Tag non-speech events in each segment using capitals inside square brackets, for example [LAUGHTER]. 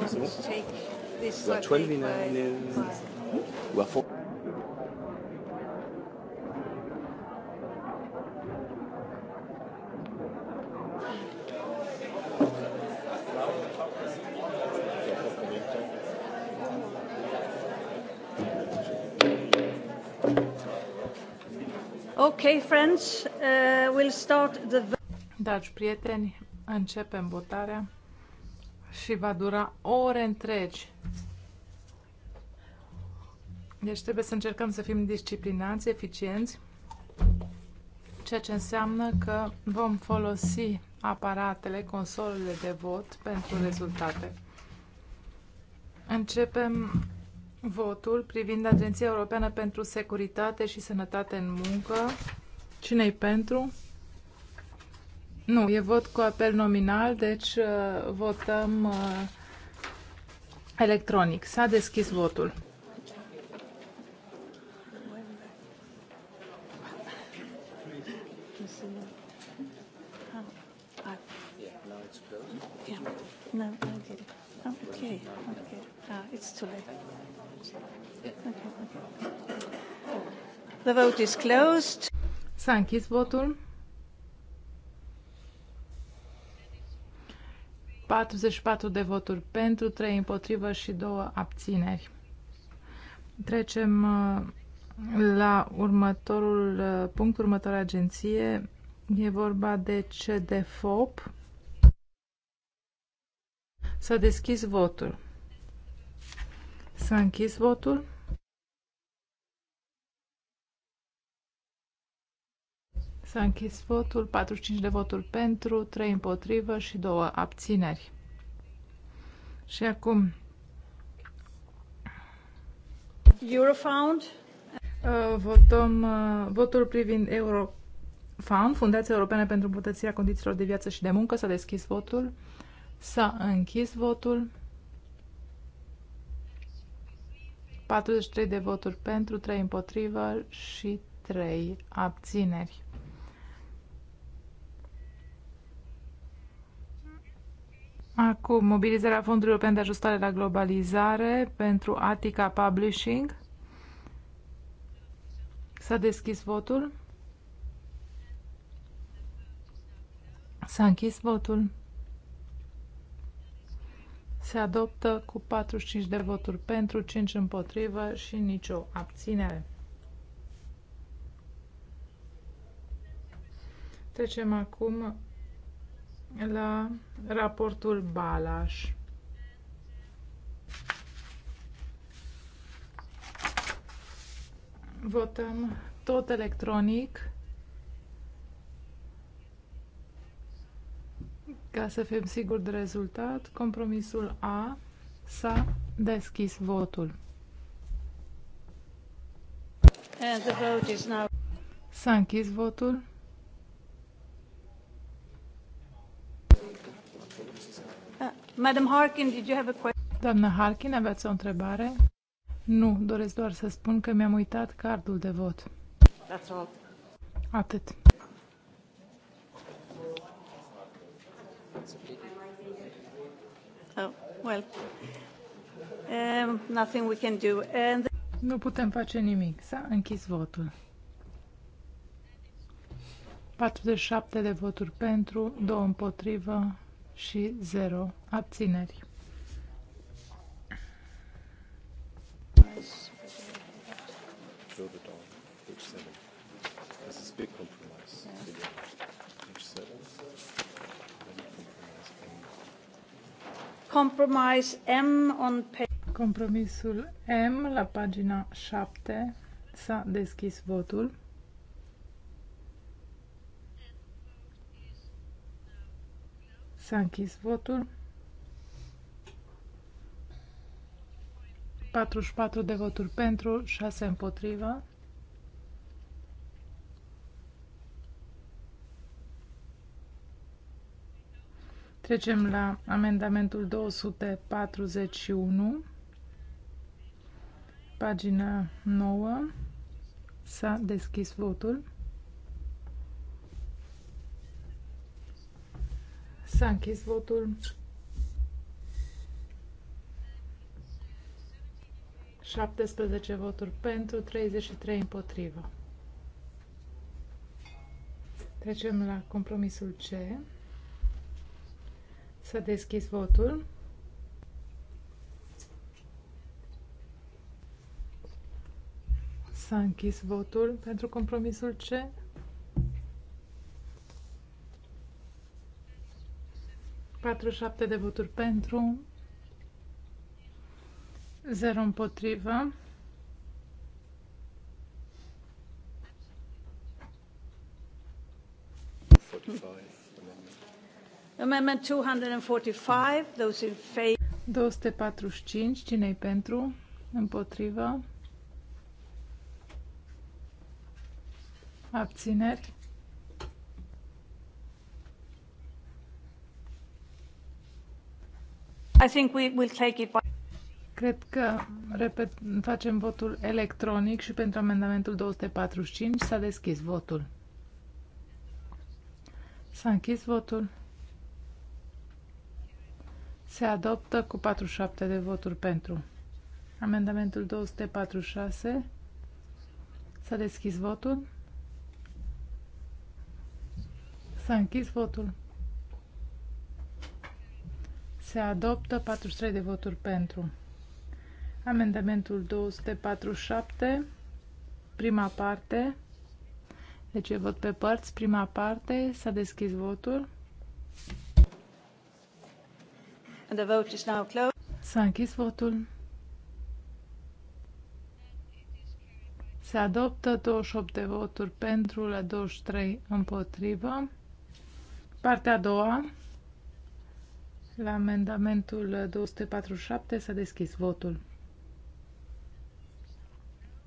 wasn't hmm? Okay, friends, uh, we'll start the... Dragi prieteni, începem votarea și va dura ore întregi. Deci trebuie să încercăm să fim disciplinați, eficienți, ceea ce înseamnă că vom folosi aparatele, consolele de vot pentru rezultate. Începem votul privind Agenția Europeană pentru Securitate și Sănătate în Muncă. Cine-i pentru? Nu, e vot cu apel nominal, deci uh, votăm uh, electronic. S-a deschis votul. The vote is closed. S-a închis votul. 44 de voturi pentru, 3 împotrivă și 2 abțineri. Trecem uh, la următorul uh, punct, următoarea agenție. E vorba de CDFOP. S-a deschis votul. S-a închis votul. S-a închis votul, 45 de voturi pentru, 3 împotrivă și 2 abțineri. Și acum... Eurofound. Uh, votăm uh, votul privind Eurofound, Fundația Europeană pentru îmbunătățirea condițiilor de viață și de muncă. S-a deschis votul. S-a închis votul. 43 de voturi pentru, 3 împotrivă și 3 abțineri. Acum, mobilizarea fondurilor pentru ajustare la globalizare pentru Attica Publishing. S-a deschis votul. S-a închis votul. Se adoptă cu 45 de voturi pentru, 5 împotrivă și nicio abținere. Trecem acum la raportul Balas. Votăm tot electronic ca să fim siguri de rezultat. Compromisul A s-a deschis votul. S-a închis votul. Madam Harkin, did you have a question? Doamna Harkin, aveți o întrebare? Nu, doresc doar să spun că mi-am uitat cardul de vot. That's all. Atât. Oh, well. Um, nothing we can do. And... Nu putem face nimic. S-a închis votul. 47 de voturi pentru, 2 împotrivă, și 0 abțineri. Compromisul M la pagina 7 s-a deschis votul. S-a închis votul. 44 de voturi pentru, 6 împotriva. Trecem la amendamentul 241, pagina 9. S-a deschis votul. S-a închis votul. Șaptesprezece voturi pentru, 33 împotrivă. Trecem la compromisul C. S-a deschis votul. S-a închis votul pentru compromisul C. 47 de voturi pentru, 0 împotrivă. Amendment 245, those in favor. 245, cine-i pentru? Împotrivă. Abțineri. I think we will take it by... Cred că repet, facem votul electronic și pentru amendamentul 245 s-a deschis votul. S-a închis votul. Se adoptă cu 47 de voturi pentru. Amendamentul 246. S-a deschis votul. S-a închis votul. Se adoptă 43 de voturi pentru. Amendamentul 247, prima parte. Deci vot pe părți. Prima parte, s-a deschis votul. And the vote is now closed. S-a închis votul. Se adoptă 28 de voturi pentru la 23 împotrivă. Partea a doua. La amendamentul 247 s-a deschis votul.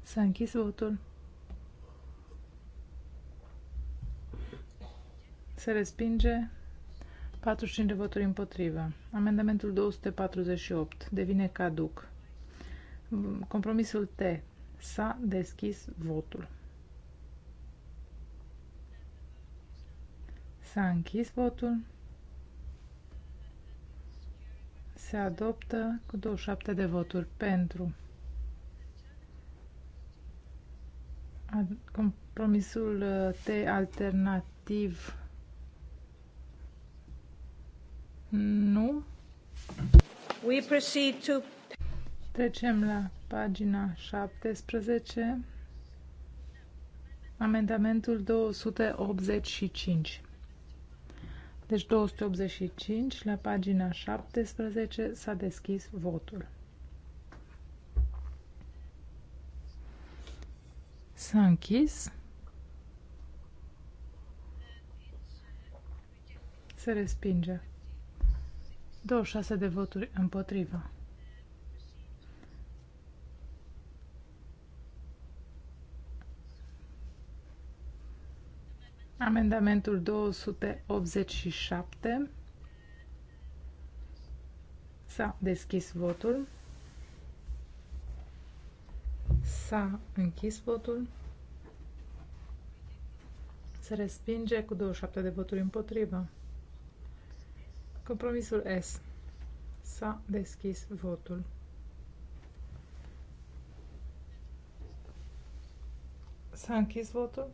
S-a închis votul. Se respinge 45 de voturi împotrivă. Amendamentul 248 devine caduc. Compromisul T. S-a deschis votul. S-a închis votul. se adoptă cu 27 de voturi pentru. Compromisul uh, T alternativ nu. We proceed to... Trecem la pagina 17, amendamentul 285. Deci 285, la pagina 17 s-a deschis votul. S-a închis. Se respinge. 26 de voturi împotriva. Amendamentul 287. S-a deschis votul. S-a închis votul. Se respinge cu 27 de voturi împotrivă. Compromisul S. S-a deschis votul. S-a închis votul.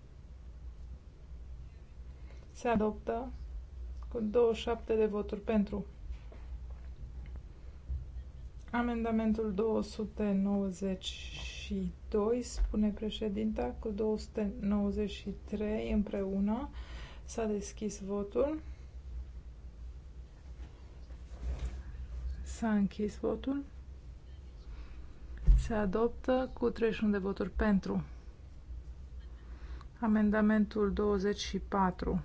Se adoptă cu 27 de voturi pentru. Amendamentul 292, spune președinta, cu 293 împreună. S-a deschis votul. S-a închis votul. Se adoptă cu 31 de voturi pentru. Amendamentul 24.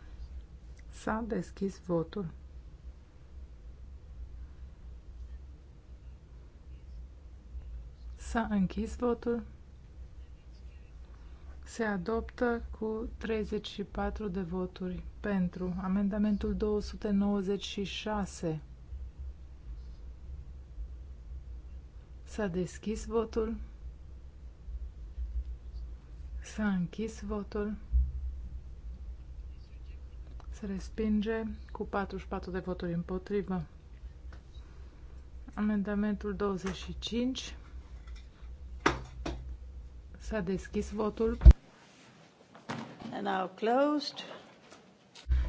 S-a deschis votul. S-a închis votul. Se adoptă cu 34 de voturi pentru amendamentul 296. S-a deschis votul. S-a închis votul se respinge cu 44 de voturi împotrivă. Amendamentul 25. S-a deschis votul. And now closed.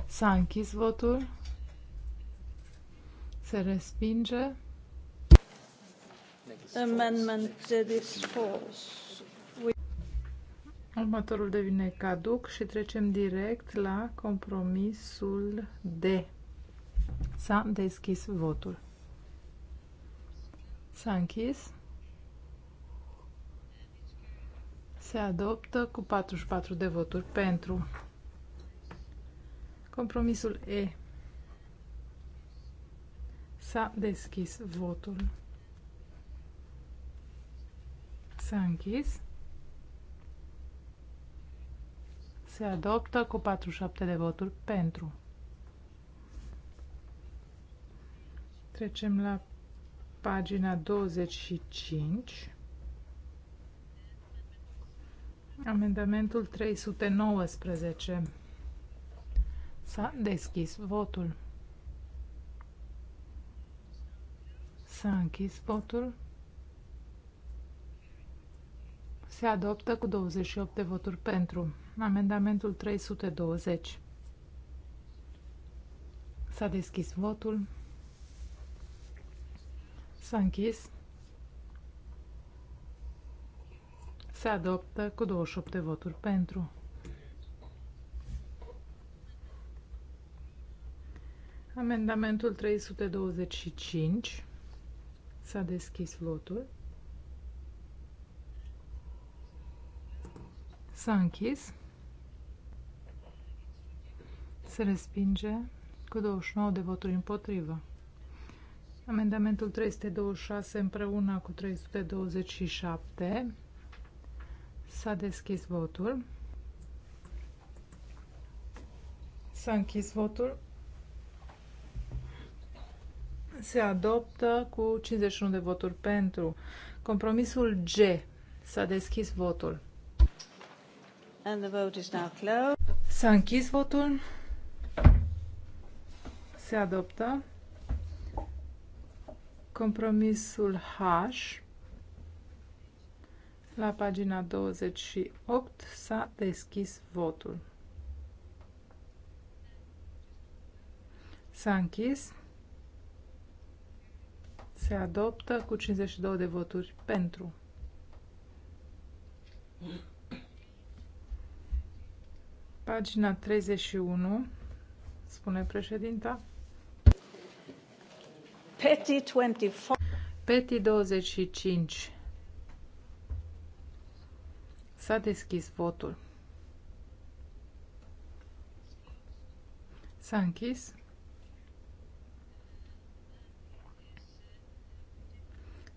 S-a închis votul. Se respinge. Amendment that is false. Următorul devine caduc și trecem direct la compromisul D. S-a deschis votul. S-a închis. Se adoptă cu 44 de voturi pentru. Compromisul E. S-a deschis votul. S-a închis. se adoptă cu 47 de voturi pentru. Trecem la pagina 25. Amendamentul 319. S-a deschis votul. S-a închis votul. Se adoptă cu 28 de voturi pentru amendamentul 320. S-a deschis votul. S-a închis. Se adoptă cu 28 de voturi pentru. Amendamentul 325. S-a deschis votul. S-a închis se respinge cu 29 de voturi împotrivă. Amendamentul 326 împreună cu 327 s-a deschis votul. S-a închis votul. Se adoptă cu 51 de voturi pentru. Compromisul G. S-a deschis votul. S-a închis votul se adoptă. Compromisul H la pagina 28 s-a deschis votul. S-a închis. Se adoptă cu 52 de voturi pentru. Pagina 31, spune președinta. Peti 24. Peti 25. S-a deschis votul. S-a închis.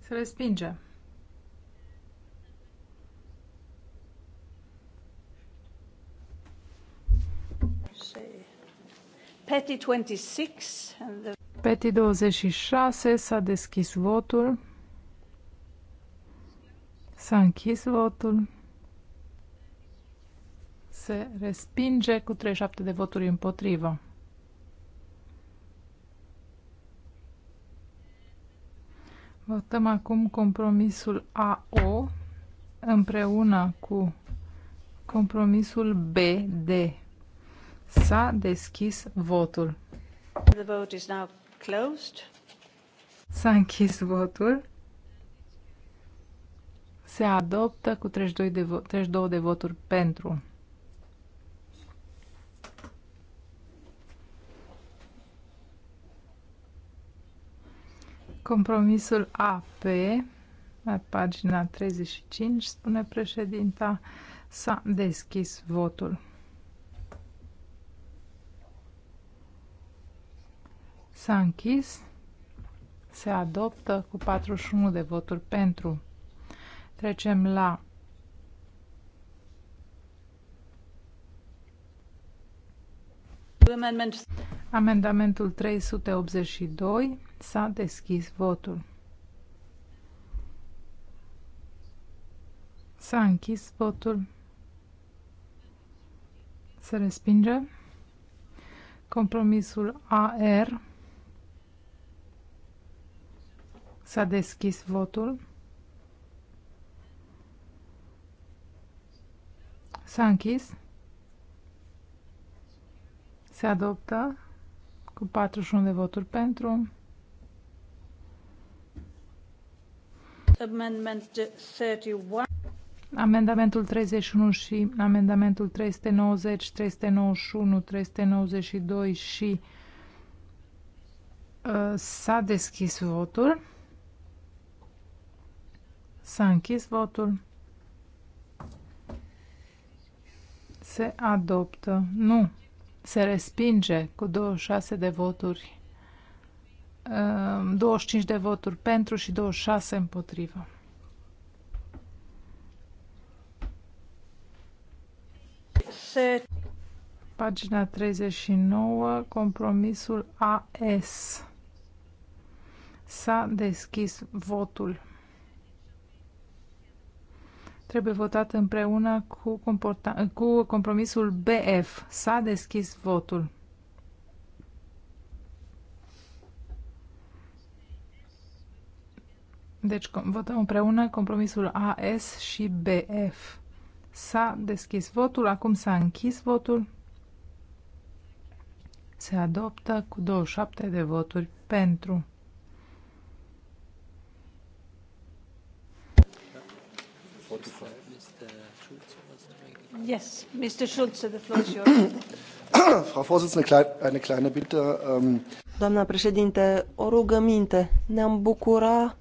Se respinge. Petty 26 and the Peti 26 s-a deschis votul. S-a închis votul. Se respinge cu 37 de voturi împotrivă. Votăm acum compromisul AO împreună cu compromisul BD. S-a deschis votul. The vote is now Closed. S-a închis votul. Se adoptă cu 32 de, vo 32 de voturi pentru. Compromisul AP, la pagina 35, spune președinta, s-a deschis votul. S-a închis. Se adoptă cu 41 de voturi pentru. Trecem la Amendamentul 382 s-a deschis votul. S-a închis votul. Se respinge. Compromisul AR S-a deschis votul. S-a închis. Se adoptă cu 41 de voturi pentru. Amendment 31. Amendamentul 31 și amendamentul 390, 391, 392 și uh, s-a deschis votul. S-a închis votul. Se adoptă. Nu. Se respinge cu 26 de voturi. 25 uh, de voturi pentru și 26 împotrivă. Se... Pagina 39, compromisul AS. S-a deschis votul trebuie votat împreună cu, cu compromisul BF. S-a deschis votul. Deci votăm împreună compromisul AS și BF. S-a deschis votul, acum s-a închis votul. Se adoptă cu 27 de voturi pentru. Votul Doamna președinte, o rugăminte. Ne-am bucura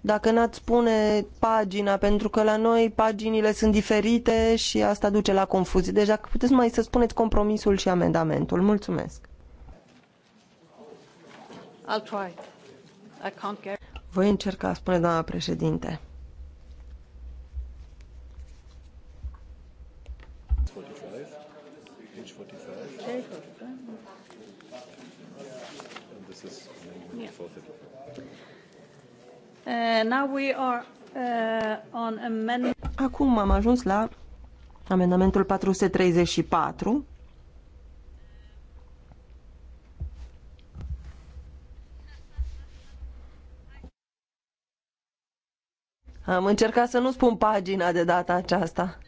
dacă n-ați spune pagina, pentru că la noi paginile sunt diferite și asta duce la confuzii. Deci dacă puteți mai să spuneți compromisul și amendamentul. Mulțumesc. I'll try. I can't get... Voi încerca, spune doamna președinte. Uh, uh, Acum am ajuns la amendamentul 434. Am încercat să nu spun pagina de data aceasta.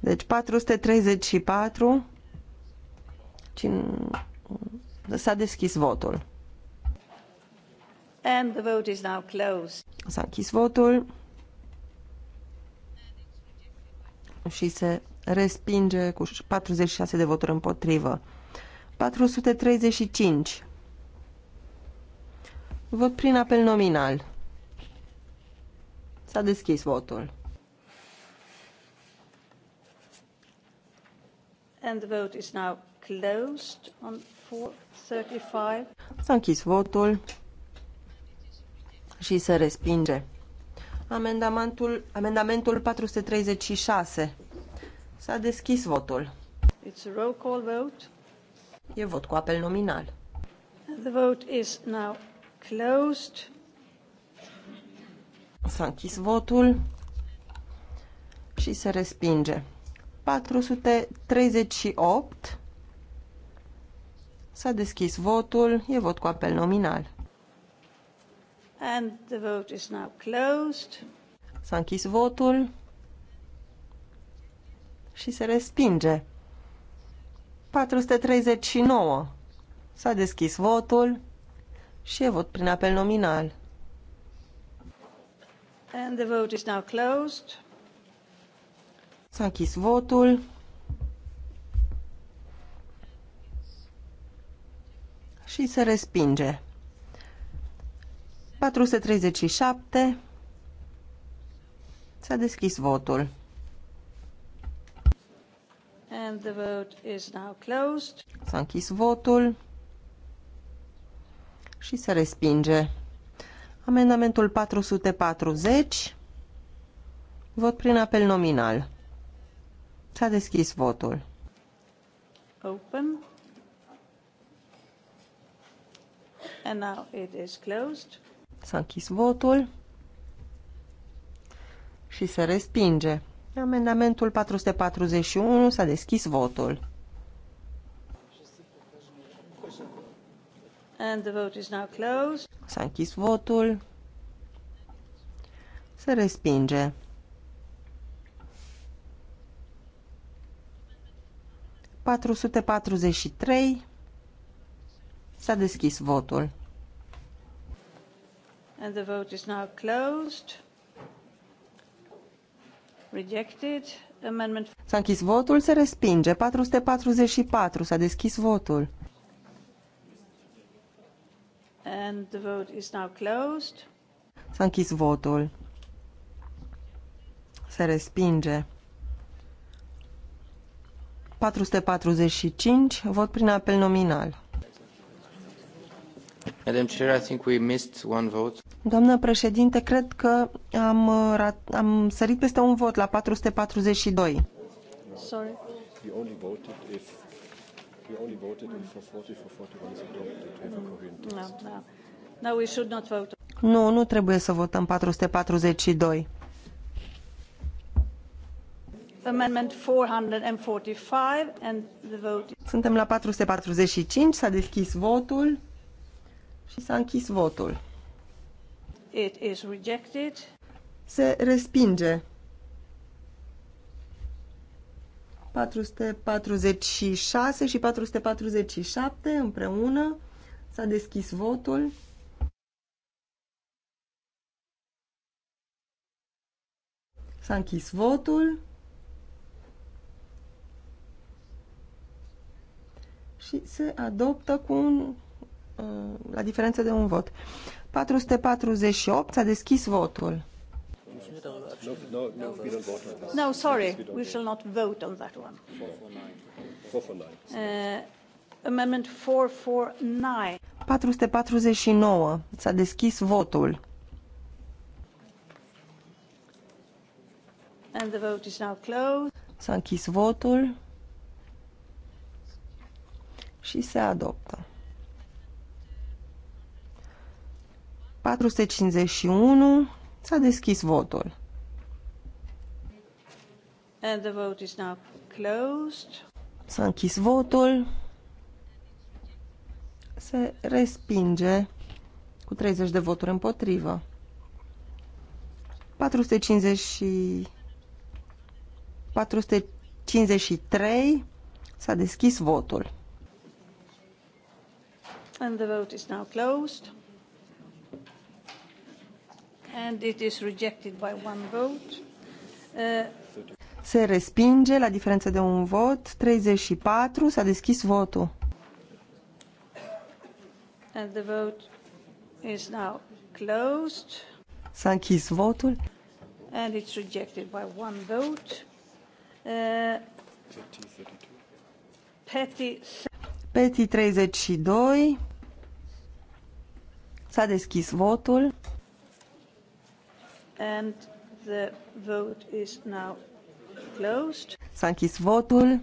Deci 434 s-a deschis votul. And the vote is now closed. S-a închis votul și se respinge cu 46 de voturi împotrivă. 435. Vot prin apel nominal. S-a deschis votul. And the vote is now closed on 435. S-a închis votul și se respinge. Amendamentul, amendamentul 436. S-a deschis votul. It's a roll call vote. E vot cu apel nominal. The vote is now closed. S-a închis votul și se respinge. 438. S-a deschis votul. E vot cu apel nominal. And the vote is now closed. S-a închis votul și se respinge. 439. S-a deschis votul și e vot prin apel nominal. And the vote is now closed. S-a închis votul. Și se respinge. 437. S-a deschis votul. And the vote is now closed. S-a închis votul și se respinge. Amendamentul 440. Vot prin apel nominal. S-a deschis votul. Open. And now it is closed S-a închis votul și se respinge. Amendamentul 441 s-a deschis votul. And the vote is now closed. S-a închis votul. Se respinge. patru sute patruzeci și trei s-a deschis votul. And the vote is now closed. Rejected. Amendment... S-a închis votul, se respinge. 444, s-a deschis votul. And the vote is now closed. S-a închis votul. Se respinge. 445, vot prin apel nominal. Madam Doamnă președinte, cred că am, am sărit peste un vot la 442. Sorry. We only voted if we only voted if for 40 for 41 is adopted No, no. No, we should not vote. Nu, nu trebuie să votăm 442. Amendment 445 and the vote. Suntem la 445, s-a deschis votul. Și s-a închis votul. It is rejected. Se respinge. 446 și 447 împreună. S-a deschis votul. S-a închis votul. Și se adoptă cu un Uh, la diferență de un vot. 448 s-a deschis votul. No, sorry, we shall not vote on that one. Uh, amendment 449. 449 s-a deschis votul. And the vote is now closed. S-a închis votul și se adoptă. 451. S-a deschis votul. And the vote is now closed. S-a închis votul. Se respinge cu 30 de voturi împotrivă. 450 453 s-a deschis votul. And the vote is now closed. And it is rejected by one vote. Uh... Se respinge la diferență de un vot. 34. S-a deschis votul. And the vote is now closed. S-a închis votul. And it's rejected by one vote. Uh, Peti Petty 32. S-a deschis votul. And the vote is now closed. S-a închis votul.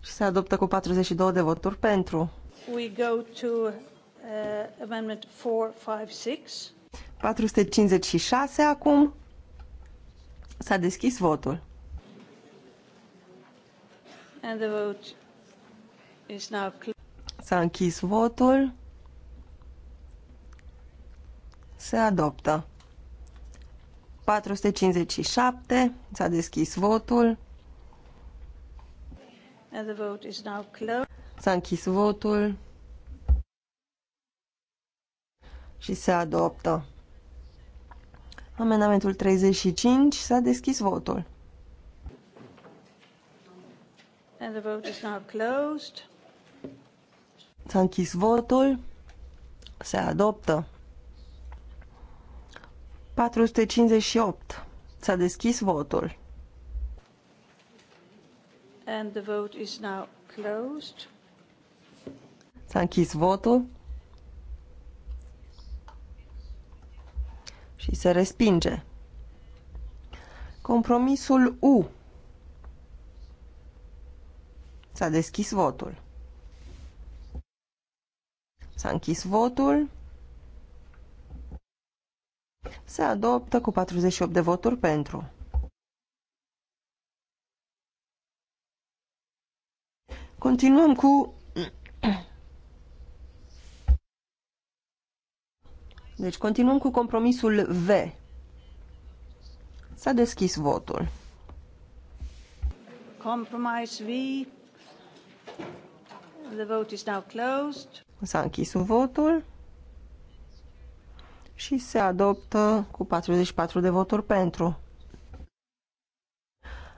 Și se adoptă cu 42 de voturi pentru. We go to uh, amendment 456. 456 acum. S-a deschis votul. And the vote is now S-a închis votul se adoptă. 457. S-a deschis votul. S-a închis votul. Și se adoptă. Amendamentul 35. S-a deschis votul. S-a închis votul. Se adoptă. 458. S-a deschis votul. And the vote is now closed. S-a închis votul. Și se respinge. Compromisul U. S-a deschis votul. S-a închis votul. Se adoptă cu 48 de voturi pentru. Continuăm cu... [CLEARS THROAT] Deci continuăm cu compromisul V. S-a deschis votul. Compromise V. The vote is now closed. S-a închis votul și se adoptă cu 44 de voturi pentru.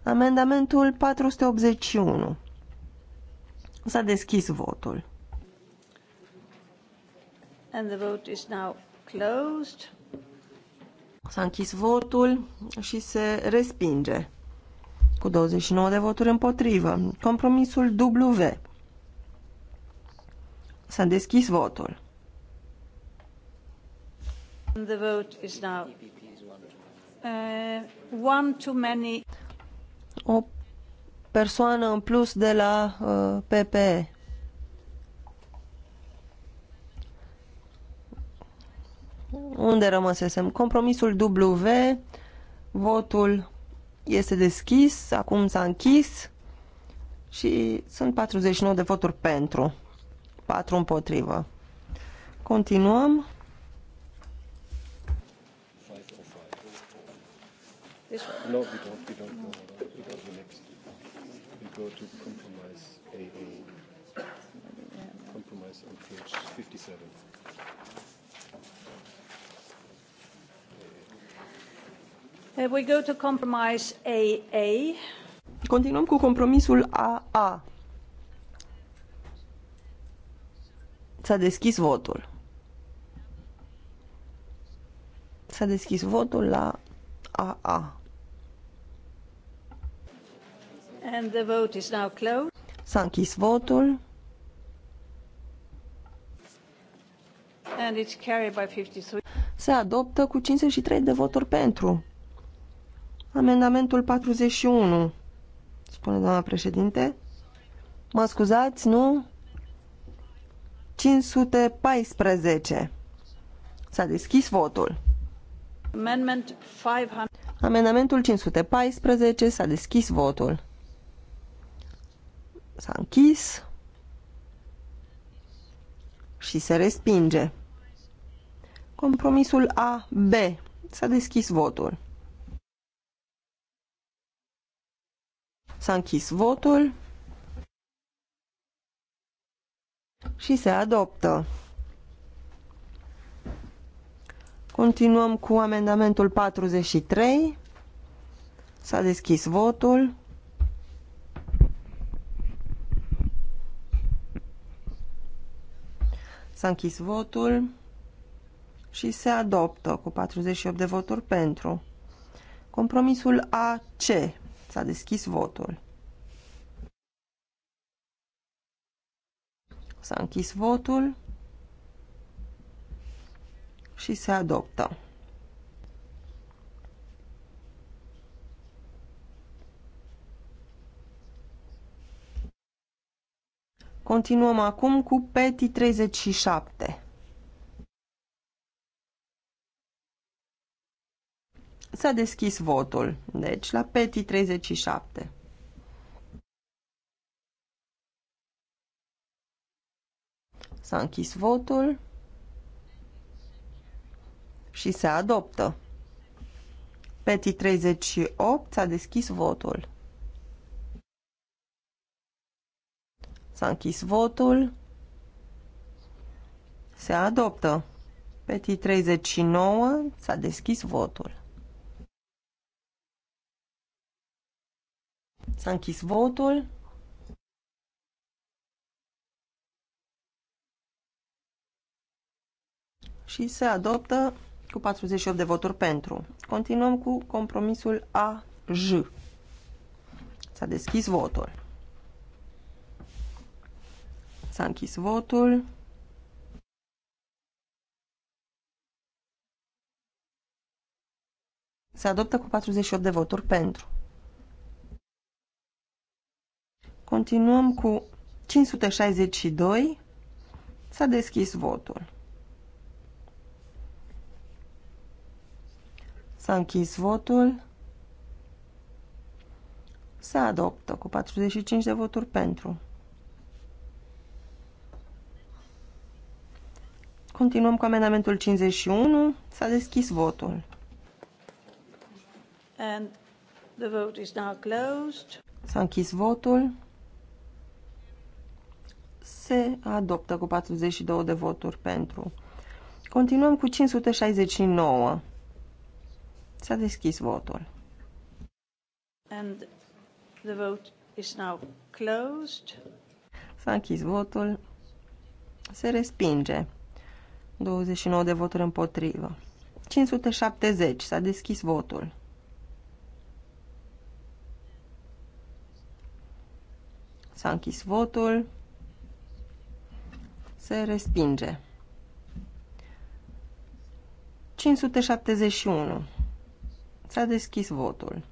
Amendamentul 481. S-a deschis votul. And the vote is now closed. S-a închis votul și se respinge cu 29 de voturi împotrivă. Compromisul W. S-a deschis votul. The vote is now. Uh, one too many. O persoană în plus de la uh, PPE. Unde rămăsesem? Compromisul W, votul este deschis, acum s-a închis și sunt 49 de voturi pentru, 4 împotrivă. Continuăm. this one? No, we don't. We don't go. We go to the next. We go to compromise A A. Compromise on page 57. Uh, we go to compromise AA. Continuăm cu compromisul AA. S-a deschis votul. S-a deschis votul la AA. And the vote is now closed. S-a închis votul. And it's carried by 53. Se adoptă cu 53 de voturi pentru. Amendamentul 41, spune doamna președinte. Mă scuzați, nu? 514. S-a deschis votul. Amendamentul 514 s-a deschis votul. S-a închis și se respinge. Compromisul AB. S-a deschis votul. S-a închis votul și se adoptă. Continuăm cu amendamentul 43. S-a deschis votul. S-a închis votul și se adoptă cu 48 de voturi pentru. Compromisul AC. S-a deschis votul. S-a închis votul și se adoptă. Continuăm acum cu PETI 37. S-a deschis votul, deci la PETI 37. S-a închis votul și se adoptă. PETI 38 s-a deschis votul. S-a închis votul. Se adoptă. peti 39. S-a deschis votul. S-a închis votul. Și se adoptă cu 48 de voturi pentru. Continuăm cu compromisul AJ. S-a deschis votul. S-a închis votul. Se adoptă cu 48 de voturi pentru. Continuăm cu 562. S-a deschis votul. S-a închis votul. Se adoptă cu 45 de voturi pentru. Continuăm cu amendamentul 51. S-a deschis votul. And the vote is now closed. S-a închis votul. Se adoptă cu 42 de voturi pentru. Continuăm cu 569. S-a deschis votul. And the vote is now closed. S-a închis votul. Se respinge. 29 de voturi împotrivă. 570. S-a deschis votul. S-a închis votul. Se respinge. 571. S-a deschis votul.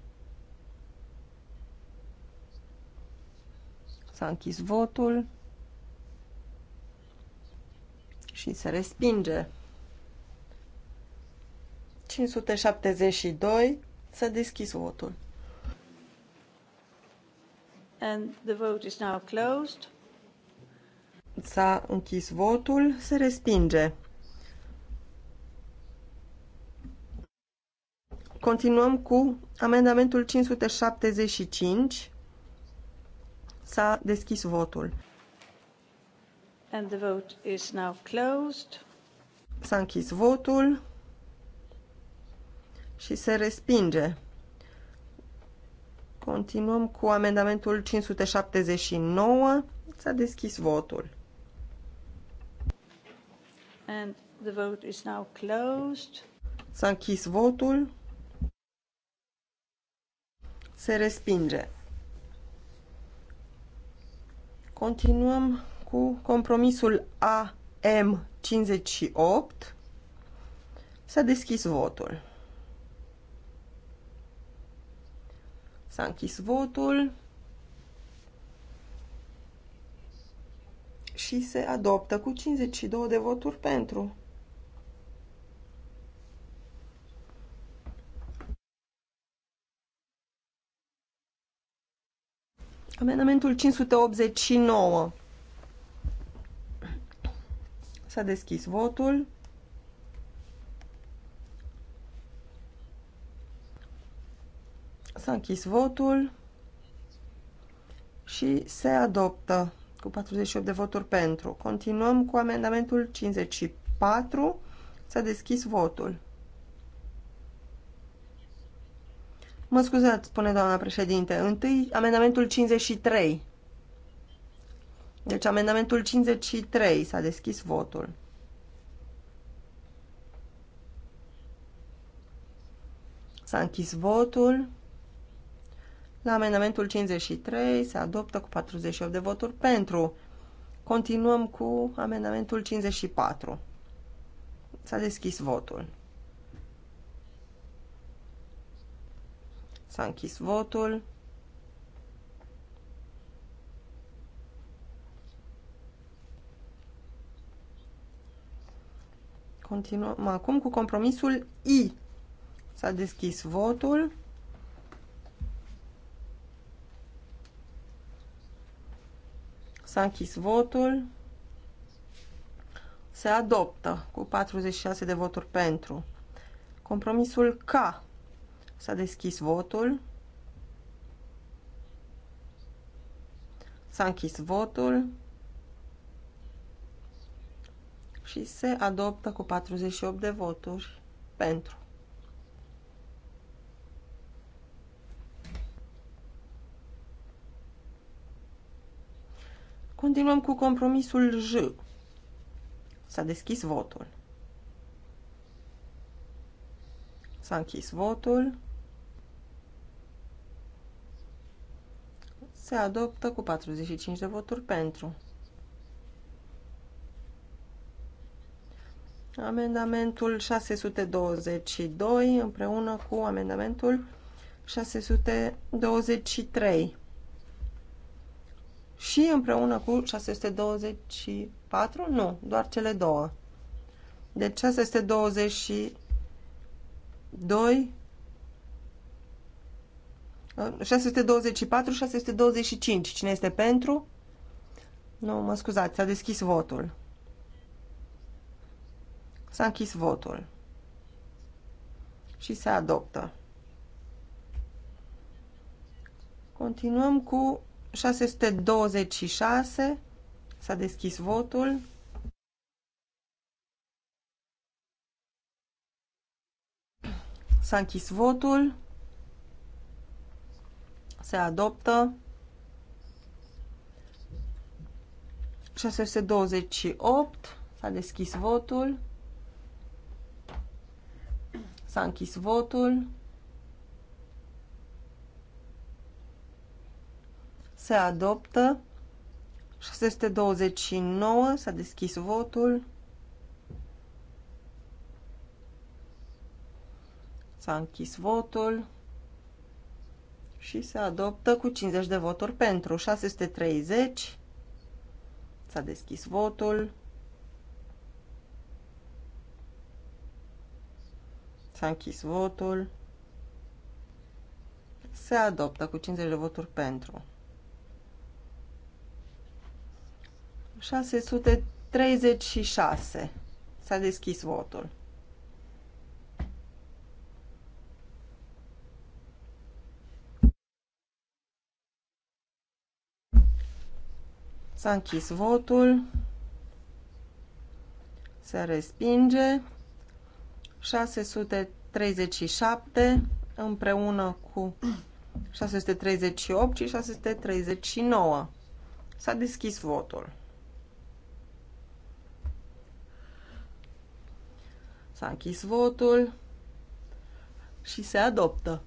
S-a închis votul și se respinge. 572 s-a deschis votul. And the vote is now closed. S-a închis votul, se respinge. Continuăm cu amendamentul 575. S-a deschis votul. And the vote is now closed. S-a închis votul și se respinge. Continuăm cu amendamentul 579. S-a deschis votul. And the vote is now closed. S-a închis votul. Se respinge. Continuăm cu compromisul AM58. S-a deschis votul. S-a închis votul și se adoptă cu 52 de voturi pentru. Amendamentul 589. S-a deschis votul. S-a închis votul și se adoptă cu 48 de voturi pentru. Continuăm cu amendamentul 54. S-a deschis votul. Mă scuzați, spune doamna președinte. Întâi, amendamentul 53. Deci amendamentul 53 s-a deschis votul. S-a închis votul. La amendamentul 53 se adoptă cu 48 de voturi pentru. Continuăm cu amendamentul 54. S-a deschis votul. S-a închis votul. Continuăm acum cu compromisul I. S-a deschis votul. S-a închis votul. Se adoptă cu 46 de voturi pentru. Compromisul K. S-a deschis votul. S-a închis votul. și se adoptă cu 48 de voturi pentru. Continuăm cu compromisul J. S-a deschis votul. S-a închis votul. Se adoptă cu 45 de voturi pentru. Amendamentul 622 împreună cu amendamentul 623 și împreună cu 624? Nu, doar cele două. Deci 622 624, 625. Cine este pentru? Nu, mă scuzați, s-a deschis votul. S-a închis votul. Și se adoptă. Continuăm cu 626. S-a deschis votul. S-a închis votul. Se adoptă. 628. S-a deschis votul. S-a închis votul. Se adoptă. 629. S-a deschis votul. S-a închis votul și se adoptă cu 50 de voturi pentru. 630 s-a deschis votul. S-a închis votul. Se adoptă cu 50 de voturi pentru. 636. S-a deschis votul. S-a închis votul. Se respinge. 637 împreună cu 638 și 639. S-a deschis votul. S-a închis votul și se adoptă.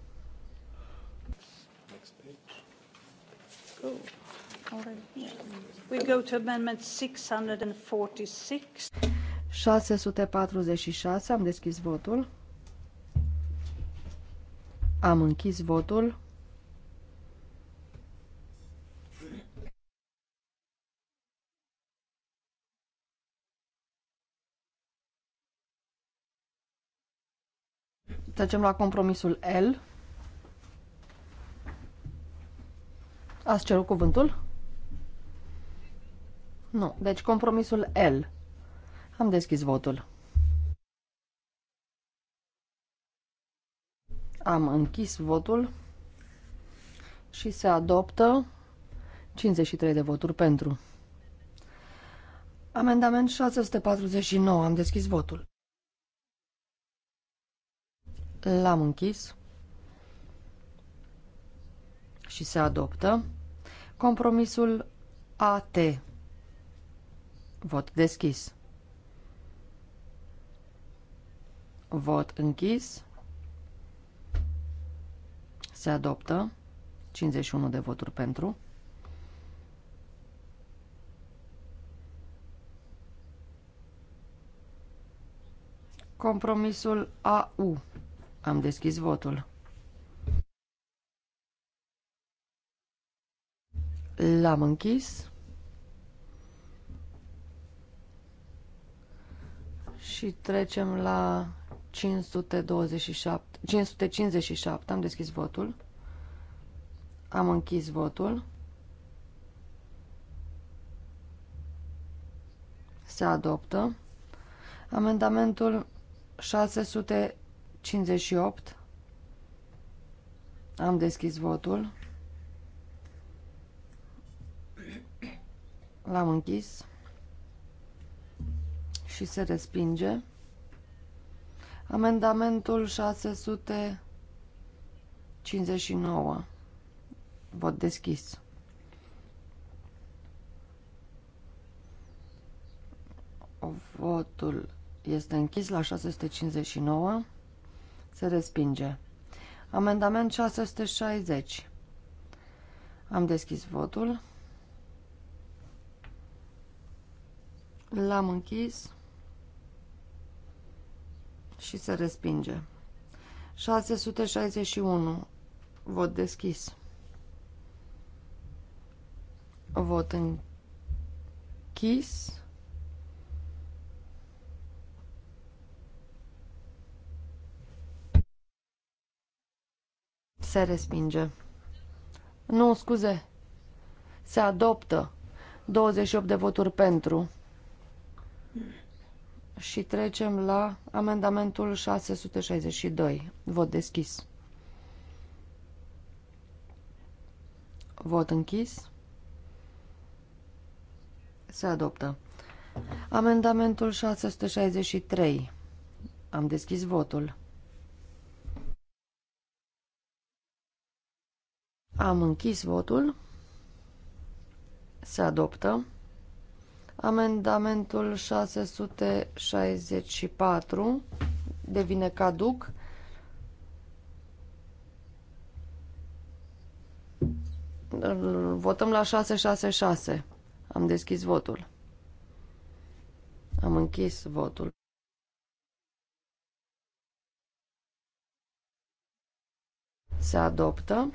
We go to amendment 646. 646, am deschis votul. Am închis votul. Trecem la compromisul L. Ați cerut cuvântul? Nu. Deci compromisul L. Am deschis votul. Am închis votul și se adoptă 53 de voturi pentru. Amendament 649. Am deschis votul. L-am închis și se adoptă compromisul AT. Vot deschis. Vot închis. Se adoptă. 51 de voturi pentru. Compromisul AU. Am deschis votul. L-am închis. Și trecem la 527, 557. Am deschis votul. Am închis votul. Se adoptă. Amendamentul 658. Am deschis votul. L-am închis. Și se respinge. Amendamentul 659. Vot deschis. Votul este închis la 659. Se respinge. Amendament 660. Am deschis votul. L-am închis și se respinge. 661. Vot deschis. Vot închis. Se respinge. Nu, scuze. Se adoptă. 28 de voturi pentru și trecem la amendamentul 662. Vot deschis. Vot închis. Se adoptă. Amendamentul 663. Am deschis votul. Am închis votul. Se adoptă. Amendamentul 664 devine caduc. Votăm la 666. Am deschis votul. Am închis votul. Se adoptă.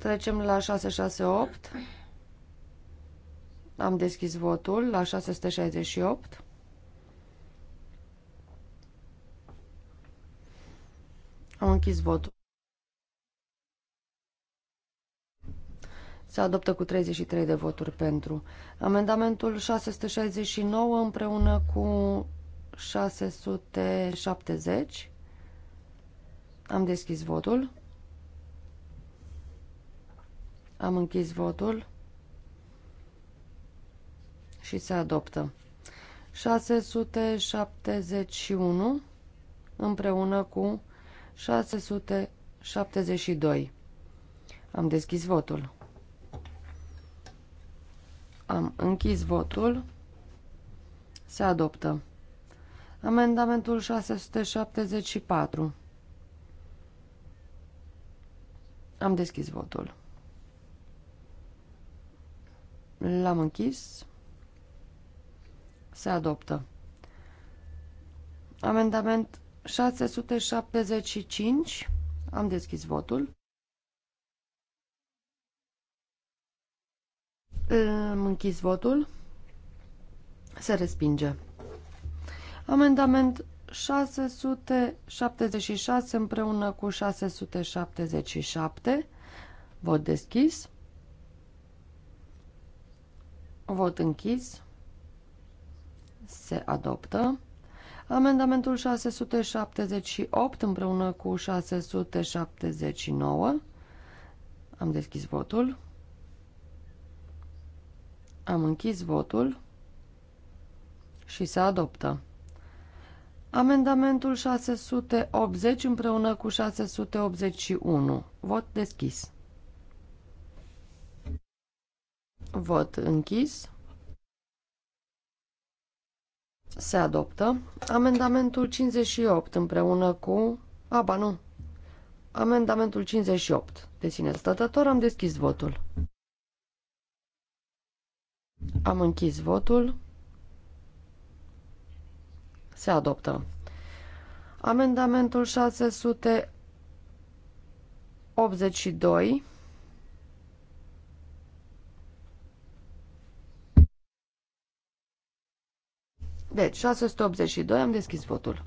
Trecem la 668. Am deschis votul la 668. Am închis votul. Se adoptă cu 33 de voturi pentru. Amendamentul 669 împreună cu 670. Am deschis votul. Am închis votul și se adoptă. 671 împreună cu 672. Am deschis votul. Am închis votul. Se adoptă. Amendamentul 674. Am deschis votul. L-am închis. Se adoptă. Amendament 675. Am deschis votul. Am închis votul. Se respinge. Amendament 676 împreună cu 677. Vot deschis. Vot închis. Se adoptă. Amendamentul 678 împreună cu 679. Am deschis votul. Am închis votul și se adoptă. Amendamentul 680 împreună cu 681. Vot deschis. Vot închis. Se adoptă. Amendamentul 58 împreună cu... A, ba nu. Amendamentul 58. De sine stătător am deschis votul. Am închis votul. Se adoptă. Amendamentul 682 Deci, 682, am deschis votul.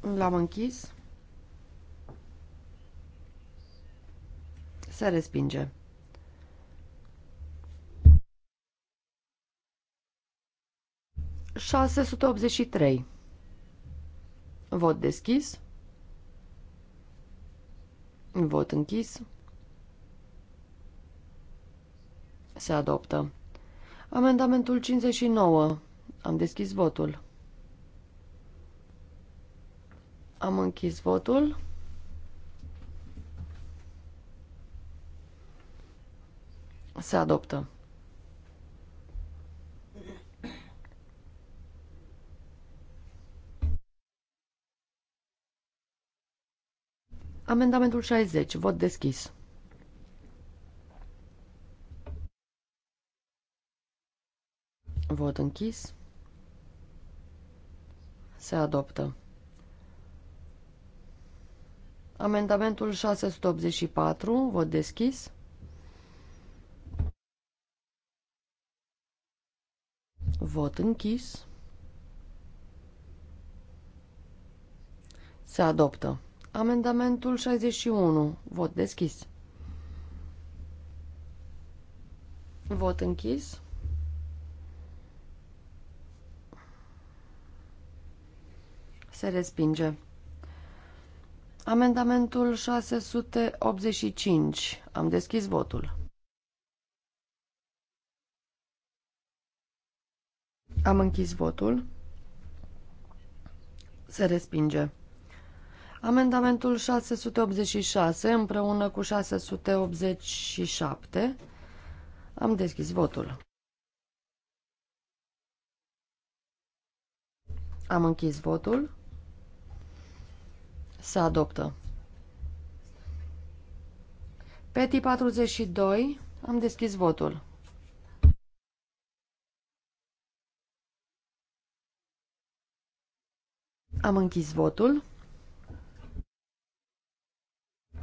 L-am închis. Se respinge. trei. Vot deschis. Vot închis. Se adoptă. Amendamentul 59. Am deschis votul. Am închis votul. Se adoptă. Amendamentul 60. Vot deschis. Vot închis. Se adoptă. Amendamentul 684, vot deschis. Vot închis. Se adoptă. Amendamentul 61, vot deschis. Vot închis. se respinge. Amendamentul 685. Am deschis votul. Am închis votul. Se respinge. Amendamentul 686 împreună cu 687. Am deschis votul. Am închis votul. Se adoptă. Peti 42. Am deschis votul. Am închis votul.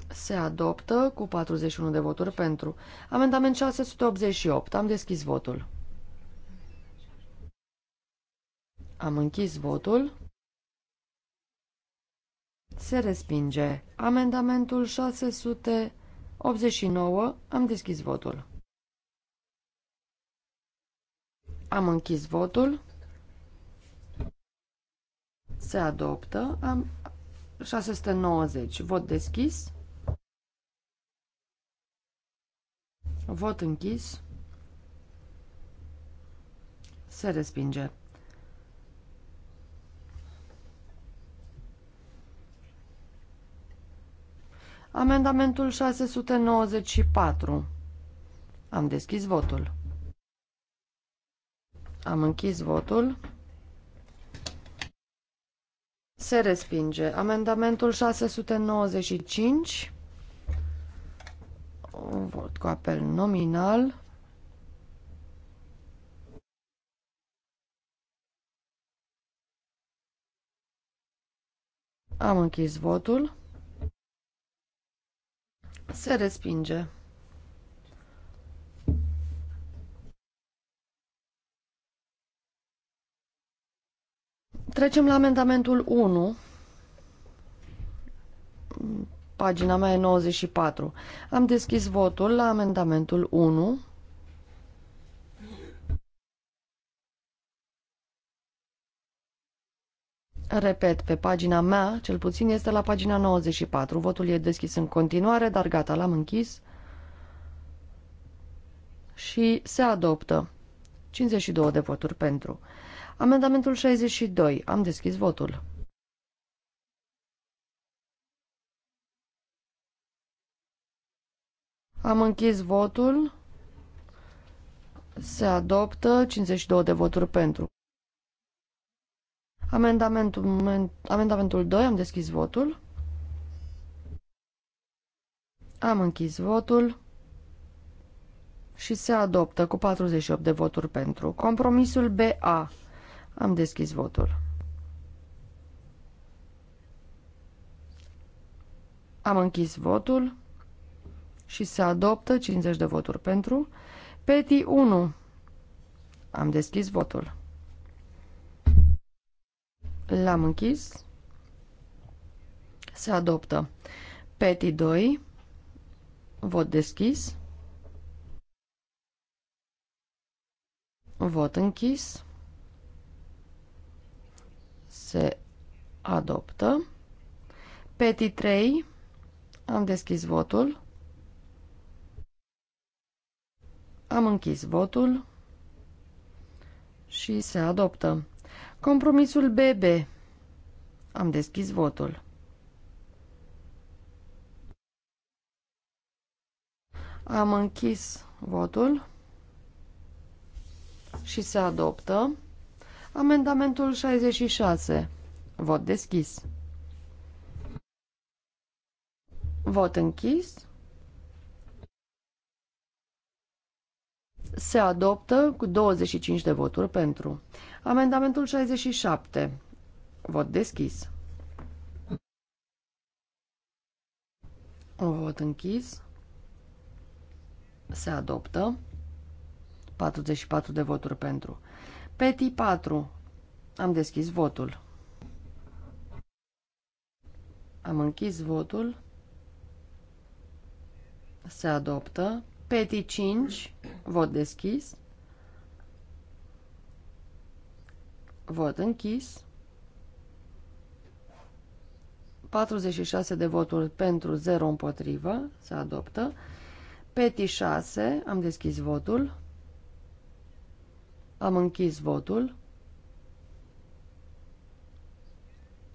Se adoptă cu 41 de voturi pentru. Amendament 688. Am deschis votul. Am închis votul. Se respinge. Amendamentul 689. Am deschis votul. Am închis votul. Se adoptă. Am 690. Vot deschis. Vot închis. Se respinge. Amendamentul 694. Am deschis votul. Am închis votul. Se respinge. Amendamentul 695. Un vot cu apel nominal. Am închis votul. Se respinge. Trecem la amendamentul 1. Pagina mea e 94. Am deschis votul la amendamentul 1. Repet, pe pagina mea, cel puțin este la pagina 94. Votul e deschis în continuare, dar gata, l-am închis. Și se adoptă. 52 de voturi pentru. Amendamentul 62. Am deschis votul. Am închis votul. Se adoptă 52 de voturi pentru. Amendamentul, amendamentul 2, am deschis votul. Am închis votul și se adoptă cu 48 de voturi pentru. Compromisul BA. Am deschis votul. Am închis votul și se adoptă 50 de voturi pentru. Peti 1. Am deschis votul. L-am închis. Se adoptă. Peti 2. Vot deschis. Vot închis. Se adoptă. Peti 3. Am deschis votul. Am închis votul și se adoptă. Compromisul BB. Am deschis votul. Am închis votul și se adoptă amendamentul 66. Vot deschis. Vot închis. Se adoptă cu 25 de voturi pentru. Amendamentul 67. Vot deschis. Un vot închis. Se adoptă. 44 de voturi pentru. Peti 4. Am deschis votul. Am închis votul. Se adoptă. Peti 5. Vot deschis. Vot închis. 46 de voturi pentru, 0 împotrivă, se adoptă. Peti 6, am deschis votul. Am închis votul.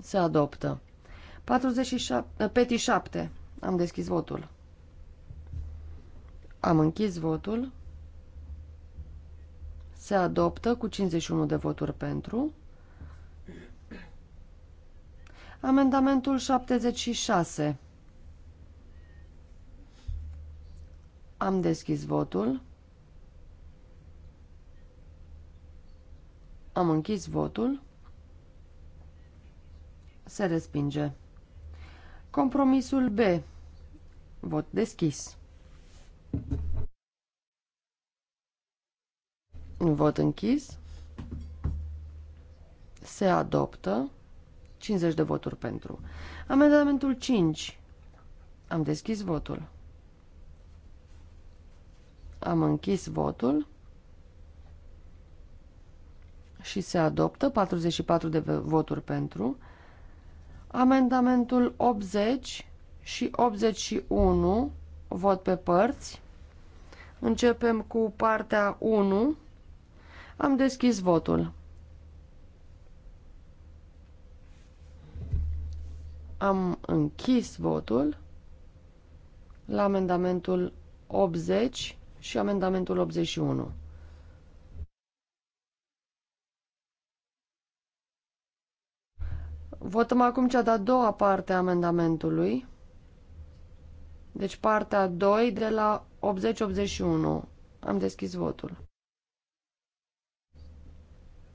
Se adoptă. 47, eh, peti 7, am deschis votul. Am închis votul. Se adoptă cu 51 de voturi pentru. Amendamentul 76. Am deschis votul. Am închis votul. Se respinge. Compromisul B. Vot deschis. un Vot închis. Se adoptă. 50 de voturi pentru. Amendamentul 5. Am deschis votul. Am închis votul. Și se adoptă 44 de voturi pentru. Amendamentul 80 și 81, vot pe părți. Începem cu partea 1. Am deschis votul. Am închis votul la amendamentul 80 și amendamentul 81. Votăm acum cea de-a doua parte a amendamentului. Deci partea 2 de la 80-81. Am deschis votul.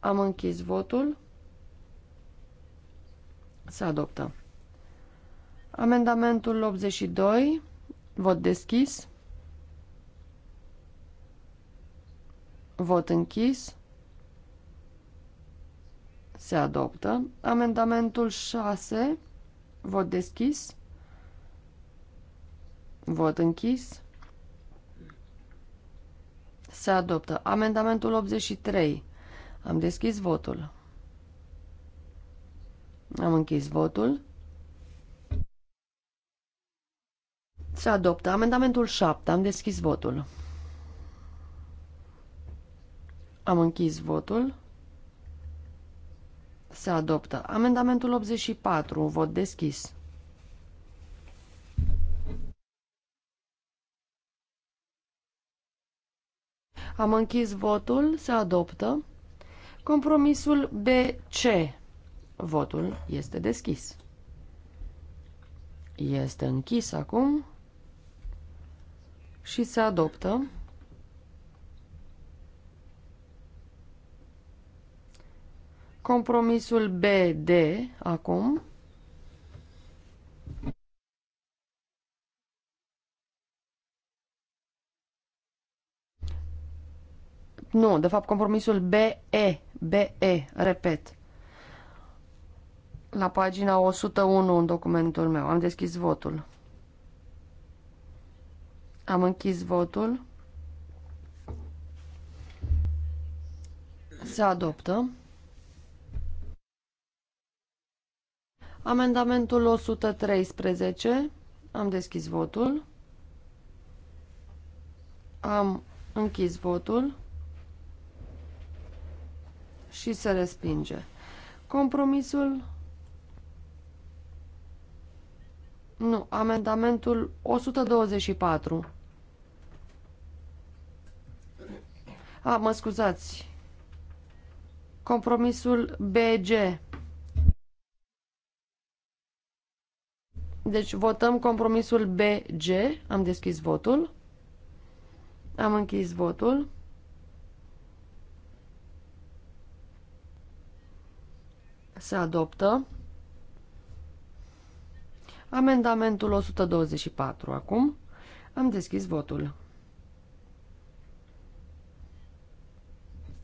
Am închis votul. Se adoptă. Amendamentul 82. Vot deschis. Vot închis. Se adoptă. Amendamentul 6. Vot deschis. Vot închis. Se adoptă. Amendamentul 83. Am deschis votul. Am închis votul. Se adoptă amendamentul 7. Am deschis votul. Am închis votul. Se adoptă amendamentul 84. vot deschis. Am închis votul. Se adoptă. Compromisul BC. Votul este deschis. Este închis acum și se adoptă. Compromisul BD acum. Nu, de fapt compromisul BE BE, repet. La pagina 101 în documentul meu. Am deschis votul. Am închis votul. Se adoptă. Amendamentul 113. Am deschis votul. Am închis votul și se respinge. Compromisul... Nu, amendamentul 124. A, mă scuzați. Compromisul BG. Deci votăm compromisul BG. Am deschis votul. Am închis votul. Se adoptă. Amendamentul 124 acum. Am deschis votul.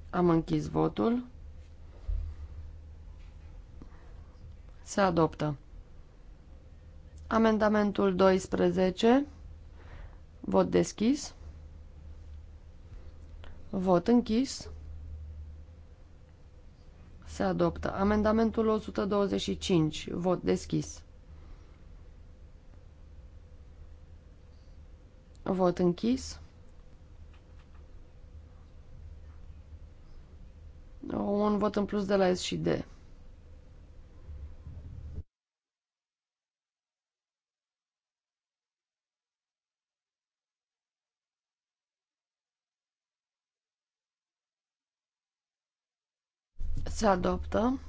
Am închis votul. Se adoptă. Amendamentul 12. Vot deschis. Vot închis. Se adoptă. Amendamentul 125. Vot deschis. Vot închis. Un vot în plus de la S și D. Se adoptă.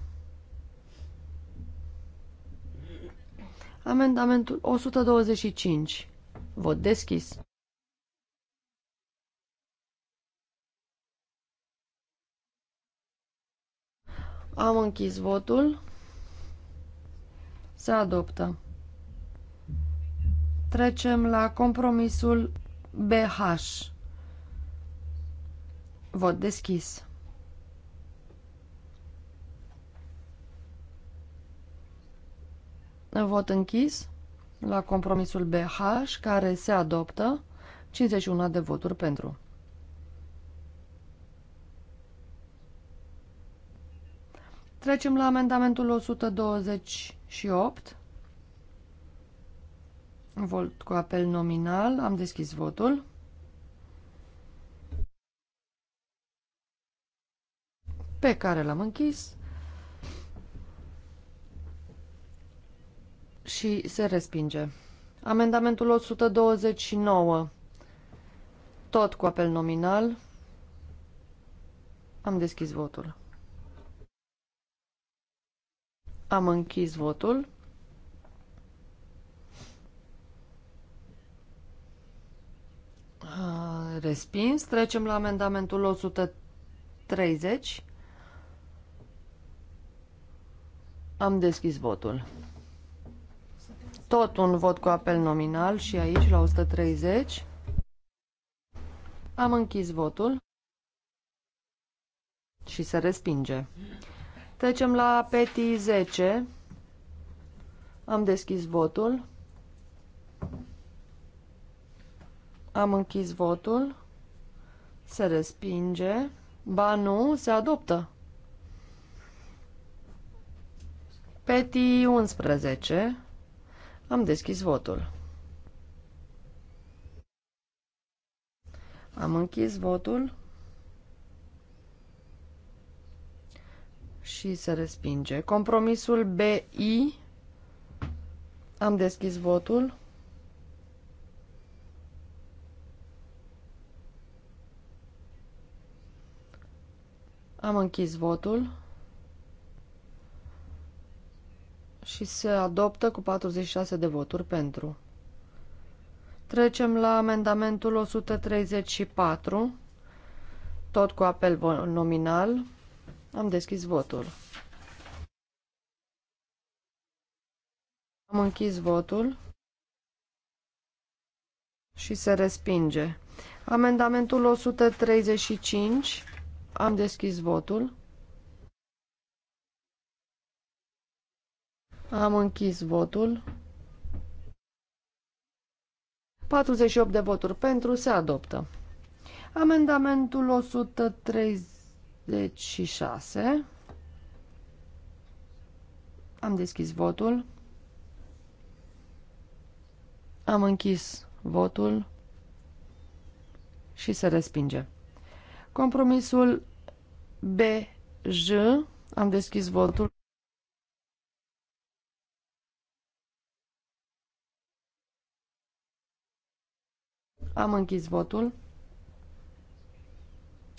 Amendamentul 125. Vot deschis. Am închis votul. Se adoptă. Trecem la compromisul BH. Vot deschis. Vot închis la compromisul BH, care se adoptă 51 de voturi pentru. Trecem la amendamentul 128. Vot cu apel nominal. Am deschis votul. Pe care l-am închis. și se respinge. Amendamentul 129, tot cu apel nominal. Am deschis votul. Am închis votul. Respins. Trecem la amendamentul 130. Am deschis votul tot un vot cu apel nominal și aici, la 130. Am închis votul și se respinge. Trecem la PETI 10. Am deschis votul. Am închis votul. Se respinge. Ba nu, se adoptă. PETI 11. Am deschis votul. Am închis votul și se respinge. Compromisul BI. Am deschis votul. Am închis votul. și se adoptă cu 46 de voturi pentru. Trecem la amendamentul 134, tot cu apel nominal. Am deschis votul. Am închis votul și se respinge. Amendamentul 135, am deschis votul. Am închis votul. 48 de voturi pentru, se adoptă. Amendamentul 136. Am deschis votul. Am închis votul și se respinge. Compromisul BJ. Am deschis votul. Am închis votul.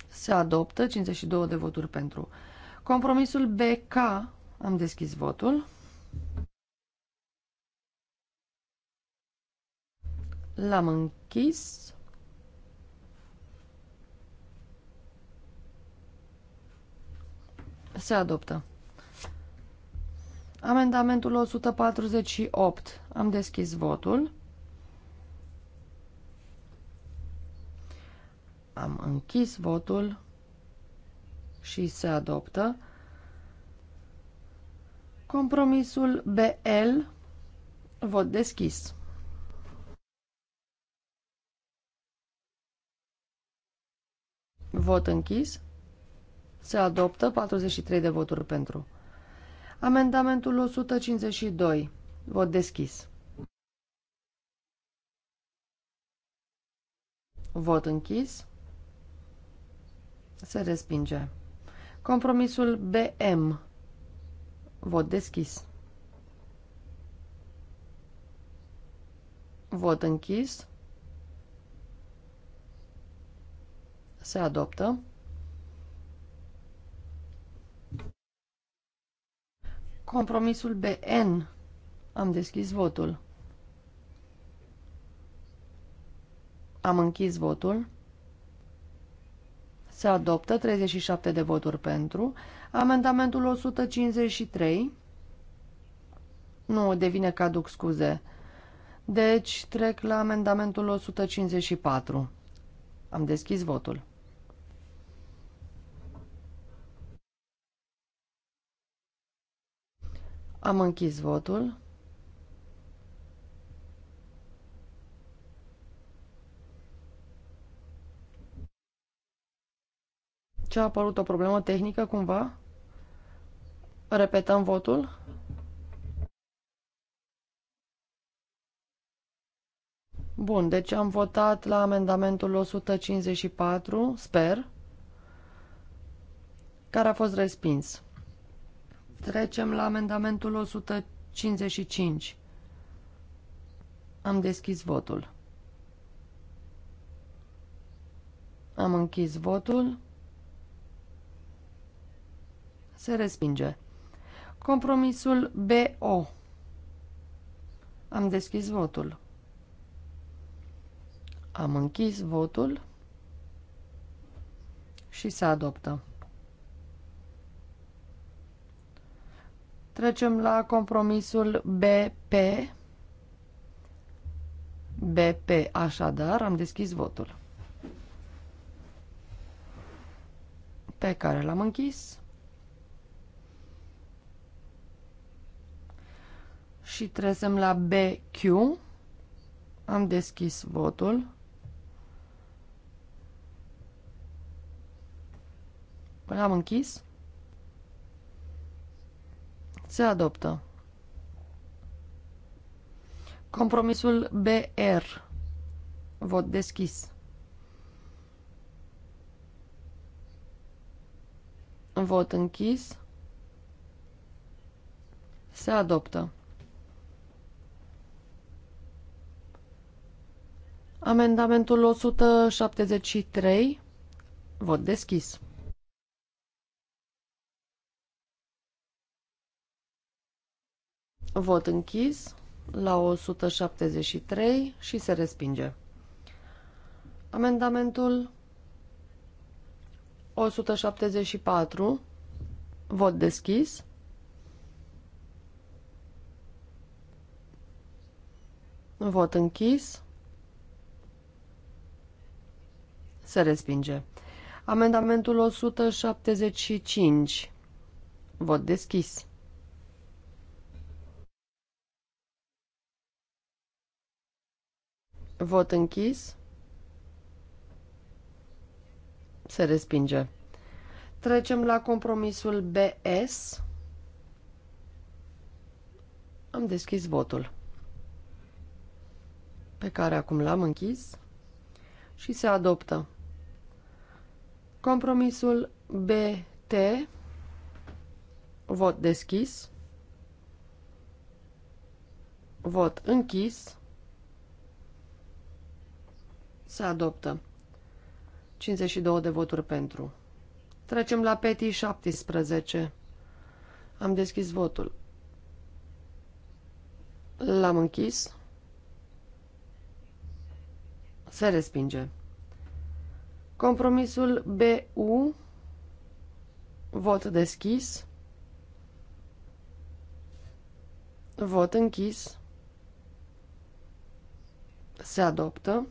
Se adoptă 52 de voturi pentru. Compromisul BK. Am deschis votul. L-am închis. Se adoptă. Amendamentul 148. Am deschis votul. Am închis votul și se adoptă. Compromisul BL, vot deschis. Vot închis. Se adoptă 43 de voturi pentru. Amendamentul 152. Vot deschis. Vot închis. Se respinge. Compromisul BM. Vot deschis. Vot închis. Se adoptă. Compromisul BN. Am deschis votul. Am închis votul. Se adoptă 37 de voturi pentru. Amendamentul 153 nu devine caduc scuze. Deci trec la amendamentul 154. Am deschis votul. Am închis votul. Ce a apărut o problemă tehnică cumva? Repetăm votul. Bun, deci am votat la amendamentul 154, sper, care a fost respins. Trecem la amendamentul 155. Am deschis votul. Am închis votul. Se respinge. Compromisul BO. Am deschis votul. Am închis votul și se adoptă. Trecem la compromisul BP. BP, așadar, am deschis votul. Pe care l-am închis și trecem la BQ. Am deschis votul. Până am închis. Se adoptă. Compromisul BR. Vot deschis. Vot închis. Se adoptă. Amendamentul 173. Vot deschis. Vot închis la 173 și se respinge. Amendamentul 174. Vot deschis. Vot închis. Se respinge. Amendamentul 175. Vot deschis. Vot închis. Se respinge. Trecem la compromisul BS. Am deschis votul, pe care acum l-am închis și se adoptă. Compromisul BT, vot deschis, vot închis, se adoptă. 52 de voturi pentru. Trecem la PETI 17. Am deschis votul. L-am închis. Se respinge. Compromisul BU, vot deschis, vot închis, se adoptă.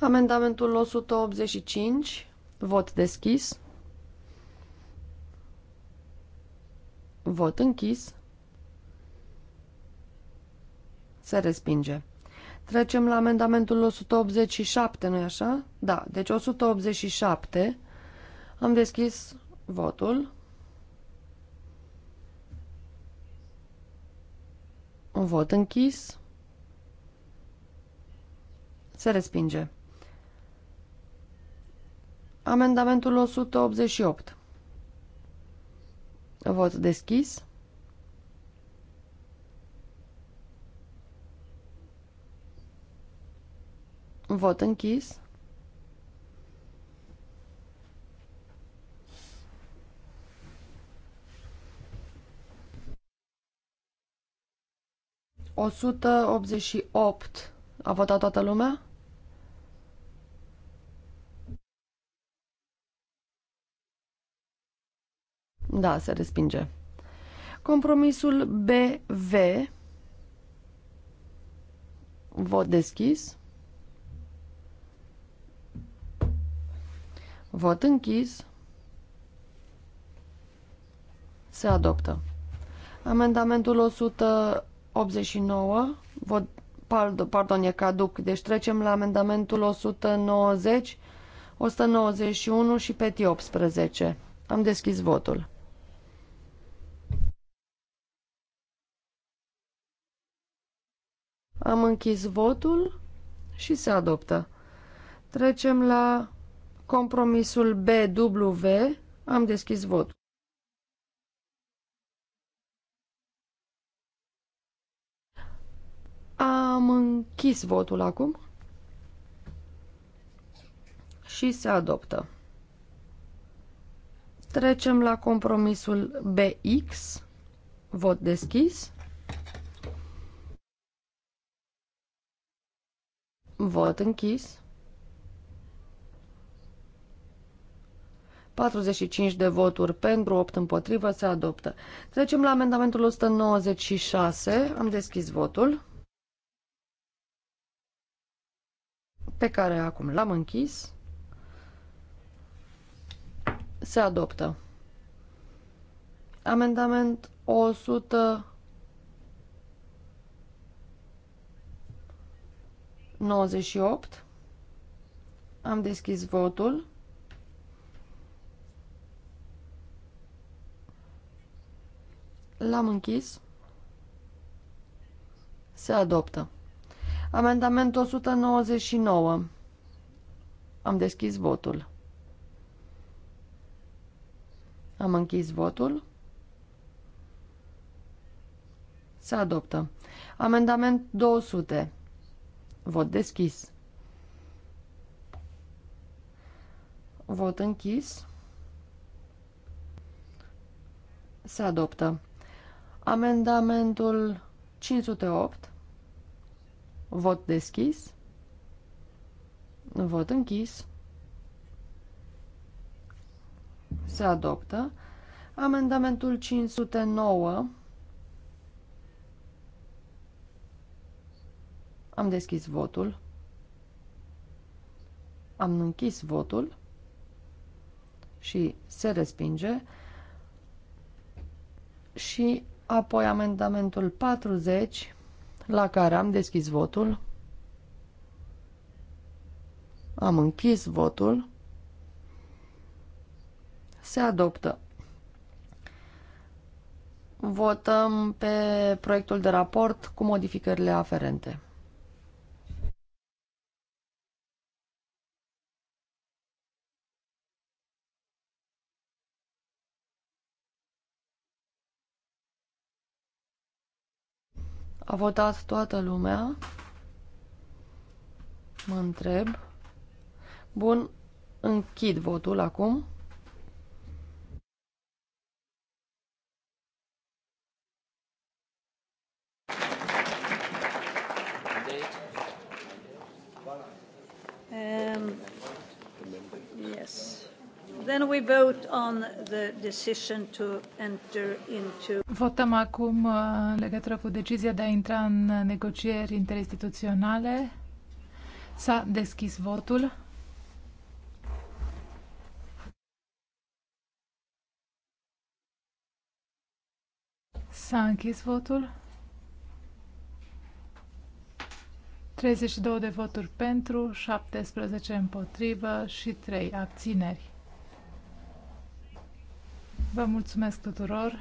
Amendamentul 185, vot deschis, vot închis, se respinge. Trecem la amendamentul 187, nu-i așa? Da, deci 187. Am deschis votul. Un vot închis. Se respinge. Amendamentul 188. Vot deschis. Vot închis. O sută optzeci și opt. A votat toată lumea? Da, se respinge. Compromisul BV. Vot deschis. Vot închis. Se adoptă. Amendamentul 189, vot, pardon, e caduc, deci trecem la amendamentul 190, 191 și peti 18. Am deschis votul. Am închis votul și se adoptă. Trecem la Compromisul BW, am deschis votul. Am închis votul acum și se adoptă. Trecem la compromisul BX, vot deschis. Vot închis. 45 de voturi pentru, 8 împotrivă, se adoptă. Trecem la amendamentul 196. Am deschis votul. Pe care acum l-am închis. Se adoptă. Amendament 100. 98. Am deschis votul. L-am închis. Se adoptă. Amendament 199. Am deschis votul. Am închis votul. Se adoptă. Amendament 200. Vot deschis. Vot închis. Se adoptă. Amendamentul 508. Vot deschis. Vot închis. Se adoptă. Amendamentul 509. Am deschis votul. Am închis votul și se respinge și Apoi amendamentul 40, la care am deschis votul. Am închis votul. Se adoptă. Votăm pe proiectul de raport cu modificările aferente. A votat toată lumea. Mă întreb. Bun, închid votul acum. then we vote on the decision to enter into... Votăm acum uh, în legătură cu decizia de a intra în uh, negocieri interinstituționale. S-a deschis votul. S-a închis votul. 32 de voturi pentru, 17 împotrivă și 3 abțineri. Vă mulțumesc tuturor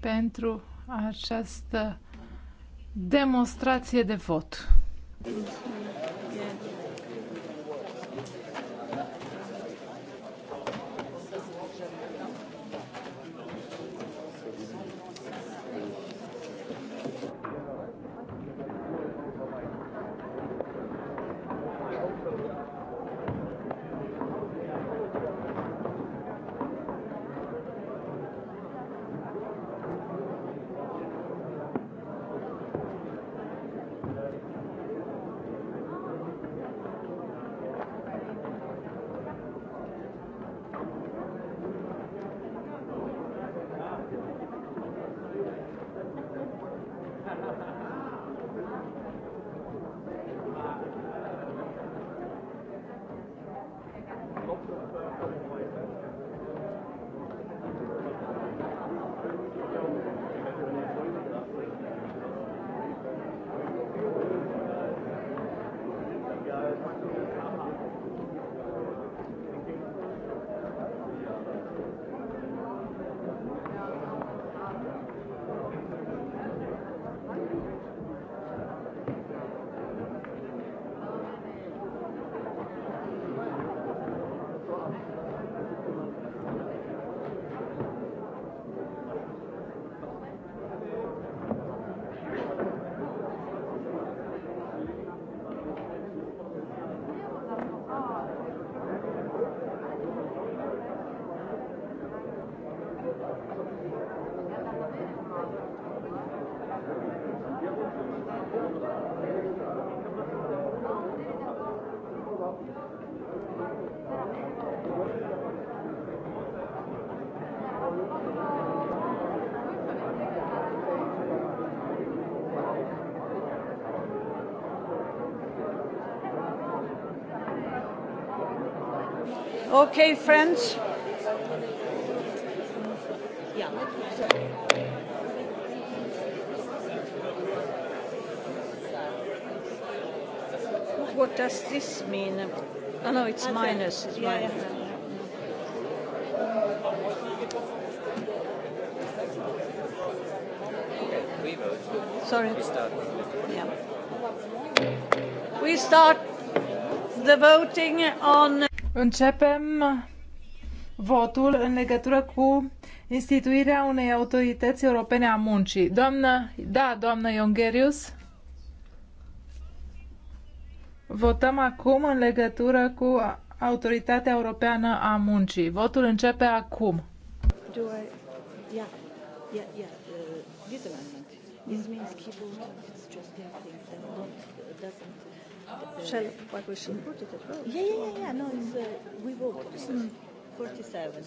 pentru această demonstrație de vot. Okay, friends. What does this mean? Oh no, it's okay. minus. It's yeah, minus. Yeah. Sorry. We start. Yeah. We start the voting on. Începem votul în legătură cu instituirea unei autorități europene a muncii. Doamnă, da, doamnă Iongerius. Votăm acum în legătură cu Autoritatea Europeană a Muncii. Votul începe acum. Do I... yeah. Yeah, yeah. Uh, this amendment. This means Shall but we should put it at vote. Yeah, yeah, yeah, yeah. No, it's, uh, we vote. Mm. seven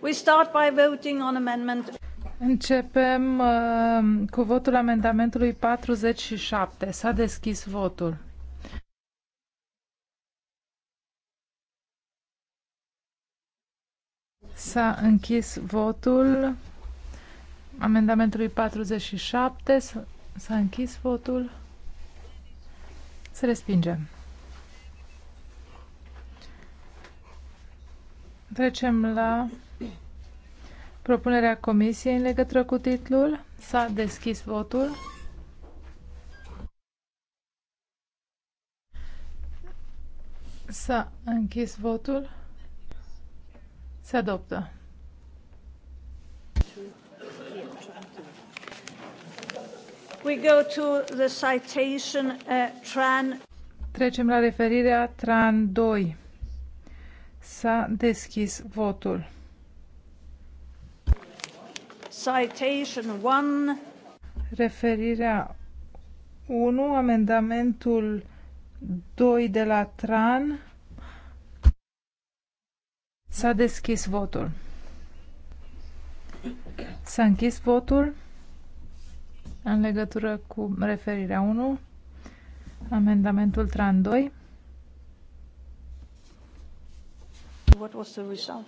We start by voting on amendment. Începem uh, cu votul amendamentului 47. S-a deschis votul. S-a închis votul amendamentului 47. S-a închis votul. Se respinge. Trecem la propunerea comisiei în legătură cu titlul. S-a deschis votul. S-a închis votul. Se adoptă. We go to the citation uh, Tran. Trecem la referirea Tran 2. S-a deschis votul. Citation 1. Referirea 1, amendamentul 2 de la Tran. S-a deschis votul. S-a închis votul în legătură cu referirea 1, amendamentul TRAN 2. What was the result?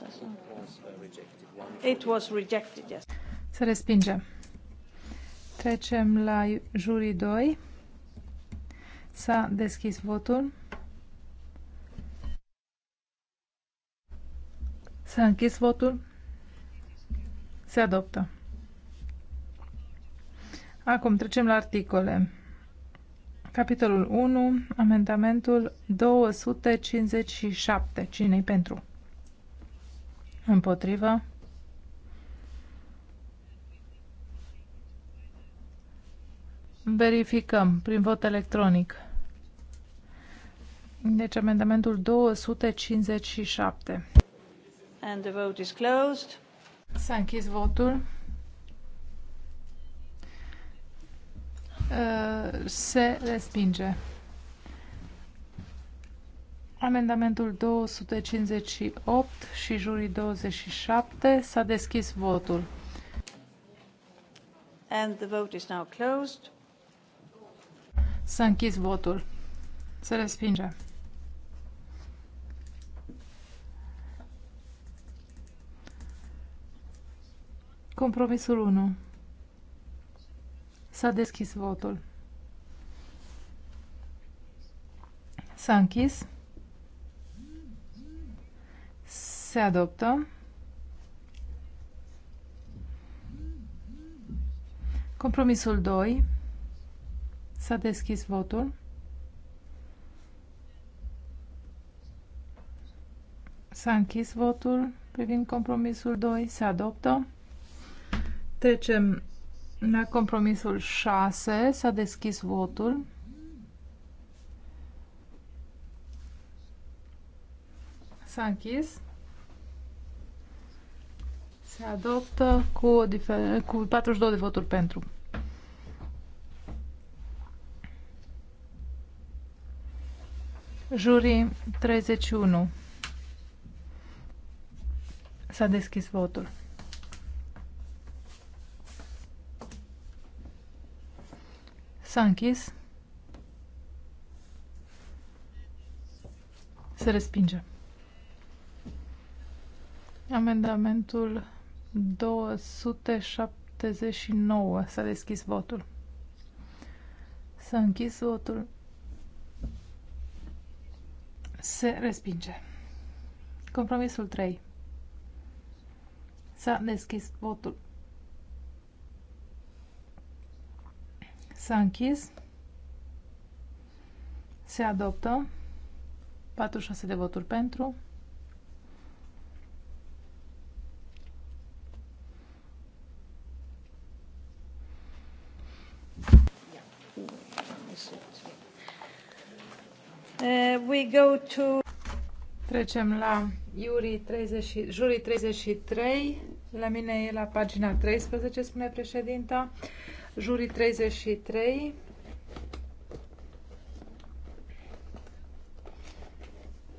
It was rejected, yes. Se respinge. Trecem la jurii 2. S-a deschis votul. S-a închis votul. Se adoptă. Acum trecem la articole. Capitolul 1, amendamentul 257. cine pentru? Împotrivă? Verificăm prin vot electronic. Deci amendamentul 257. And the vote is closed. S-a închis votul. se respinge. Amendamentul 258 și jurii 27 s-a deschis votul. And the vote is now closed. S-a închis votul. Se respinge. Compromisul 1. S-a deschis votul. S-a închis. Se adoptă. Compromisul 2. S-a deschis votul. S-a închis votul privind compromisul 2. Se adoptă. Trecem la compromisul 6 s-a deschis votul. S-a închis. Se adoptă cu, cu 42 de voturi pentru. Jurii 31. S-a deschis votul. S-a închis. Se respinge. Amendamentul 279. S-a deschis votul. S-a închis votul. Se respinge. Compromisul 3. S-a deschis votul. S-a închis. Se adoptă. 46 de voturi pentru. Uh, we go to... Trecem la Iuri 30, jurii 33. La mine e la pagina 13, spune președinta. Uh, Juri 33.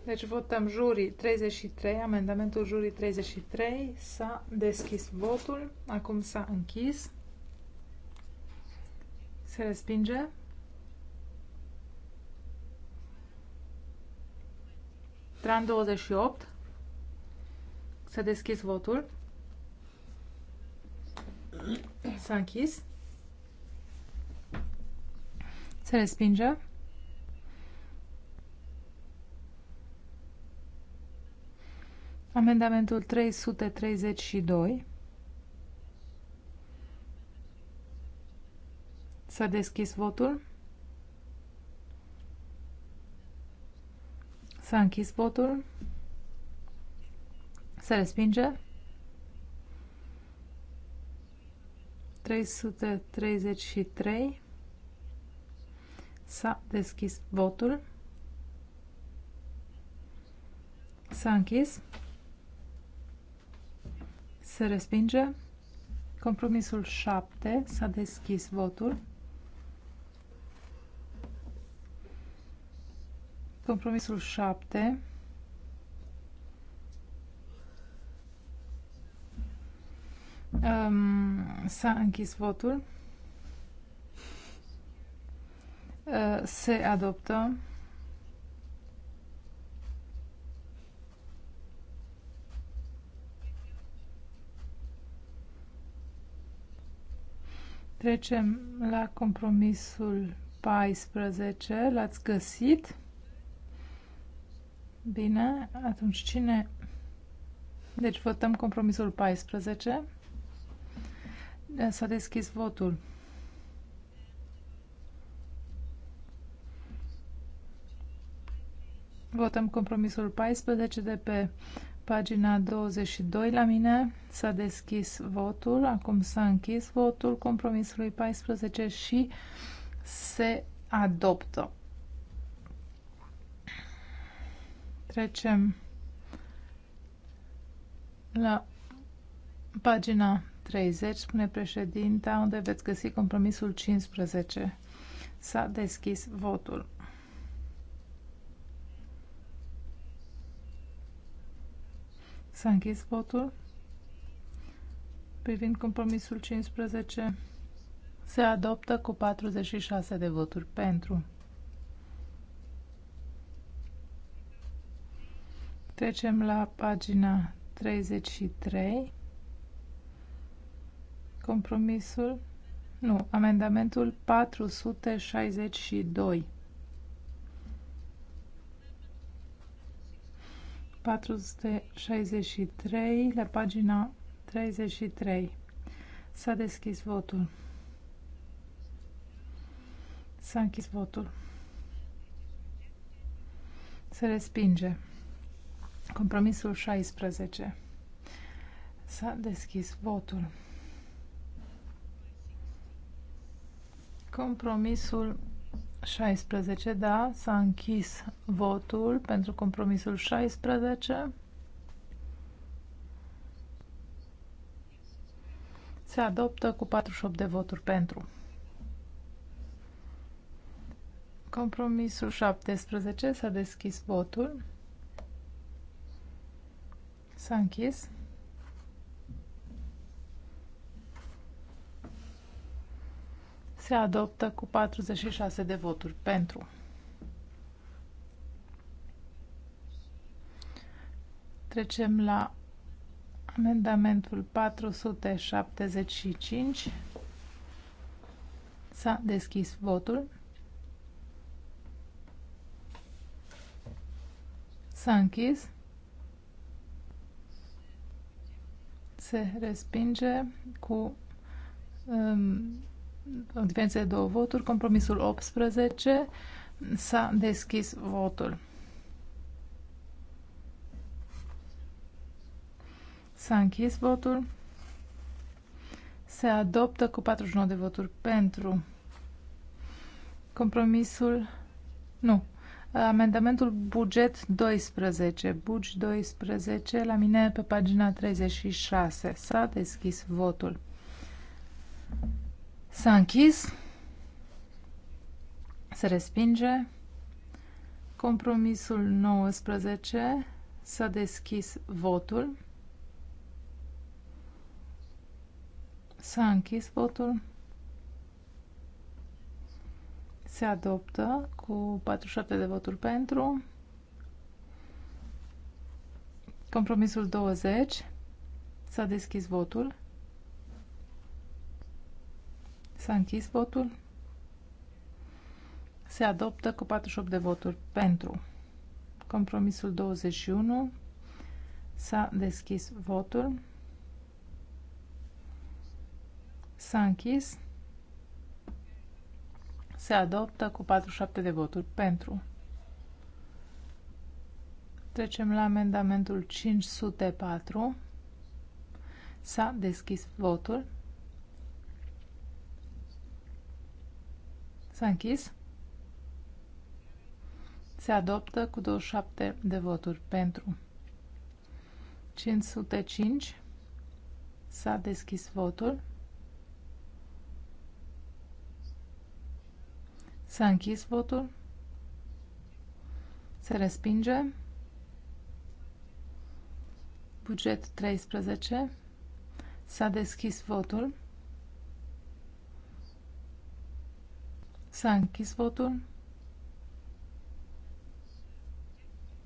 Deci votăm jurii 33, amendamentul jurii 33. S-a deschis votul, acum s-a închis. Se respinge. Tran 28. S-a deschis votul. S-a închis. Se respinge. Amendamentul 332. S-a deschis votul. S-a închis votul. Se respinge. 333. S-a deschis votul. S-a închis. Se respinge. Compromisul 7. S-a deschis votul. Compromisul 7. Um, S-a închis votul. Uh, se adoptă. Trecem la compromisul 14. L-ați găsit? Bine, atunci cine... Deci votăm compromisul 14. S-a deschis votul. Votăm compromisul 14 de pe pagina 22 la mine. S-a deschis votul, acum s-a închis votul compromisului 14 și se adoptă. Trecem la pagina 30, spune președinta, unde veți găsi compromisul 15. S-a deschis votul. S-a închis votul. Privind compromisul 15, se adoptă cu 46 de voturi pentru. Trecem la pagina 33. Compromisul, nu, amendamentul 462. 463, la pagina 33. S-a deschis votul. S-a închis votul. Se respinge. Compromisul 16. S-a deschis votul. Compromisul 16, da, s-a închis votul pentru compromisul 16. Se adoptă cu 48 de voturi pentru. Compromisul 17 s-a deschis votul. S-a închis. se adoptă cu 46 de voturi pentru. Trecem la amendamentul 475. S-a deschis votul. S-a închis. Se respinge cu um, în diferență de două voturi. Compromisul 18 s-a deschis votul. S-a închis votul. Se adoptă cu 49 de voturi pentru compromisul. Nu. Amendamentul buget 12. Bugi 12 la mine pe pagina 36. S-a deschis votul. S-a închis. Se respinge. Compromisul 19. S-a deschis votul. S-a închis votul. Se adoptă cu 47 de voturi pentru. Compromisul 20. S-a deschis votul. S-a închis votul. Se adoptă cu 48 de voturi pentru. Compromisul 21. S-a deschis votul. S-a închis. Se adoptă cu 47 de voturi pentru. Trecem la amendamentul 504. S-a deschis votul. S-a închis. Se adoptă cu 27 de voturi pentru. 505. S-a deschis votul. S-a închis votul. Se respinge. Buget 13. S-a deschis votul. S-a închis votul.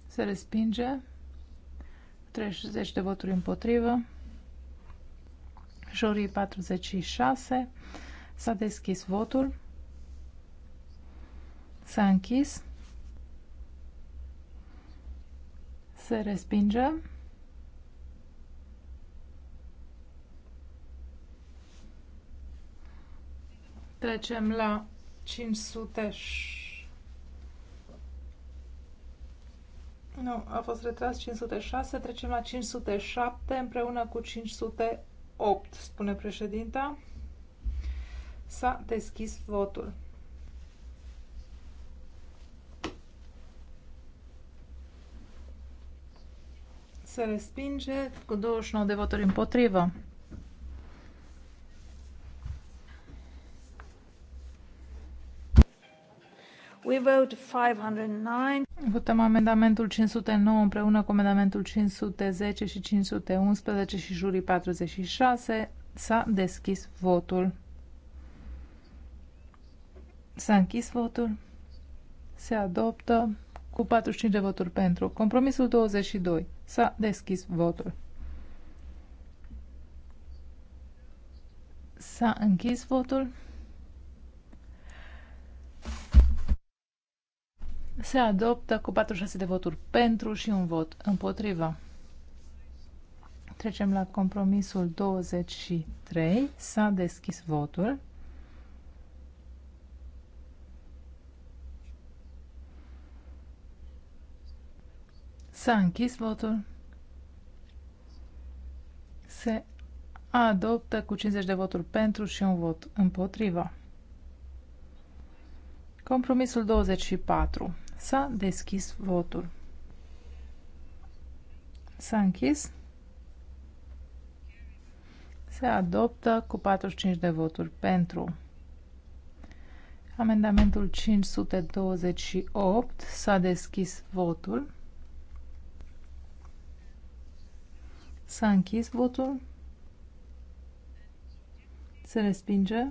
Se respinge. 30 de voturi împotrivă. Jurii 46. S-a deschis votul. S-a închis. Se respinge. Trecem la 500 nu, a fost retras 506, trecem la 507 împreună cu 508, spune președinta. S-a deschis votul. Se respinge cu 29 de voturi împotrivă. We vote 509. Votăm amendamentul 509 împreună cu amendamentul 510 și 511 și jurii 46. S-a deschis votul. S-a închis votul. Se adoptă cu 45 de voturi pentru. Compromisul 22. S-a deschis votul. S-a închis votul. se adoptă cu 46 de voturi pentru și un vot împotrivă. Trecem la compromisul 23. S-a deschis votul. S-a închis votul. Se adoptă cu 50 de voturi pentru și un vot împotrivă. Compromisul 24. S-a deschis votul. S-a închis. Se adoptă cu 45 de voturi pentru. Amendamentul 528 s-a deschis votul. S-a închis votul. Se respinge.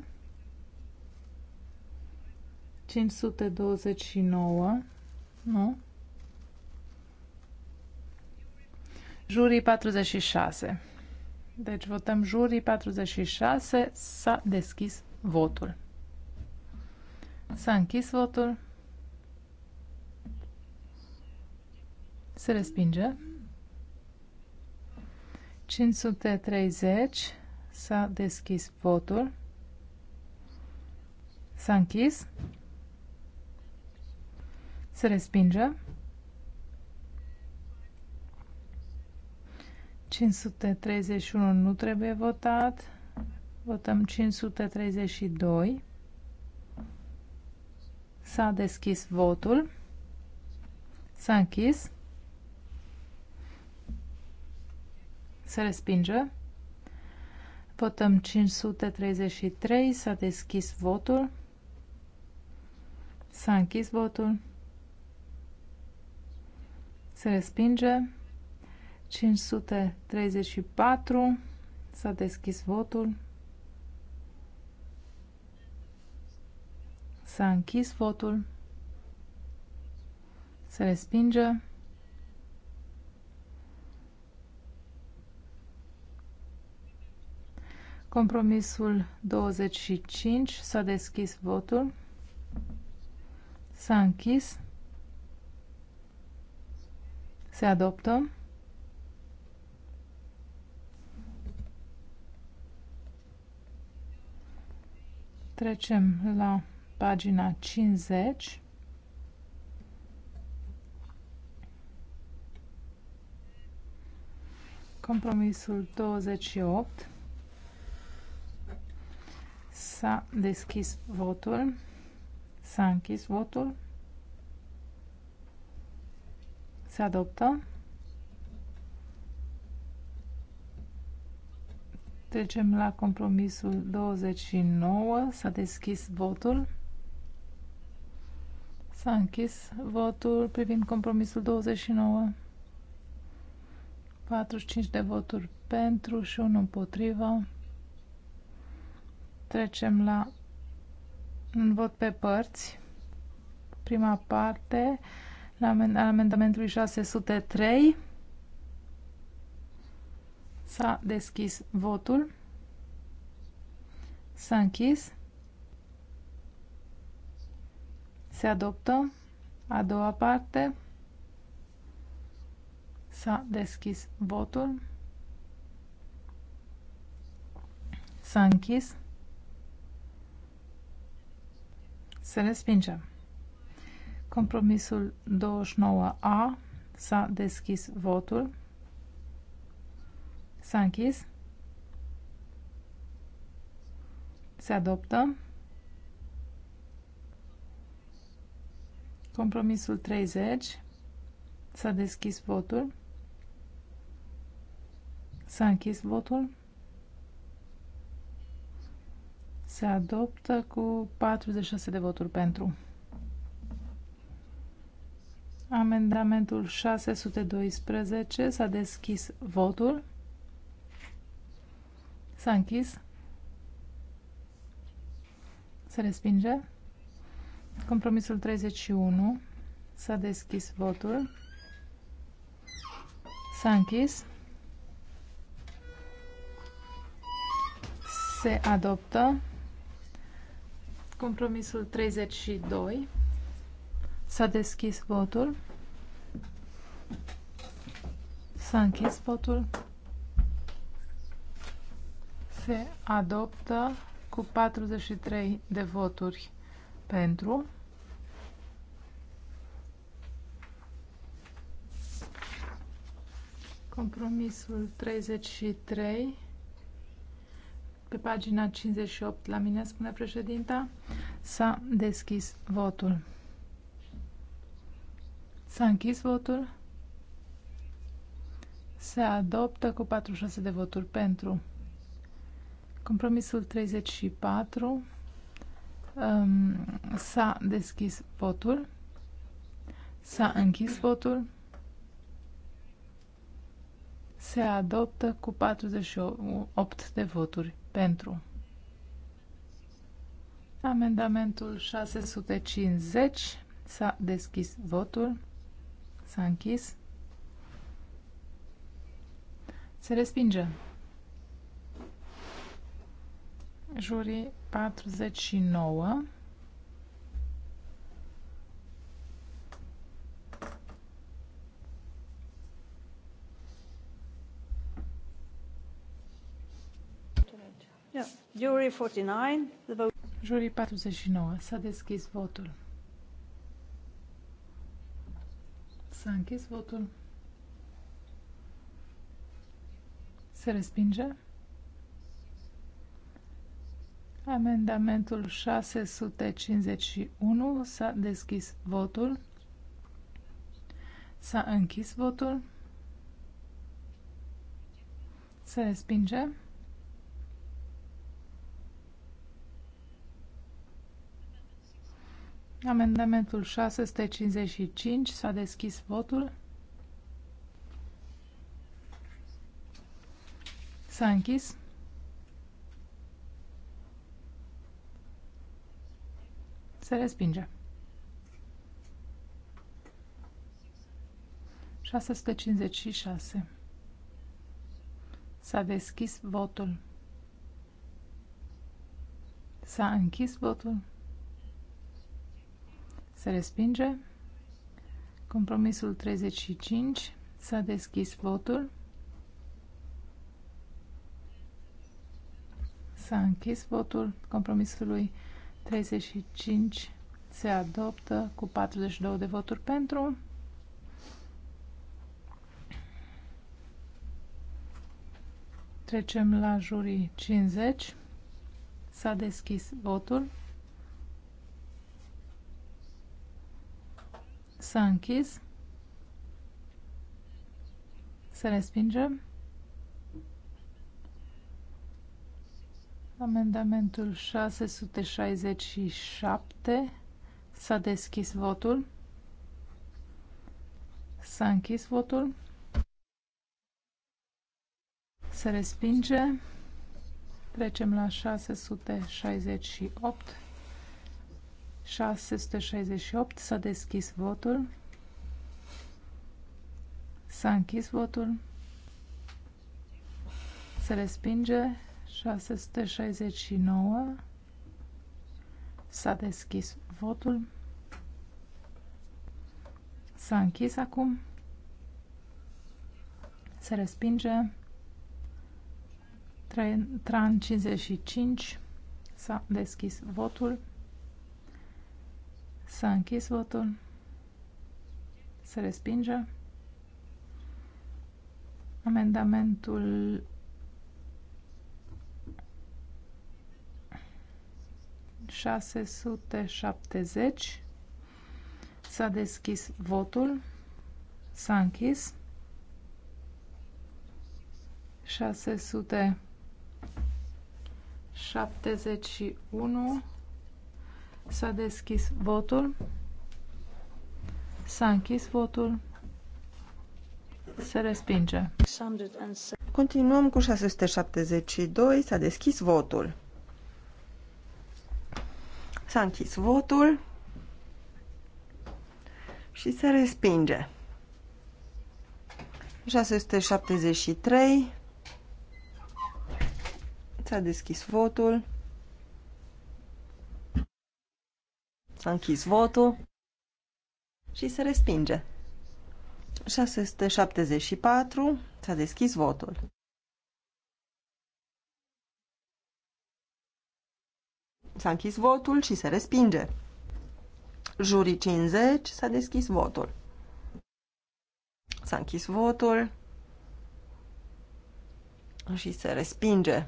529 nu? Jurii 46. Deci votăm jurii 46. S-a deschis votul. S-a închis votul. Se respinge. 530. S-a deschis votul. S-a închis. Se respinge. 531 nu trebuie votat. Votăm 532. S-a deschis votul. S-a închis. Se respinge. Votăm 533. S-a deschis votul. S-a închis votul se respinge. 534 s-a deschis votul. S-a închis votul. Se respinge. Compromisul 25 s-a deschis votul. S-a închis. Se adoptă. Trecem la pagina 50. Compromisul 28. S-a deschis votul. S-a închis votul. Se adoptă. Trecem la compromisul 29. S-a deschis votul. S-a închis votul privind compromisul 29. 45 de voturi pentru și unul împotrivă. Trecem la un vot pe părți. Prima parte la amendamentului 603. S-a deschis votul. S-a închis. Se adoptă a doua parte. S-a deschis votul. S-a închis. Se respinge. Compromisul 29A s-a deschis votul. S-a închis. Se adoptă. Compromisul 30 s-a deschis votul. S-a închis votul. Se adoptă cu 46 de voturi pentru. Amendamentul 612 s-a deschis votul. S-a închis. Se respinge. Compromisul 31 s-a deschis votul. S-a închis. Se adoptă. Compromisul 32 S-a deschis votul. S-a închis votul. Se adoptă cu 43 de voturi pentru. Compromisul 33 pe pagina 58 la mine, spune președinta, s-a deschis votul. S-a închis votul. Se adoptă cu 46 de voturi pentru. Compromisul 34. Um, S-a deschis votul. S-a închis votul. Se adoptă cu 48 de voturi pentru. Amendamentul 650. S-a deschis votul. S-a închis. Se respinge. Jurii 49. Jury 49, the vote. Jurii 49. S-a deschis votul. S-a închis votul. Se respinge. Amendamentul 651 s-a deschis votul. S-a închis votul. Se respinge. Amendamentul 655. S-a deschis votul. S-a închis. Se respinge. 656. S-a deschis votul. S-a închis votul. Se respinge. Compromisul 35. S-a deschis votul. S-a închis votul compromisului 35 se adoptă cu 42 de voturi pentru. Trecem la jurii 50. S-a deschis votul. S-a închis. Se respinge. Amendamentul 667. S-a deschis votul. S-a închis votul. Se respinge. Trecem la 668. 668. S-a deschis votul. S-a închis votul. Se respinge. 669. S-a deschis votul. S-a închis acum. Se respinge. Tran 55. S-a deschis votul. S-a închis votul. Se respinge. Amendamentul 670. S-a deschis votul. S-a închis. 671 S-a deschis votul. S-a închis votul. Se respinge. Continuăm cu 672. S-a deschis votul. S-a închis votul și se respinge. 673. S-a deschis votul. S-a închis votul și se respinge. 674. S-a deschis votul. S-a închis votul și se respinge. Jurii 50. S-a deschis votul. S-a închis votul și se respinge.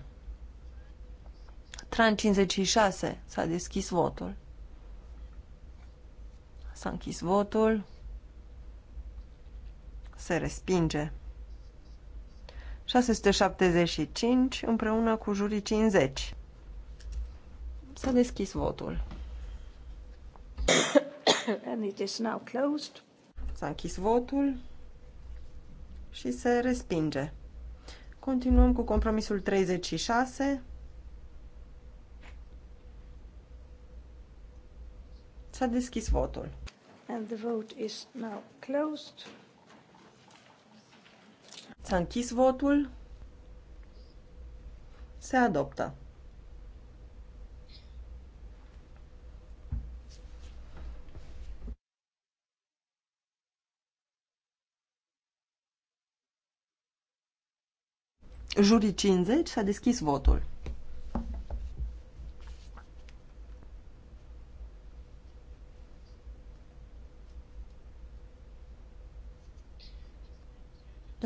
Tran 56. S-a deschis votul. S-a închis votul. Se respinge. 675 împreună cu jurii 50. S-a deschis votul. [COUGHS] And it is now closed. S-a închis votul și se respinge. Continuăm cu compromisul 36. S-a deschis votul. And the vote is now closed. S-a închis votul. Se adoptă. Jurii 50 s-a deschis votul.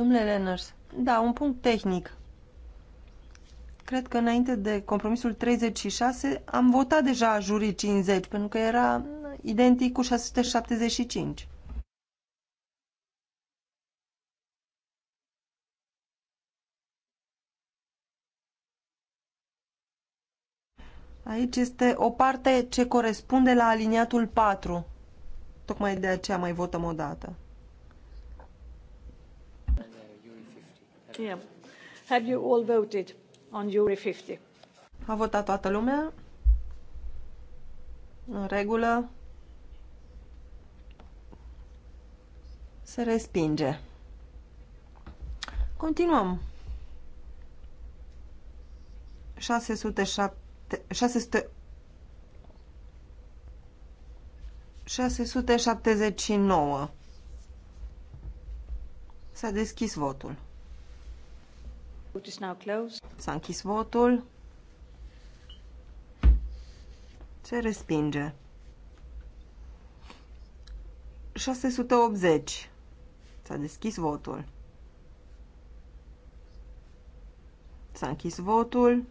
Domnule Lenners, da, un punct tehnic. Cred că înainte de compromisul 36 am votat deja jurii 50, pentru că era identic cu 675. Aici este o parte ce corespunde la aliniatul 4. Tocmai de aceea mai votăm o dată. p.m. Have you all voted on Jury 50? A votat toată lumea? În regulă? Se respinge. Continuăm. 607, 600, 679. S-a deschis votul. S-a închis votul. Se respinge. 680. S-a deschis votul. S-a închis votul.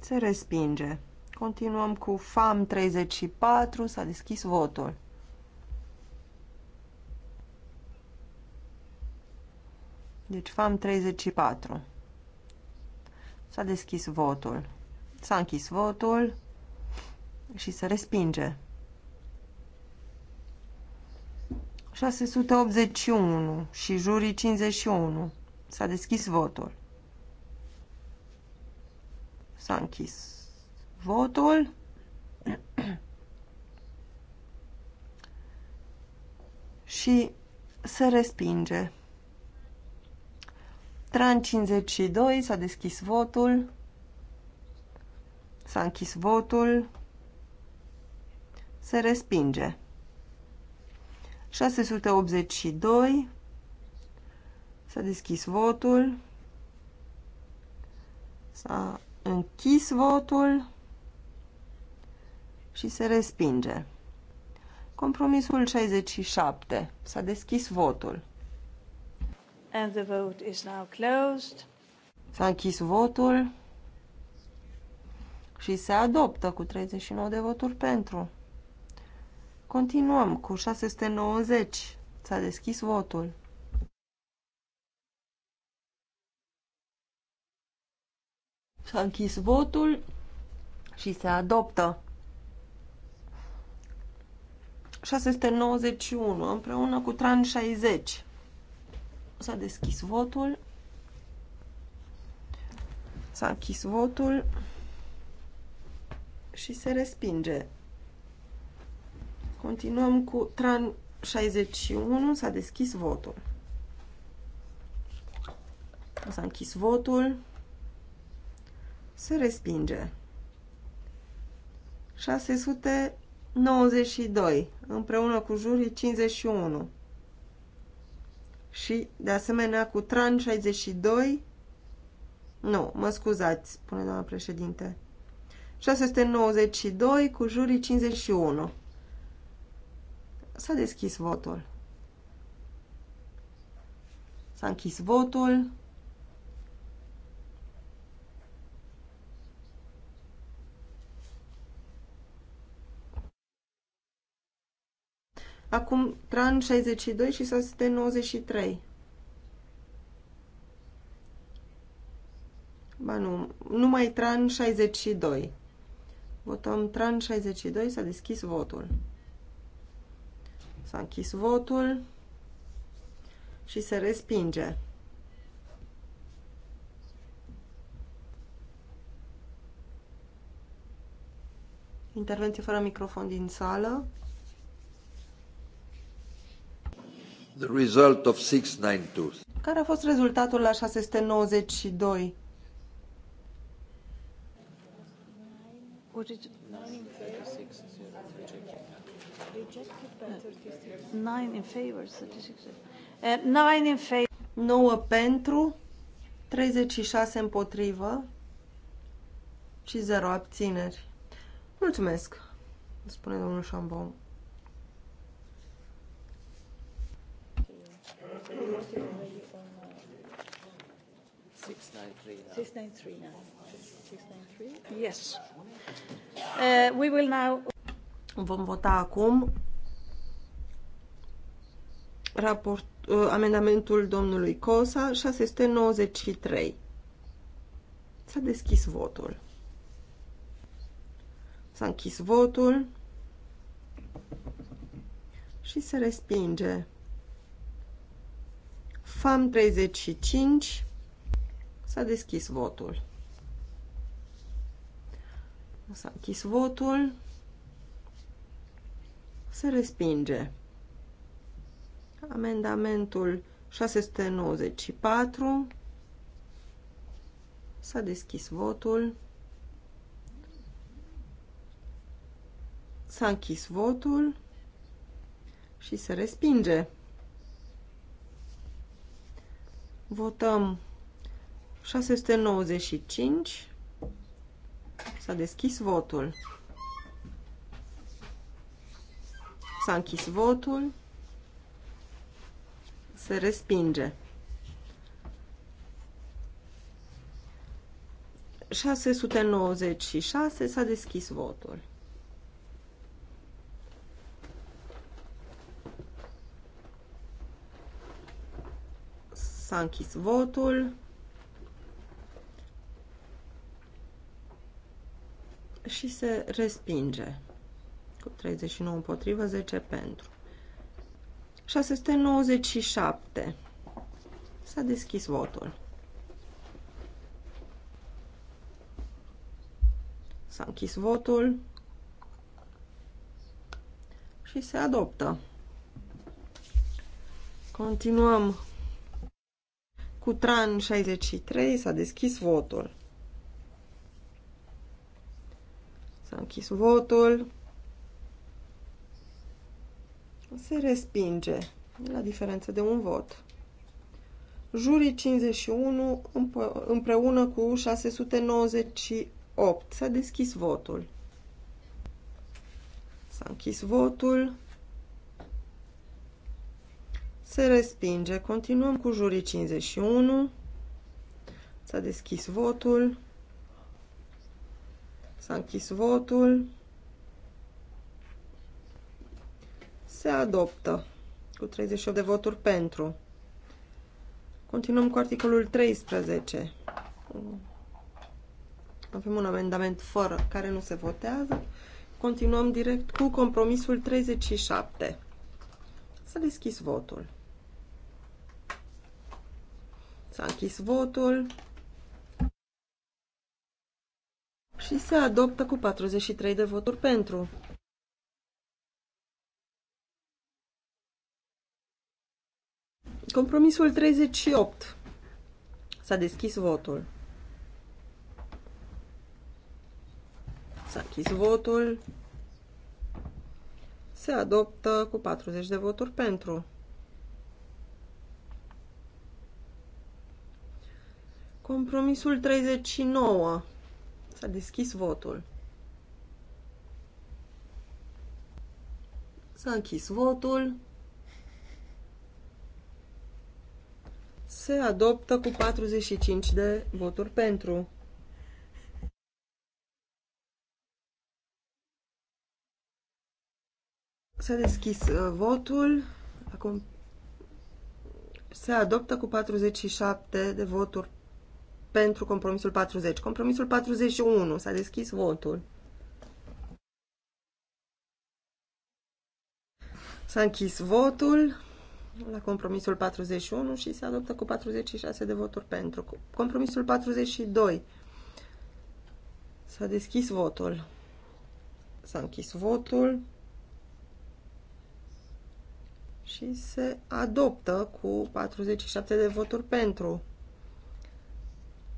Se respinge. Continuăm cu FAM 34. S-a deschis votul. Deci FAM 34. S-a deschis votul. S-a închis votul și se respinge. 681 și jurii 51. S-a deschis votul. S-a închis votul. [CLEARS THROAT] și se respinge. Tran 52, s-a deschis votul. S-a închis votul. Se respinge. 682. S-a deschis votul. S-a închis votul și se respinge. Compromisul 67. S-a deschis votul. And the vote is now closed. S-a închis votul și se adoptă cu 39 de voturi pentru. Continuăm cu 690. S-a deschis votul. S-a închis votul și se adoptă. 691 împreună cu tran 60. S-a deschis votul. S-a închis votul și se respinge. Continuăm cu Tran 61, s-a deschis votul. S-a închis votul. Se respinge. 692 împreună cu jurii 51 și, de asemenea, cu tran 62. Nu, mă scuzați, spune doamna președinte. 692 cu jurii 51. S-a deschis votul. S-a închis votul. Acum tran 62 și 693. Ba nu, numai tran 62. Votăm tran 62, s-a deschis votul. S-a închis votul și se respinge. Intervenție fără microfon din sală. The result of 692. Care a fost rezultatul la 692? Nine in favor, 36. 9 uh, in favor. 9 pentru, 36 împotrivă și 0 abțineri. Mulțumesc, spune domnul Șambon. Yes. Uh, we will now... Vom vota acum raport, uh, amendamentul domnului Cosa 693. S-a deschis votul. S-a închis votul și se respinge. FAM 35 s-a deschis votul. S-a închis votul. Se respinge. Amendamentul 694 s-a deschis votul. S-a închis votul și se respinge. Votăm 695. S-a deschis votul. S-a închis votul. Se respinge. 696 s-a deschis votul. S-a închis votul. Și se respinge. Cu 39 împotrivă, 10 pentru. 697. S-a deschis votul. S-a închis votul și se adoptă. Continuăm cu tran 63 s-a deschis votul. S-a închis votul. Se respinge la diferență de un vot. Juri 51 împreună cu 698. S-a deschis votul. S-a închis votul. Se respinge. Continuăm cu jurii 51. S-a deschis votul. S-a închis votul. Se adoptă cu 38 de voturi pentru. Continuăm cu articolul 13. Avem un amendament fără care nu se votează. Continuăm direct cu compromisul 37. S-a deschis votul. S-a închis votul. Și se adoptă cu 43 de voturi pentru. Compromisul 38. S-a deschis votul. S-a închis votul. Se adoptă cu 40 de voturi pentru. Compromisul 39. S-a deschis votul. S-a închis votul. Se adoptă cu 45 de voturi pentru. S-a deschis uh, votul. Acum se adoptă cu 47 de voturi pentru compromisul 40. Compromisul 41. S-a deschis votul. S-a închis votul la compromisul 41 și se adoptă cu 46 de voturi pentru. Compromisul 42. S-a deschis votul. S-a închis votul și se adoptă cu 47 de voturi pentru.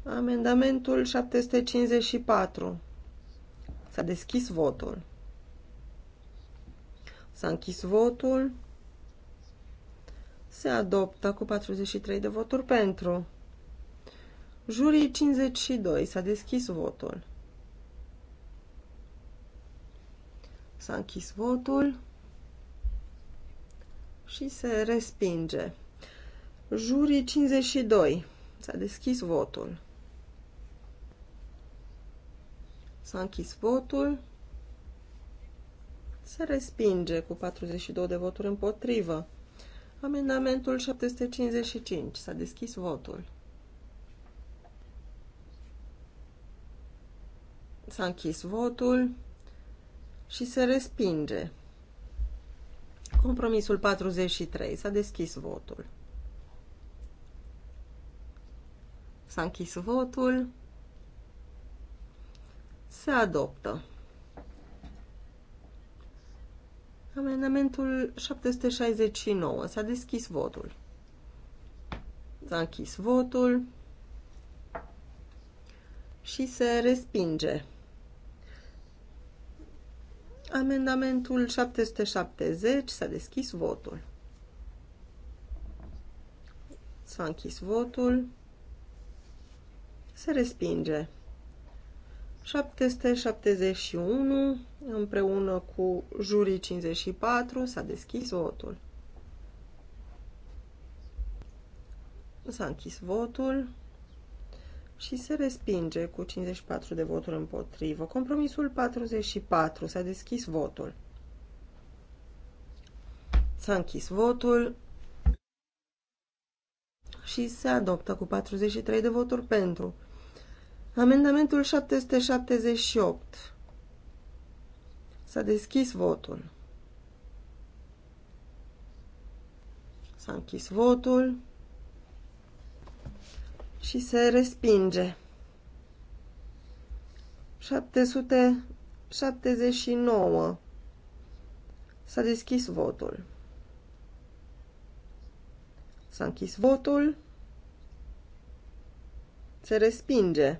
Amendamentul 754. S-a deschis votul. S-a închis votul. Se adoptă cu 43 de voturi pentru. Jurii 52. S-a deschis votul. S-a închis votul și se respinge. Jurii 52. S-a deschis votul. S-a închis votul. Se respinge cu 42 de voturi împotrivă. Amendamentul 755. S-a deschis votul. S-a închis votul și se respinge. Compromisul 43. S-a deschis votul. S-a închis votul se adoptă. Amendamentul 769. S-a deschis votul. S-a închis votul și se respinge. Amendamentul 770. S-a deschis votul. S-a închis votul. Se respinge. 771 împreună cu jurii 54 s-a deschis votul. S-a închis votul și se respinge cu 54 de voturi împotrivă. Compromisul 44 s-a deschis votul. S-a închis votul și se adoptă cu 43 de voturi pentru. Amendamentul 778. S-a deschis votul. S-a închis votul și se respinge. 779. S-a deschis votul. S-a închis votul. Se respinge.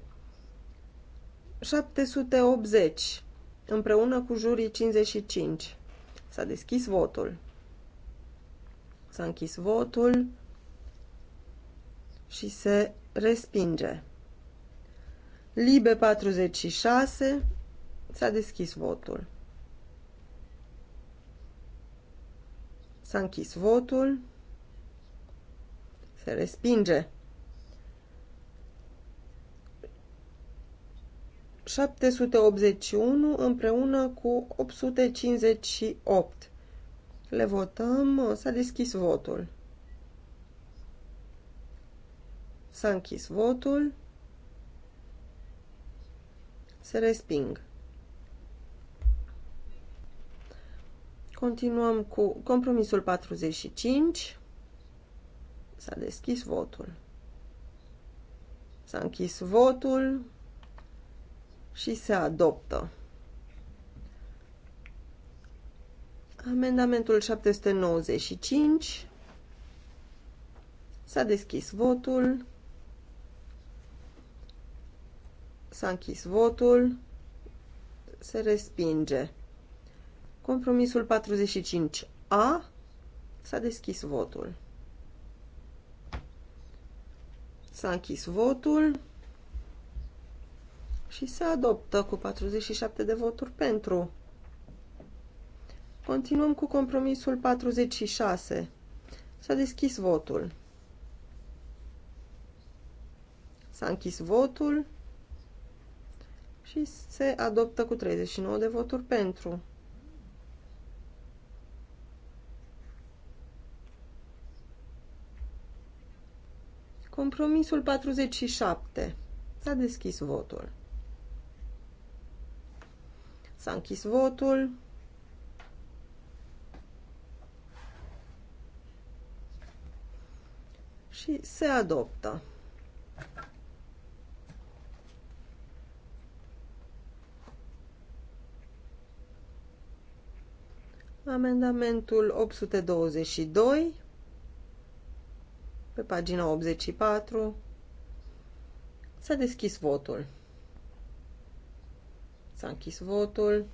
780 împreună cu jurii 55. S-a deschis votul. S-a închis votul și se respinge. Libe 46 s-a deschis votul. S-a închis votul. Se respinge. 781 împreună cu 858. Le votăm. S-a deschis votul. S-a închis votul. Se resping. Continuăm cu compromisul 45. S-a deschis votul. S-a închis votul și se adoptă. Amendamentul 795. S-a deschis votul. S-a închis votul. Se respinge. Compromisul 45A. S-a deschis votul. S-a închis votul și se adoptă cu 47 de voturi pentru. Continuăm cu compromisul 46. S-a deschis votul. S-a închis votul și se adoptă cu 39 de voturi pentru. Compromisul 47. S-a deschis votul. S-a închis votul. Și se adoptă. Amendamentul 822 pe pagina 84 s-a deschis votul. S-a închis votul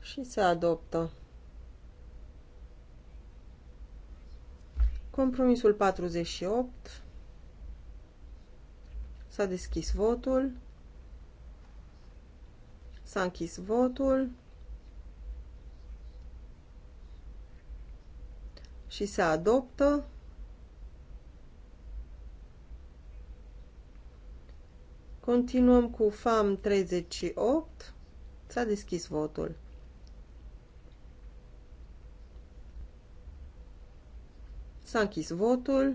și se adoptă. Compromisul 48. S-a deschis votul. S-a închis votul. Și se adoptă. Continuăm cu FAM 38. S-a deschis votul. S-a închis votul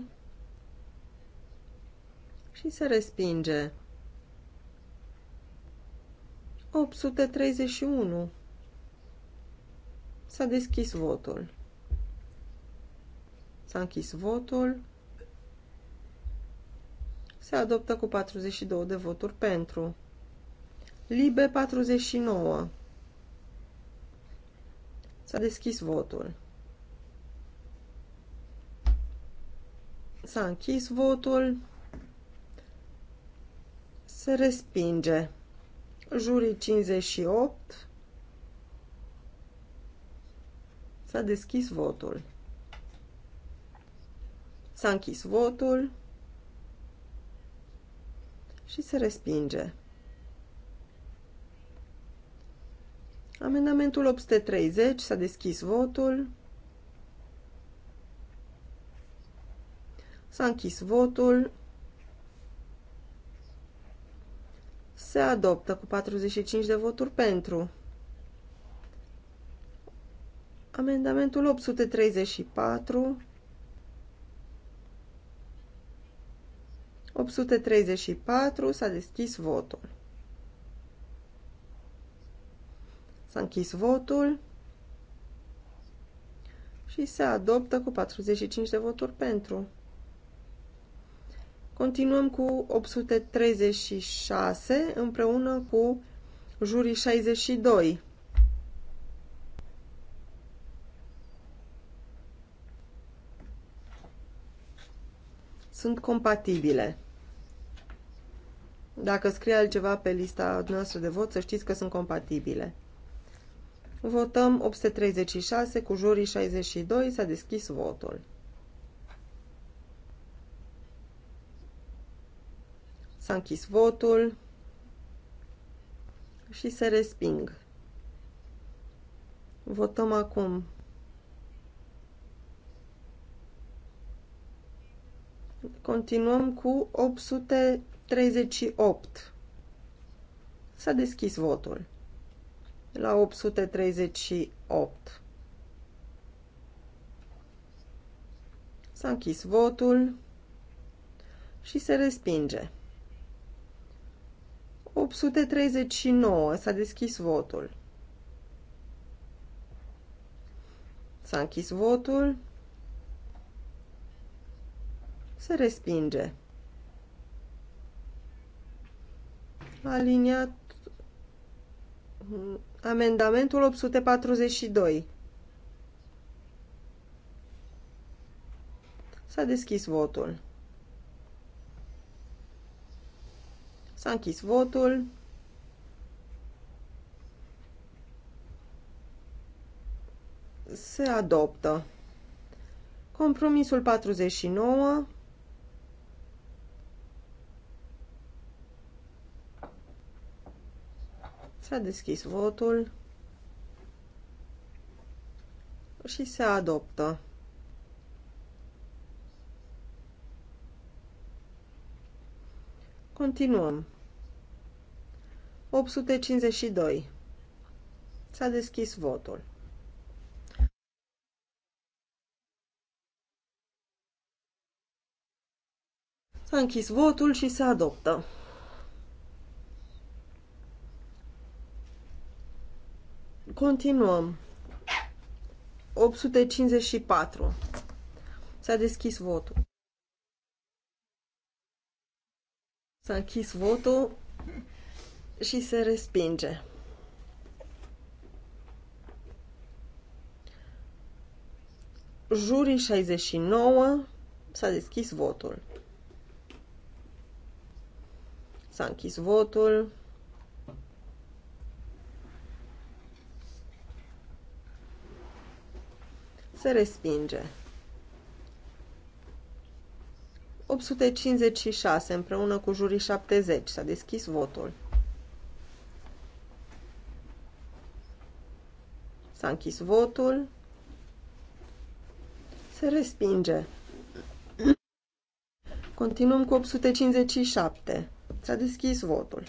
și se respinge. 831. S-a deschis votul. S-a închis votul se adoptă cu 42 de voturi pentru. Libe 49. S-a deschis votul. S-a închis votul. Se respinge. Jurii 58. S-a deschis votul. S-a închis votul și se respinge. Amendamentul 830 s-a deschis votul. S-a închis votul. Se adoptă cu 45 de voturi pentru. Amendamentul 834 834 s-a deschis votul. S-a închis votul și se adoptă cu 45 de voturi pentru. Continuăm cu 836 împreună cu jurii 62. Sunt compatibile. Dacă scrie altceva pe lista noastră de vot, să știți că sunt compatibile. Votăm 836 cu jurii 62, s-a deschis votul. S-a închis votul și se resping. Votăm acum. Continuăm cu 800 38. S-a deschis votul. La 838. S-a închis votul și se respinge. 839. S-a deschis votul. S-a închis votul. Se respinge. aliniat amendamentul 842. S-a deschis votul. S-a închis votul. Se adoptă. Compromisul 49 S-a deschis votul și se adoptă. Continuăm. 852. S-a deschis votul. S-a închis votul și se adoptă. Continuăm. 854. S-a deschis votul. S-a închis votul și se respinge. Jurii 69 s-a deschis votul. S-a închis votul Se respinge. 856 împreună cu jurii 70. S-a deschis votul. S-a închis votul. Se respinge. Continuăm cu 857. S-a deschis votul.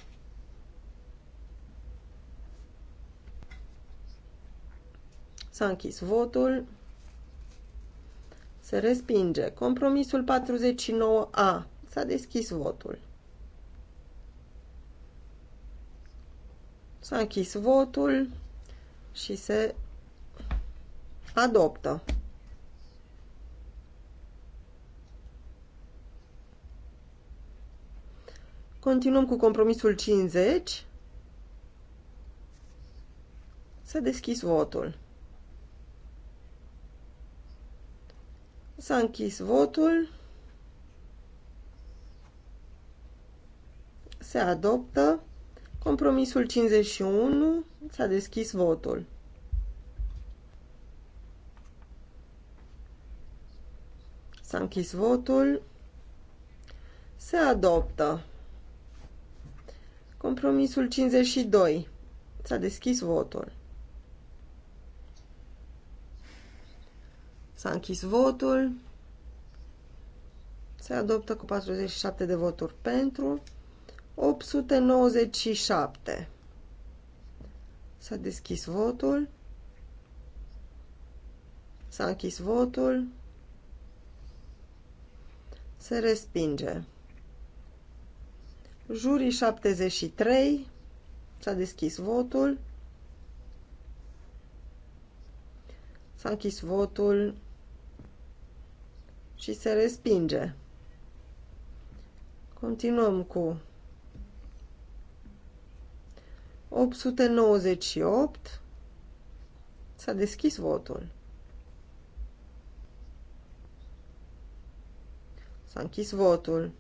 S-a închis votul. Se respinge. Compromisul 49A. S-a deschis votul. S-a închis votul și se adoptă. Continuăm cu compromisul 50. S-a deschis votul. S-a închis votul. Se adoptă. Compromisul 51. S-a deschis votul. S-a închis votul. Se adoptă. Compromisul 52. S-a deschis votul. S-a închis votul. Se adoptă cu 47 de voturi pentru. 897. S-a deschis votul. S-a închis votul. Se respinge. Jurii 73. S-a deschis votul. S-a închis votul și se respinge. Continuăm cu 898. S-a deschis votul. S-a închis votul.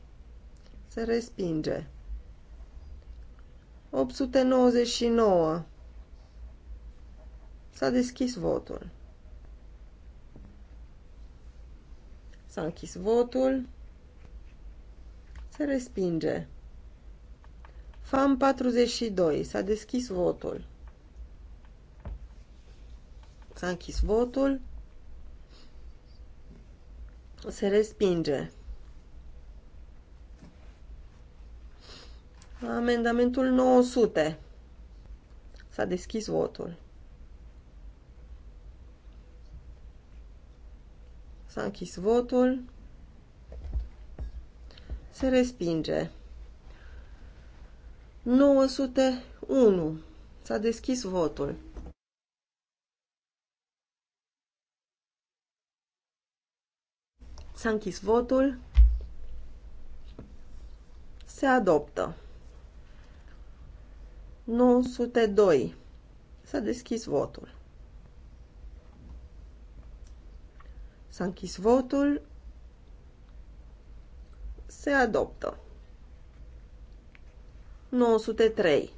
Se respinge. 899. S-a deschis votul. S-a închis votul. Se respinge. FAM 42. S-a deschis votul. S-a închis votul. Se respinge. Amendamentul 900. S-a deschis votul. S-a închis votul. Se respinge. 901. S-a deschis votul. S-a închis votul. Se adoptă. 902. S-a deschis votul. S-a închis votul. Se adoptă. 903.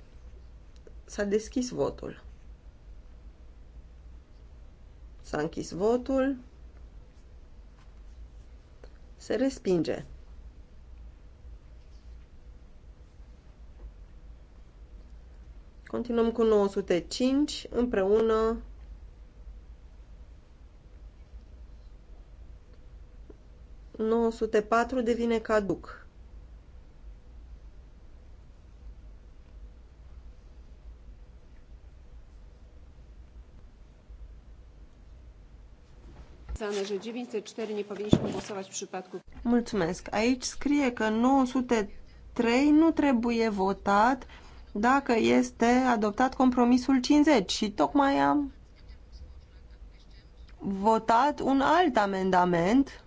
S-a deschis votul. S-a închis votul. Se respinge. Continuăm cu 905 împreună 904 devine caduc. Mulțumesc. Aici scrie că 903 nu trebuie votat dacă este adoptat compromisul 50 și tocmai am votat un alt amendament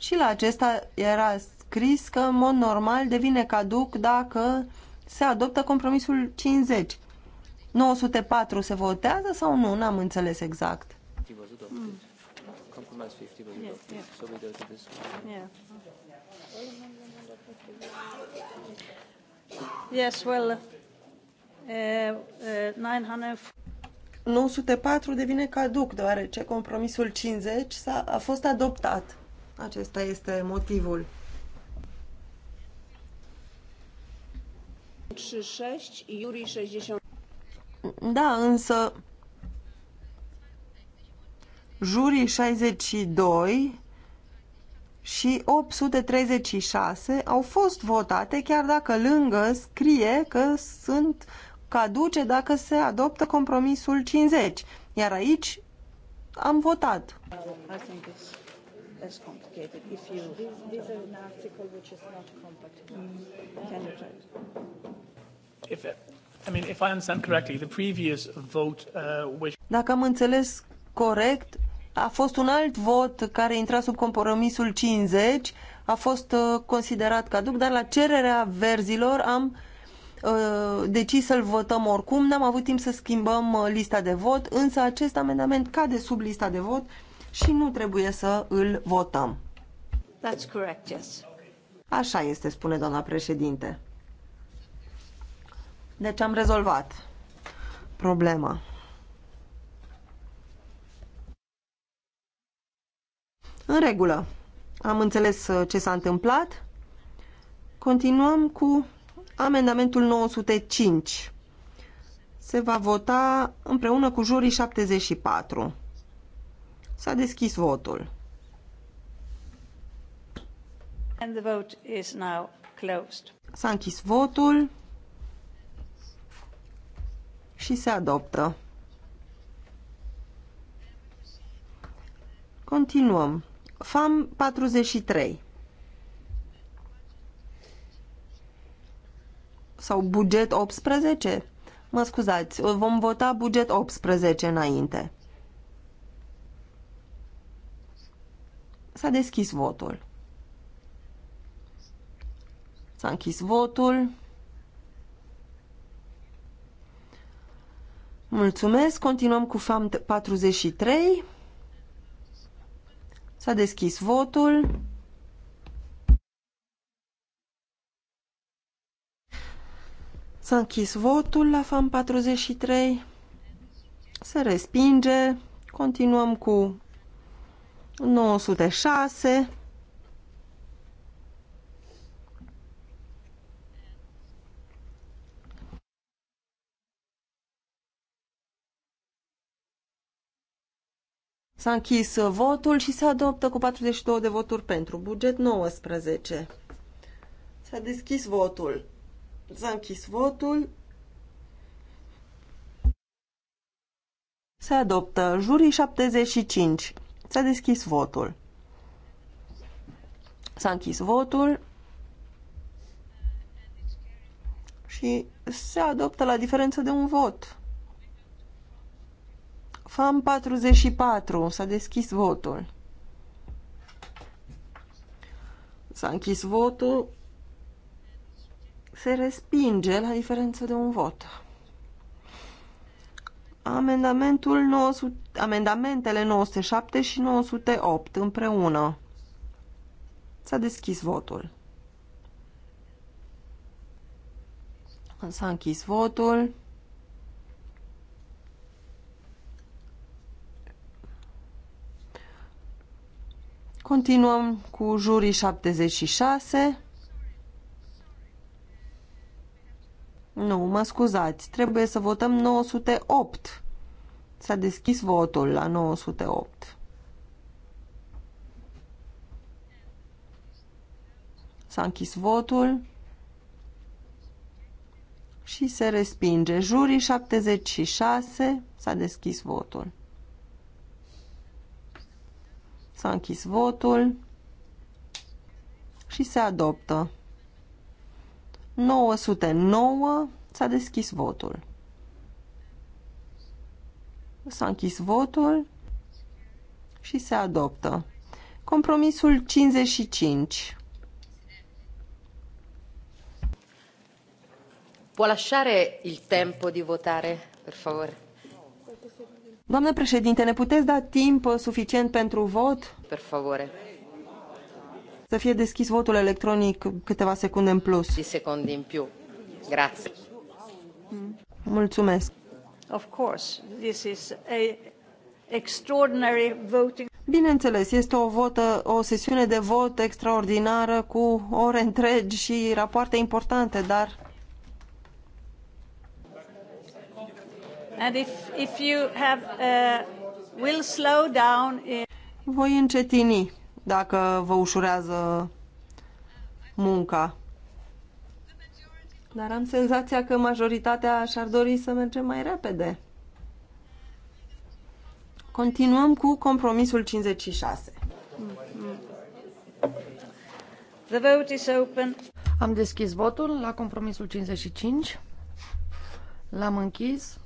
și la acesta era scris că în mod normal devine caduc dacă se adoptă compromisul 50. 904 se votează sau nu? N-am înțeles exact. Mm. Yes, well, uh, uh, 904 devine caduc, deoarece compromisul 50 a a fost adoptat. Acesta este motivul. 36, Iuri 60. Da, însă jurii 62 și 836 au fost votate chiar dacă lângă scrie că sunt caduce dacă se adoptă compromisul 50. Iar aici am votat as complicated if you... This, this is an article which is not compatible. Mm. Can you try? If, I mean, if I understand correctly, the previous vote uh, which... Dacă am înțeles corect, a fost un alt vot care intra sub compromisul 50, a fost uh, considerat caduc, dar la cererea verzilor am uh, decis să-l votăm oricum, n-am avut timp să schimbăm uh, lista de vot, însă acest amendament cade sub lista de vot și nu trebuie să îl votăm. That's correct, yes. Așa este, spune doamna președinte. Deci am rezolvat problema. În regulă. Am înțeles uh, ce s-a întâmplat. Continuăm cu amendamentul 905. Se va vota împreună cu jurii 74. S-a deschis votul. And the vote is now closed. S-a închis votul și se adoptă. Continuăm. FAM 43 sau buget 18? Mă scuzați, vom vota buget 18 înainte. S-a deschis votul. S-a închis votul. Mulțumesc. Continuăm cu FAM 43. S-a deschis votul. S-a închis votul la FAM 43. Se respinge. Continuăm cu 906 S-a închis votul și se adoptă cu 42 de voturi pentru. Buget 19. S-a deschis votul. S-a închis votul. Se adoptă. Jurii 75. S-a deschis votul. S-a închis votul și se adoptă la diferență de un vot. FAM 44. S-a deschis votul. S-a închis votul. Se respinge la diferență de un vot amendamentul 900, amendamentele 907 și 908 împreună. S-a deschis votul. S-a închis votul. Continuăm cu jurii 76. Nu, mă scuzați, trebuie să votăm 908. S-a deschis votul la 908. S-a închis votul și se respinge. Jurii 76 s-a deschis votul. S-a închis votul și se adoptă. 909 s-a deschis votul. S-a închis votul și se adoptă. Compromisul 55. Può lasciare il tempo di votare, per favore? Doamnă președinte, ne puteți da timp suficient pentru vot? Per favore să fie deschis votul electronic câteva secunde în plus. secunde în plus. Grazie. Mulțumesc. Of course, this is a extraordinary voting. Bineînțeles, este o, votă, o sesiune de vot extraordinară cu ore întregi și rapoarte importante, dar... And if, if you have, uh, will slow down in... Voi încetini dacă vă ușurează munca. Dar am senzația că majoritatea și-ar dori să mergem mai repede. Continuăm cu compromisul 56. The vote is open. Am deschis votul la compromisul 55. L-am închis.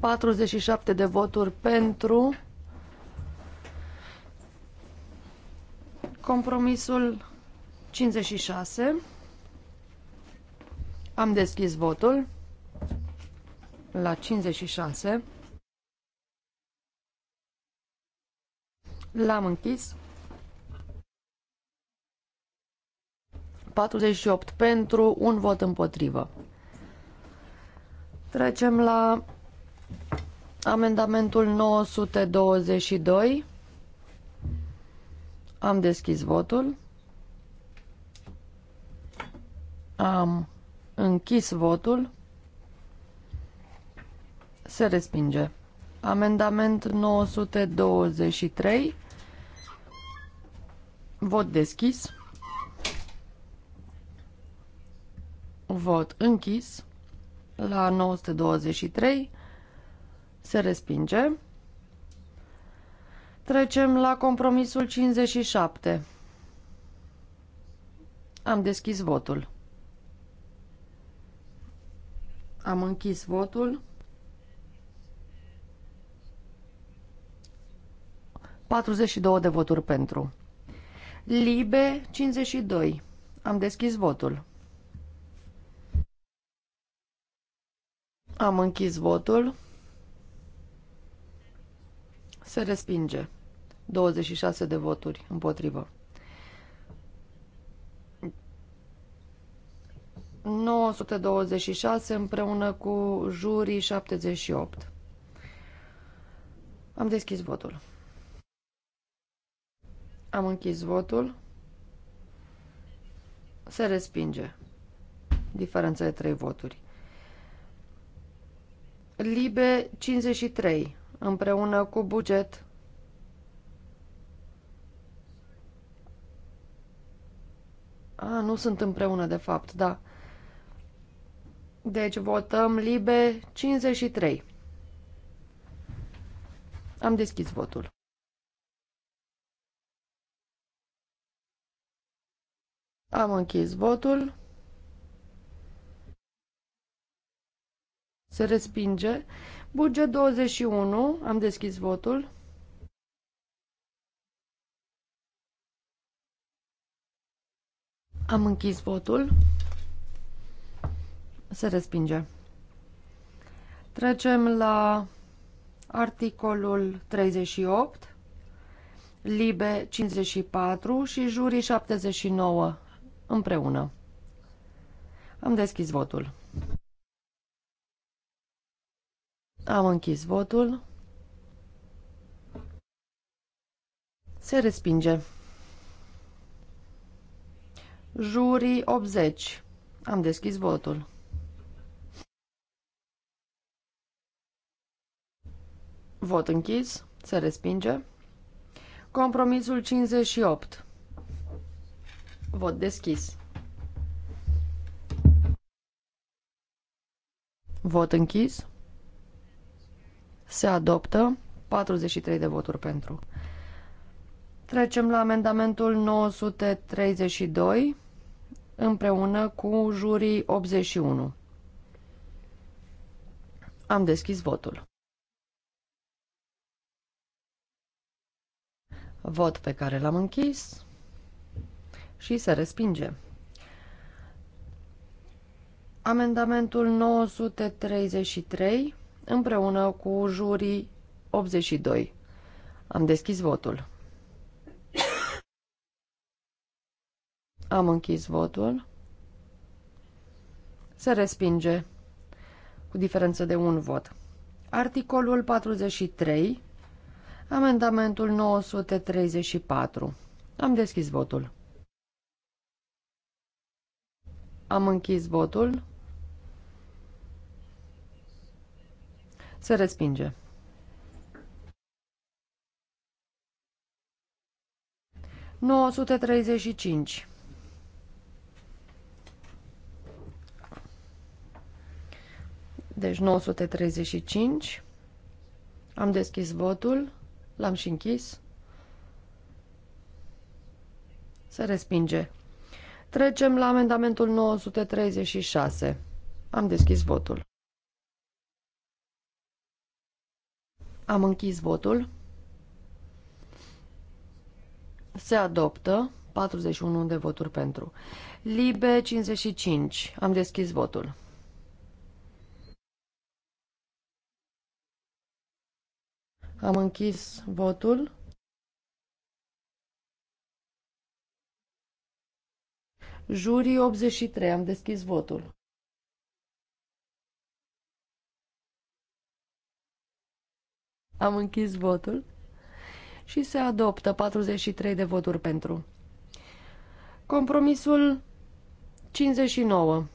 47 de voturi pentru. Compromisul 56. Am deschis votul la 56. L-am închis. 48 pentru, un vot împotrivă. Trecem la Amendamentul 922. Am deschis votul. Am închis votul. Se respinge. Amendament 923. Vot deschis. Vot închis la 923 se respinge. Trecem la compromisul 57. Am deschis votul. Am închis votul. 42 de voturi pentru. Libe 52. Am deschis votul. Am închis votul. Se respinge. 26 de voturi împotrivă. 926 împreună cu jurii 78. Am deschis votul. Am închis votul. Se respinge. Diferența de 3 voturi. Libe 53 împreună cu buget A, nu sunt împreună, de fapt, da. Deci votăm libe 53. Am deschis votul. Am închis votul. Se respinge. Buget 21, am deschis votul. Am închis votul. Se respinge. Trecem la articolul 38, Libe 54 și Jurii 79 împreună. Am deschis votul. Am închis votul. Se respinge. Jurii 80. Am deschis votul. Vot închis. Se respinge. Compromisul 58. Vot deschis. Vot închis se adoptă, 43 de voturi pentru. Trecem la amendamentul 932 împreună cu jurii 81. Am deschis votul. Vot pe care l-am închis și se respinge. Amendamentul 933 împreună cu jurii 82. Am deschis votul. Am închis votul. Se respinge cu diferență de un vot. Articolul 43, amendamentul 934. Am deschis votul. Am închis votul. Se respinge. Nouă sute treizeci și cinci. Deci 935. Am deschis votul. L-am și închis. Se respinge. Trecem la amendamentul 936. Am deschis votul. Am închis votul. Se adoptă 41 de voturi pentru. Libe 55. Am deschis votul. Am închis votul. Jurii 83. Am deschis votul. Am închis votul și se adoptă 43 de voturi pentru. Compromisul 59.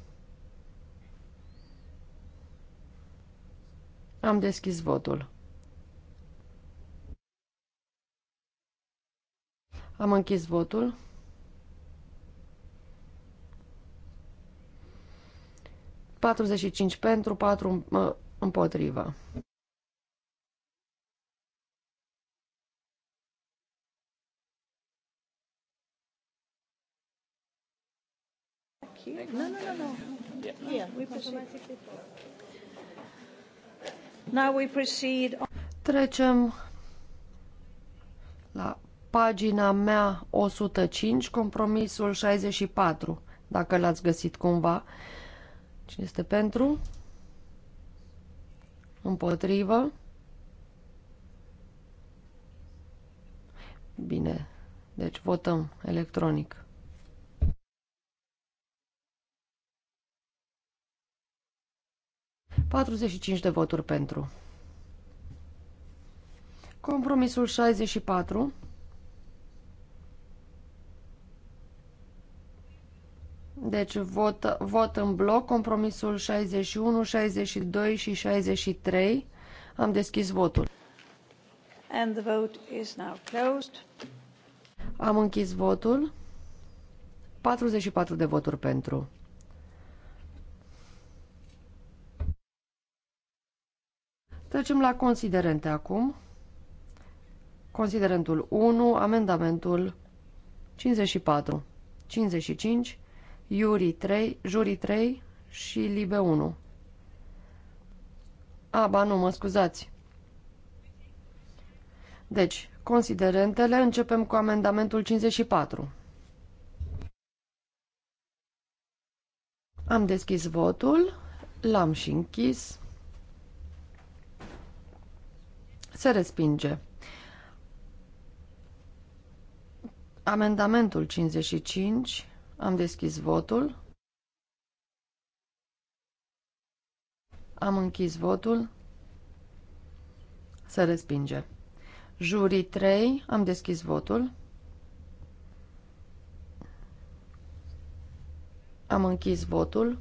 Am deschis votul. Am închis votul. Patruzeci și cinci pentru, patru împotriva. check? No, no, no, no. Yeah, yeah we proceed. Now we proceed. Trecem la pagina mea 105, compromisul 64, dacă l-ați găsit cumva. Cine este pentru? Împotrivă? Bine, deci votăm electronic. 45 de voturi pentru. Compromisul 64. Deci vot, vot în bloc, compromisul 61, 62 și 63. Am deschis votul. And the vote is now closed. Am închis votul. 44 de voturi pentru. Trecem la considerente acum. Considerentul 1, amendamentul 54, 55, Iuri 3, Juri 3 și Libe 1. A, ba nu, mă scuzați. Deci, considerentele, începem cu amendamentul 54. Am deschis votul, l-am și închis. Se respinge. Amendamentul 55. Am deschis votul. Am închis votul. Se respinge. Jurii 3. Am deschis votul. Am închis votul.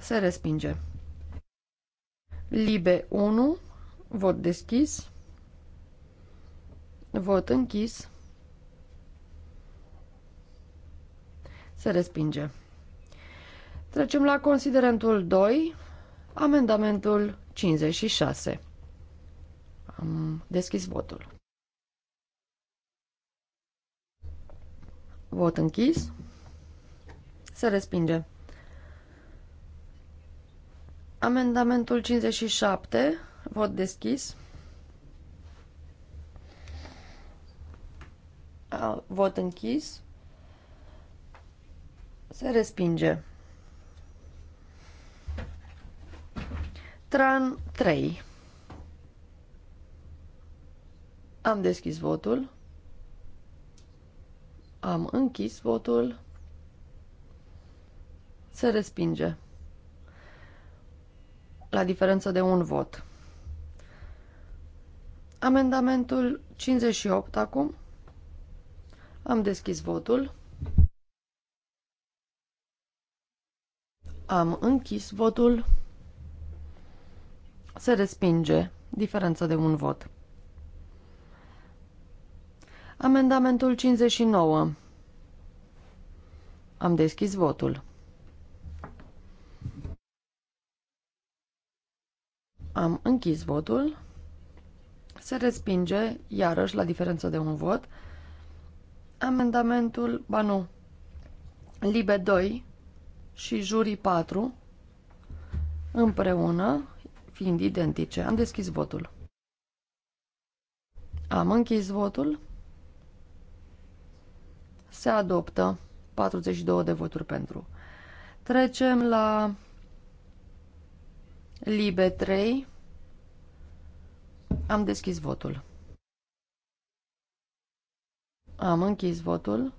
Se respinge. Libe 1, vot deschis, vot închis, se respinge. Trecem la considerentul 2, amendamentul 56. Am deschis votul. Vot închis. Se respinge. Amendamentul 57, vot deschis. vot închis. Se respinge. Tran 3. Am deschis votul. Am închis votul. Se respinge la diferență de un vot. Amendamentul 58 acum. Am deschis votul. Am închis votul. Se respinge diferență de un vot. Amendamentul 59. Am deschis votul. Am închis votul. Se respinge, iarăși, la diferență de un vot, amendamentul, ba nu, Libe 2 și Jurii 4 împreună, fiind identice. Am deschis votul. Am închis votul. Se adoptă 42 de voturi pentru. Trecem la Libe 3. Am deschis votul. Am închis votul.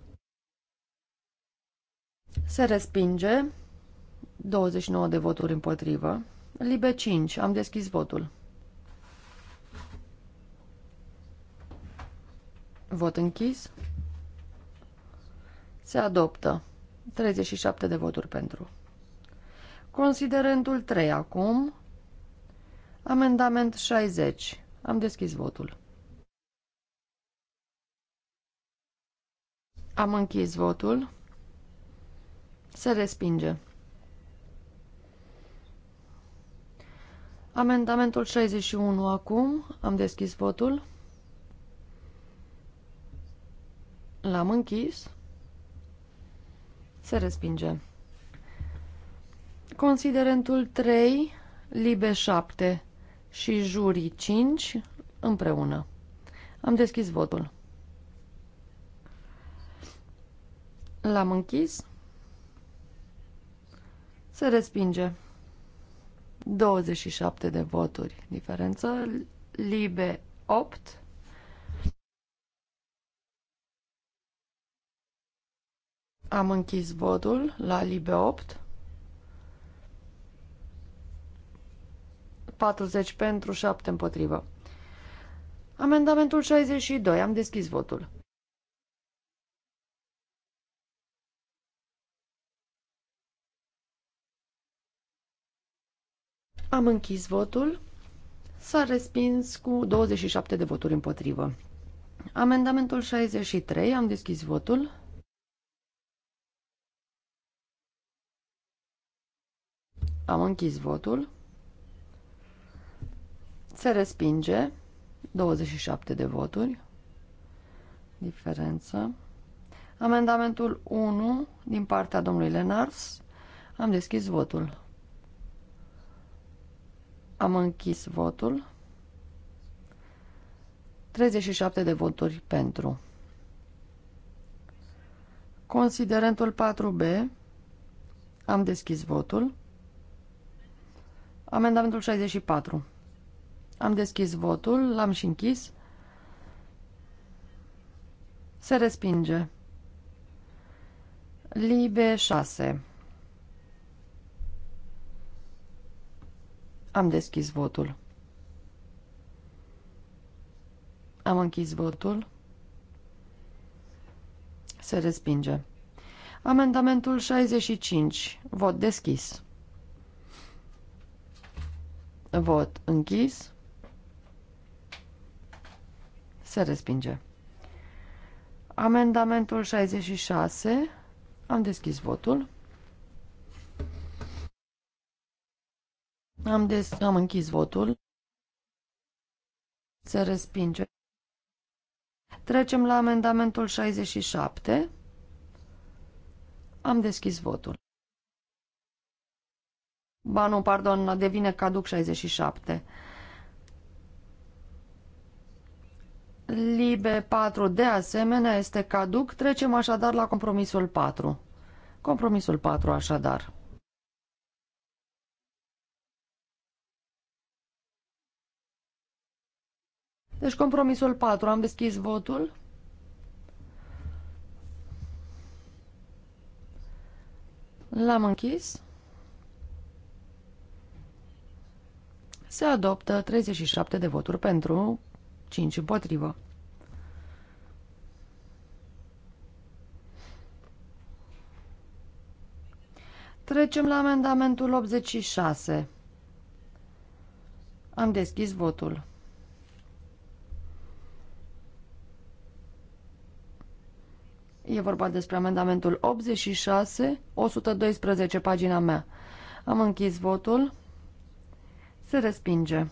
Se respinge. 29 de voturi împotrivă. Libe 5. Am deschis votul. Vot închis. Se adoptă. 37 de voturi pentru. Considerentul 3 acum. Amendament 60. Am deschis votul. Am închis votul. Se respinge. Amendamentul 61 acum. Am deschis votul. L-am închis. Se respinge. Considerentul 3, Libe 7 și Jurii 5 împreună. Am deschis votul. L-am închis. Se respinge. 27 de voturi diferență. Libe 8. Am închis votul la Libe 8. 40 pentru, 7 împotrivă. Amendamentul 62. Am deschis votul. Am închis votul. S-a respins cu 27 de voturi împotrivă. Amendamentul 63. Am deschis votul. Am închis votul. Se respinge. 27 de voturi. Diferență. Amendamentul 1 din partea domnului Lenars. Am deschis votul. Am închis votul. 37 de voturi pentru. Considerentul 4B. Am deschis votul. Amendamentul 64. Am deschis votul, l-am și închis. Se respinge. Libe 6. Am deschis votul. Am închis votul. Se respinge. Amendamentul 65. Vot deschis. Vot închis. Se respinge. Amendamentul 66. Am deschis votul. Am, des am închis votul. Se respinge. Trecem la amendamentul 67. Am deschis votul. Ba nu, pardon, devine caduc 67. Libe 4 de asemenea este caduc. Trecem așadar la compromisul 4. Compromisul 4 așadar. Deci compromisul 4. Am deschis votul. L-am închis. Se adoptă 37 de voturi pentru, 5 împotrivă. Trecem la amendamentul 86. Am deschis votul. E vorba despre amendamentul 86, 112, pagina mea. Am închis votul. Se respinge.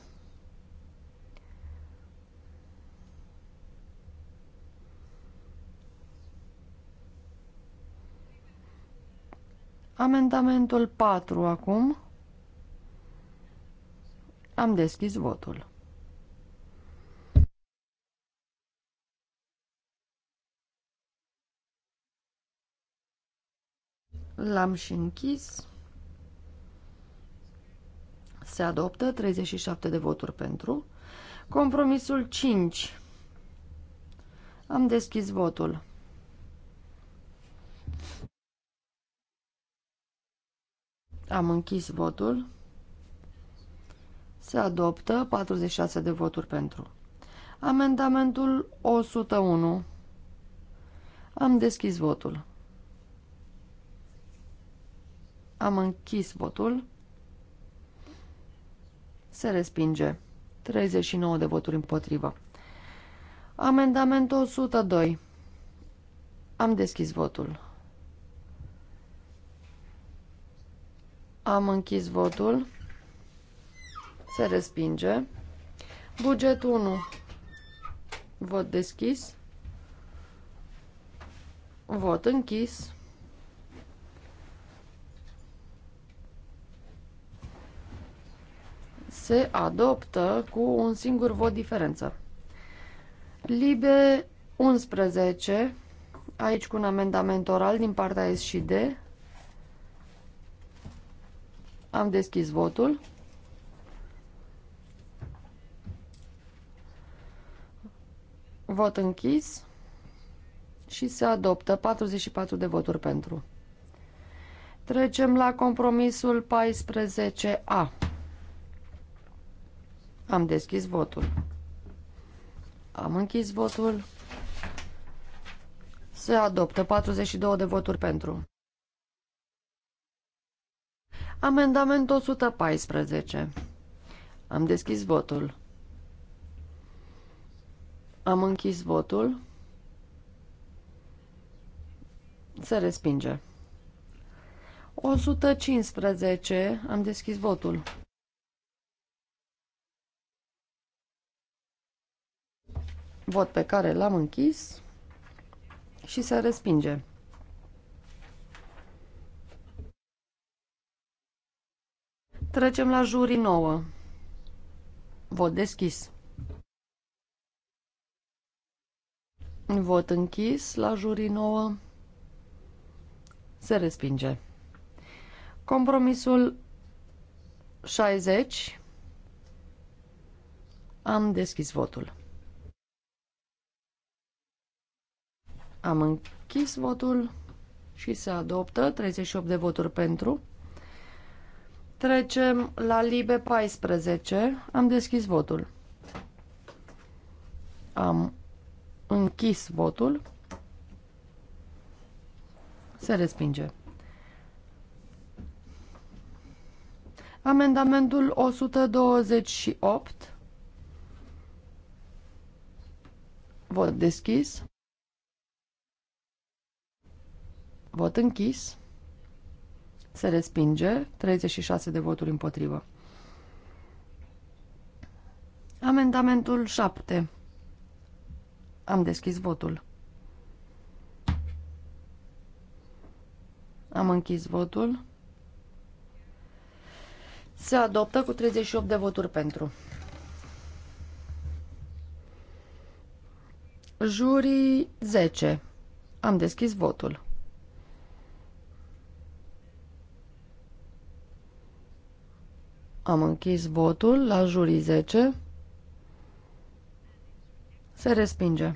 Amendamentul 4 acum. Am deschis votul. L-am și închis. Se adoptă 37 de voturi pentru. Compromisul 5. Am deschis votul. Am închis votul. Se adoptă 46 de voturi pentru. Amendamentul 101. Am deschis votul. Am închis votul. Se respinge. 39 de voturi împotrivă. Amendamentul 102. Am deschis votul. Am închis votul. Se respinge. Buget 1. Vot deschis. Vot închis. Se adoptă cu un singur vot diferență. Libe 11, aici cu un amendament oral din partea S și D. Am deschis votul. Vot închis și se adoptă 44 de voturi pentru. Trecem la compromisul 14A. Am deschis votul. Am închis votul. Se adoptă 42 de voturi pentru. Amendament 114. Am deschis votul. Am închis votul. Se respinge. 115. Am deschis votul. Vot pe care l-am închis și se respinge. Trecem la juri nouă. Vot deschis. Vot închis la juri nouă. Se respinge. Compromisul 60. Am deschis votul. Am închis votul și se adoptă 38 de voturi pentru. Trecem la Libe 14. Am deschis votul. Am închis votul. Se respinge. Amendamentul 128. Vot deschis. Vot închis se respinge, 36 de voturi împotrivă. Amendamentul 7. Am deschis votul. Am închis votul. Se adoptă cu 38 de voturi pentru. Jurii 10. Am deschis votul. Am închis votul la jurii 10. Se respinge.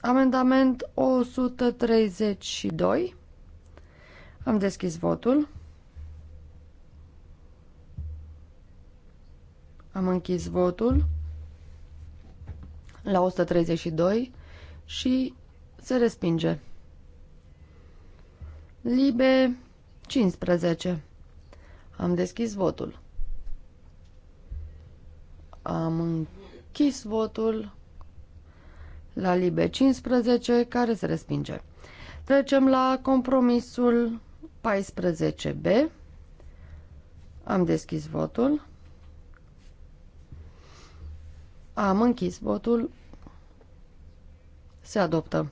Amendament 132. Am deschis votul. Am închis votul la 132 și se respinge. Libe 15. Am deschis votul. Am închis votul la libe 15, care se respinge. Trecem la compromisul 14B. Am deschis votul. Am închis votul. Se adoptă.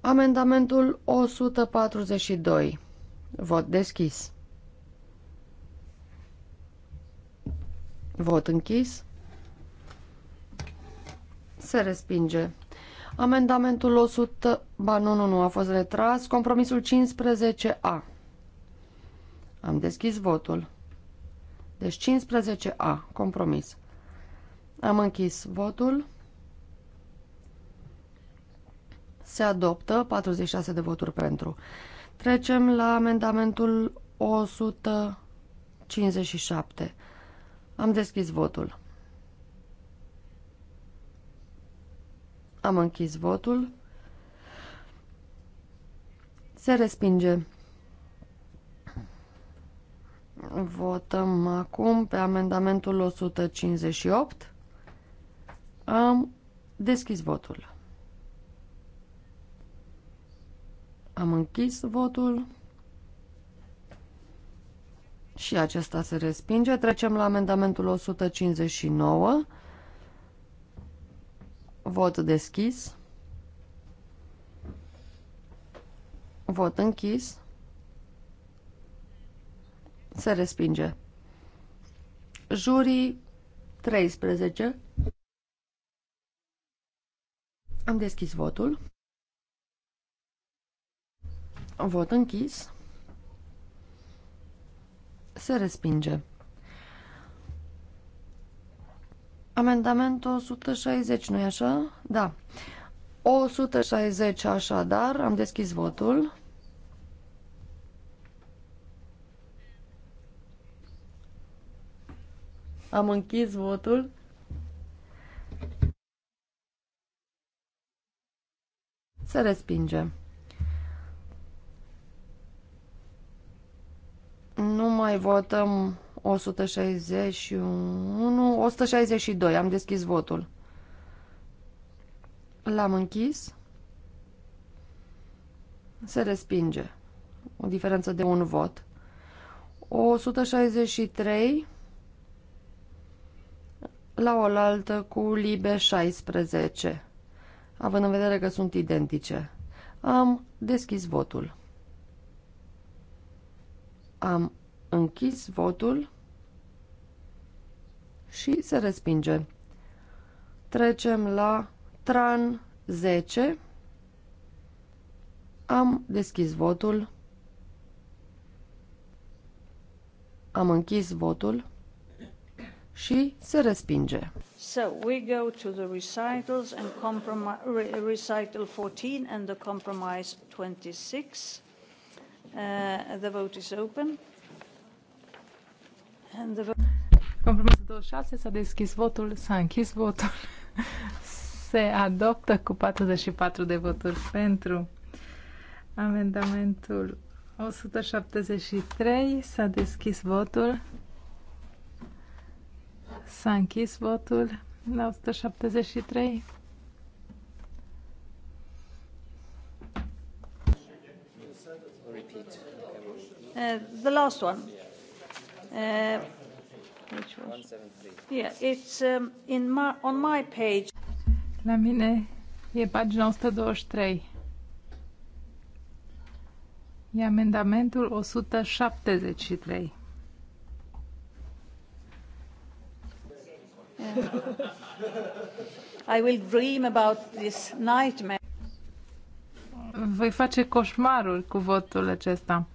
Amendamentul 142. Vot deschis. Vot închis. Se respinge. Amendamentul 100, ba nu, nu, nu, a fost retras. Compromisul 15A. Am deschis votul. Deci 15A, compromis. Am închis votul. Se adoptă 46 de voturi pentru. Trecem la amendamentul 157. Am deschis votul. Am închis votul. Se respinge. Votăm acum pe amendamentul 158. Am deschis votul. Am închis votul. Și acesta se respinge. Trecem la amendamentul 159. Vot deschis. Vot închis. Se respinge. Jurii 13. Am deschis votul. Vot închis. Se respinge. Amendamentul 160, nu-i așa? Da. 160 așadar, am deschis votul. Am închis votul. Se respinge. Nu mai votăm 161, 162, am deschis votul. L-am închis. Se respinge. O diferență de un vot. 163 la oaltă cu libe 16, având în vedere că sunt identice. Am deschis votul. Am închis votul și se respinge. Trecem la TRAN 10. Am deschis votul. Am închis votul și se respinge. So we go to the recitals and compromise recital 14 and the compromise 26. Uh, the vote is open. And the vote... Compromisul 26 s-a deschis votul, s-a închis votul. [LAUGHS] Se adoptă cu 44 de voturi pentru amendamentul 173. S-a deschis votul. S-a închis votul la 173. Uh, the last one. Uh, Yeah, it's um, in my, on my page. La mine e pagina 123. E amendamentul 173. Yeah. [LAUGHS] I will dream about this nightmare. Voi face coșmarul cu votul acesta.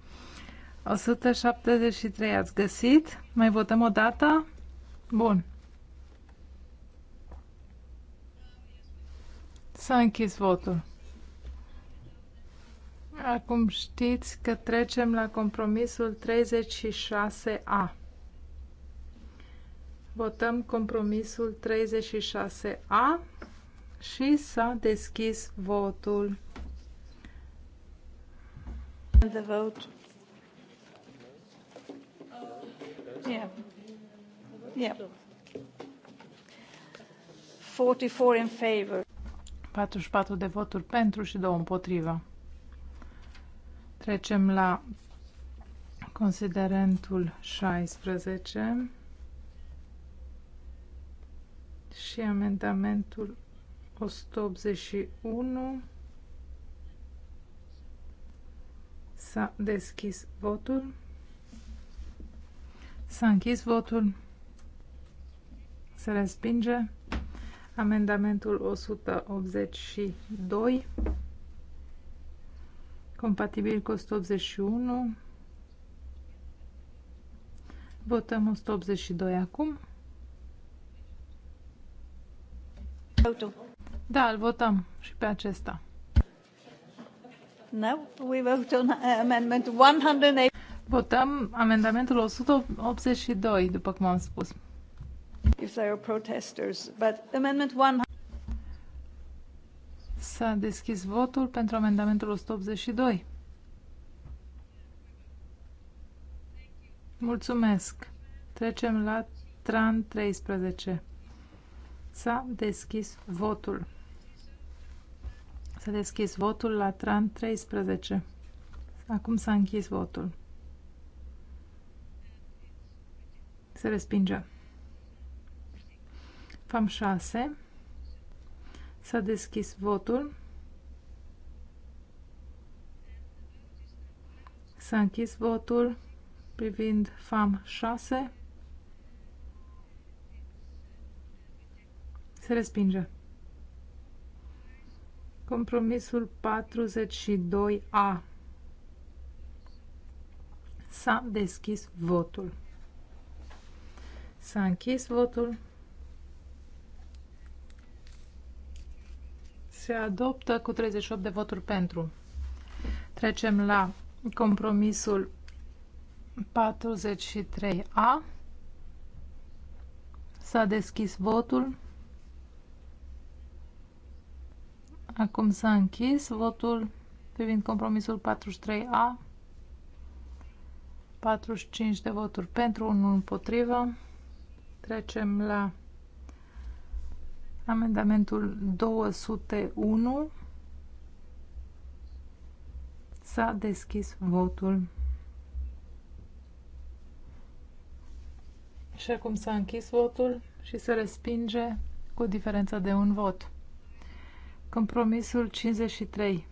173 ați găsit? Mai votăm o dată? Bun. S-a închis votul. Acum știți că trecem la compromisul 36A. Votăm compromisul 36A și s-a deschis votul. And the vote Yeah. Yeah. 44 in favor. 44 de voturi pentru și 2 împotrivă. Trecem la considerentul 16 și amendamentul 181. S-a deschis votul. S-a închis votul. Se respinge. Amendamentul 182, compatibil cu 181. Votăm 182 acum. Votul. Da, îl votăm și pe acesta. No, we vote on amendment 180. Votăm amendamentul 182, după cum am spus. If there are protesters, but amendment 1 S-a deschis votul pentru amendamentul 182. Mulțumesc. Trecem la TRAN 13. S-a deschis votul. S-a deschis votul la TRAN 13. Acum s-a închis votul. Se respinge. FAM 6. S-a deschis votul. S-a închis votul privind FAM 6. Se respinge. Compromisul 42A. S-a deschis votul. S-a închis votul. Se adoptă cu 38 de voturi pentru. Trecem la compromisul 43A. S-a deschis votul. Acum s-a închis votul privind compromisul 43A. 45 de voturi pentru, 1 împotrivă. Trecem la amendamentul 201. S-a deschis votul. Și acum s-a închis votul și se respinge cu diferența de un vot. Compromisul 53.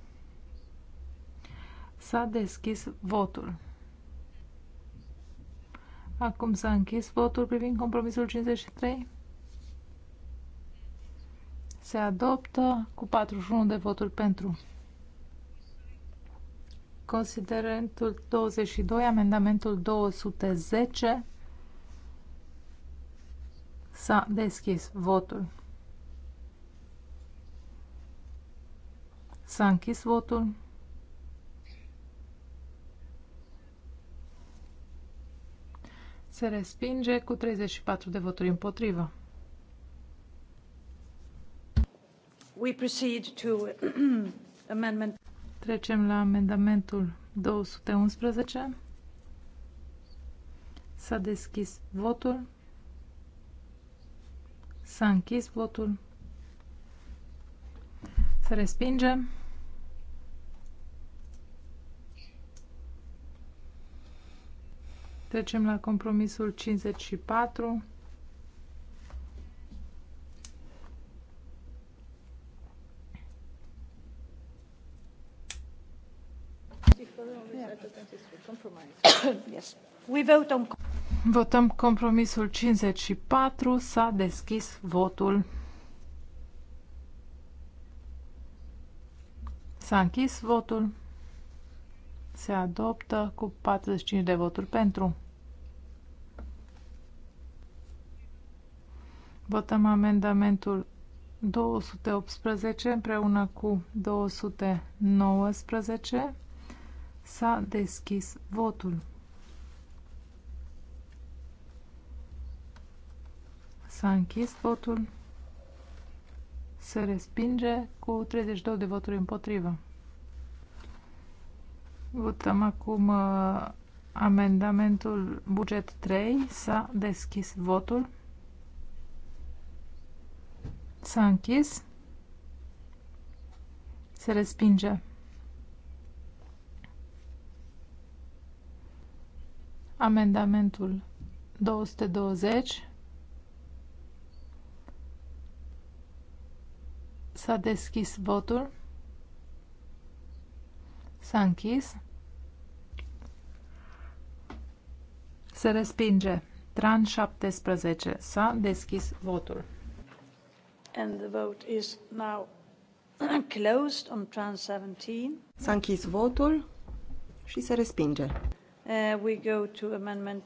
S-a deschis votul. Acum s-a închis votul privind compromisul 53. Se adoptă cu 41 de voturi pentru. Considerentul 22, amendamentul 210, s-a deschis votul. S-a închis votul. Se respinge cu 34 de voturi împotrivă. We proceed to [CLEARS THROAT] amendment. Trecem la amendamentul 211. S-a deschis votul. S-a închis votul. Se respinge. Trecem la compromisul 54. Votăm compromisul 54. S-a deschis votul. S-a închis votul. Se adoptă cu 45 de voturi pentru. Votăm amendamentul 218 împreună cu 219. S-a deschis votul. S-a închis votul. Se respinge cu 32 de voturi împotrivă. Votăm acum uh, amendamentul buget 3. S-a deschis votul. S-a închis. Se respinge. Amendamentul 220. S-a deschis votul. S-a închis. Se respinge. Tran 17. S-a deschis votul. [CLEARS THROAT] S-a închis votul și se respinge. Uh, we go to amendment...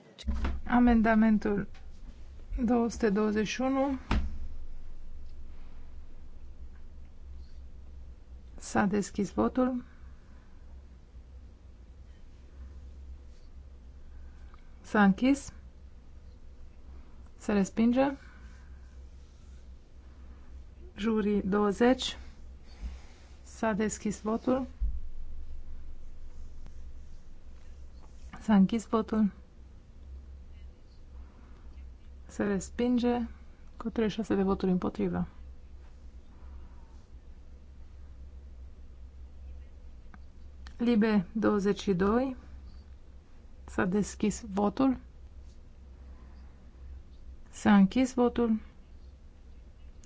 Amendamentul 221 S-a deschis votul. S-a închis. Se respinge. Jurii 20. S-a deschis votul. S-a închis votul. Se respinge cu 36 de voturi împotrivă. Libe 22. S-a deschis votul. S-a închis votul.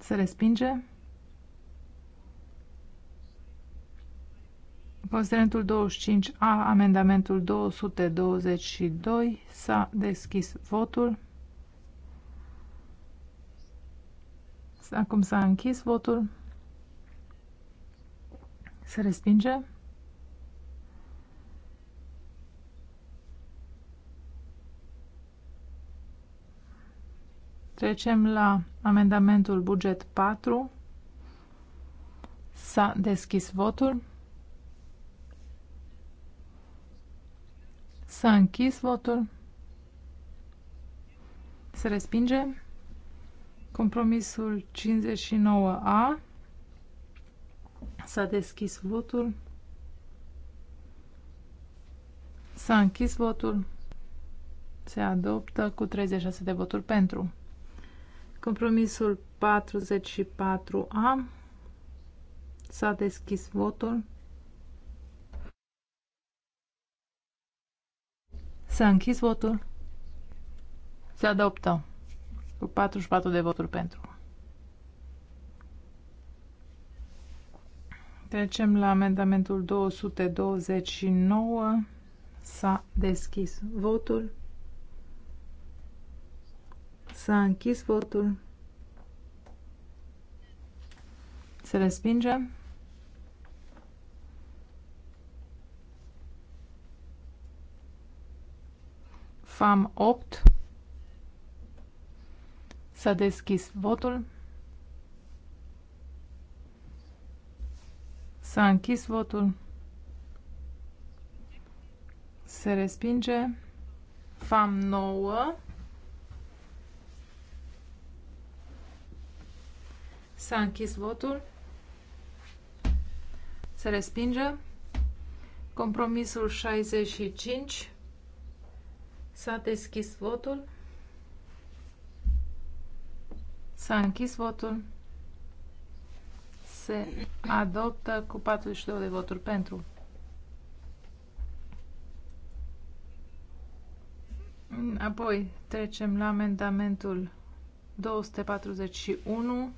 Se respinge. Considerentul 25A, amendamentul 222, s-a deschis votul. Acum s-a închis votul. Se respinge. Trecem la amendamentul buget 4. S-a deschis votul. S-a închis votul. Se respinge. Compromisul 59A. S-a deschis votul. S-a închis votul. Se adoptă cu 36 de voturi pentru. Compromisul 44A. S-a deschis votul. S-a închis votul. Se adoptă cu 44 de voturi pentru. Trecem la amendamentul 229. S-a deschis votul. S-a închis votul. Se respinge. FAM 8. S-a deschis votul. S-a închis votul. Se respinge. FAM 9. S-a închis votul. Se respinge. Compromisul 65. S-a deschis votul. S-a închis votul. Se adoptă cu 42 de voturi pentru. Apoi trecem la amendamentul 241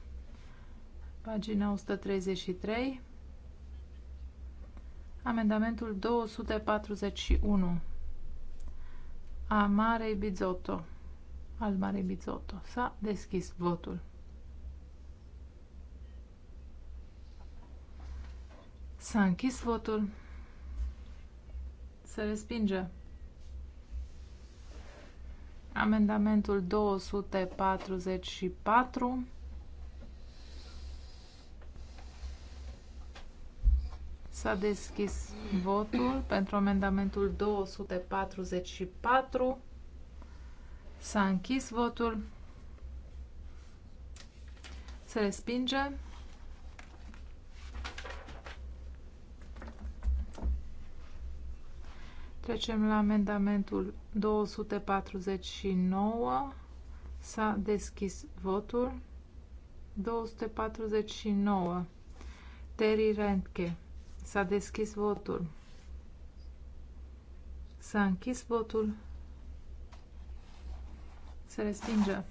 Pagina 133. Amendamentul 241 a Marei Bizotto, al Marei Bizotto. S-a deschis votul. S-a închis votul. Se respinge. Amendamentul 244 S-a deschis votul pentru amendamentul 244. S-a închis votul. Se respinge. Trecem la amendamentul 249. S-a deschis votul. 249. Terry Rentke. S-a deschis votul. S-a închis votul. Se respinge.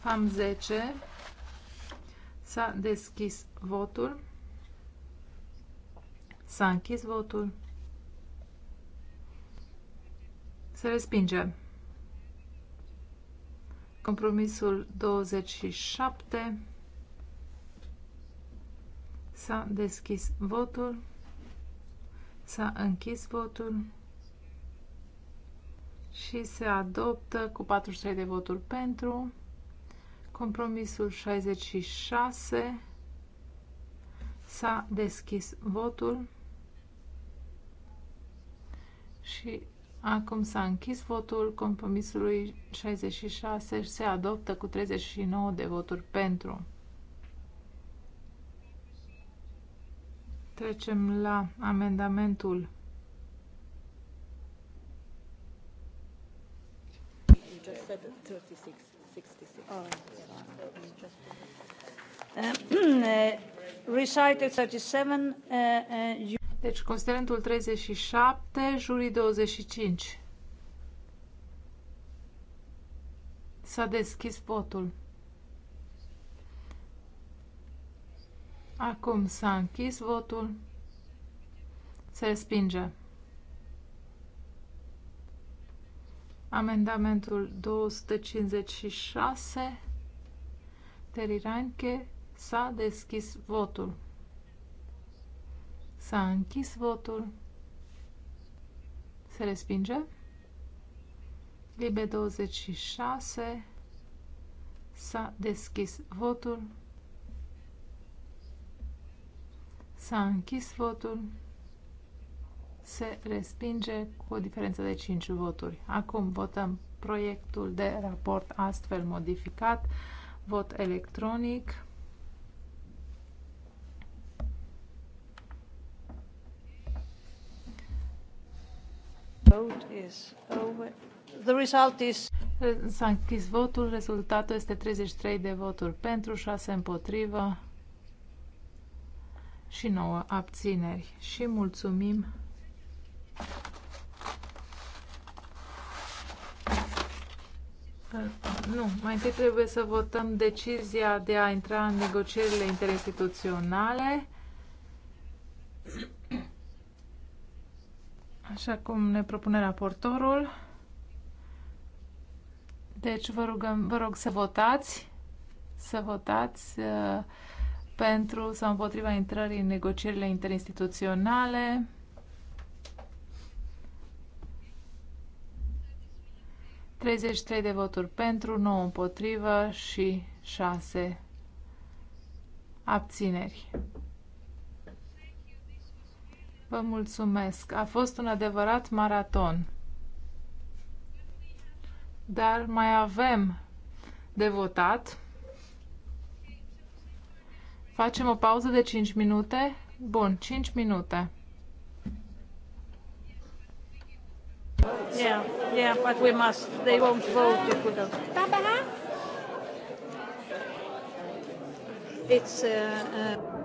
FAM 10. S-a deschis votul. S-a închis votul. Se respinge. Compromisul 27. S-a deschis votul. S-a închis votul. Și se adoptă cu 43 de voturi pentru. Compromisul 66. S-a deschis votul. Și acum s-a închis votul compromisului 66 și se adoptă cu 39 de voturi pentru. Trecem la amendamentul uh, [CLEARS THROAT] uh, Recited 37. Uh, deci, considerentul 37, jurii 25. S-a deschis votul. Acum s-a închis votul. Se respinge. Amendamentul 256. Teriranche s-a deschis votul. S-a închis votul. Se respinge. Libe 26. S-a deschis votul. S-a închis votul. Se respinge cu o diferență de 5 voturi. Acum votăm proiectul de raport astfel modificat. Vot electronic. Vote is over. The result is... S-a închis votul, rezultatul este 33 de voturi pentru, 6 împotrivă, și 9 abțineri. Și mulțumim Nu, mai întâi trebuie să votăm decizia de a intra în negocierile interinstituționale. Așa cum ne propune raportorul. Deci vă, rugăm, vă rog să votați, să votați uh, pentru sau împotriva intrării în negocierile interinstituționale. Treizeci trei de voturi pentru, 9 împotrivă și 6 abțineri. Vă mulțumesc. A fost un adevărat maraton. Dar mai avem de votat. Facem o pauză de 5 minute? Bun, 5 minute. Yeah, yeah, but we must. They won't vote if we don't. It's uh, uh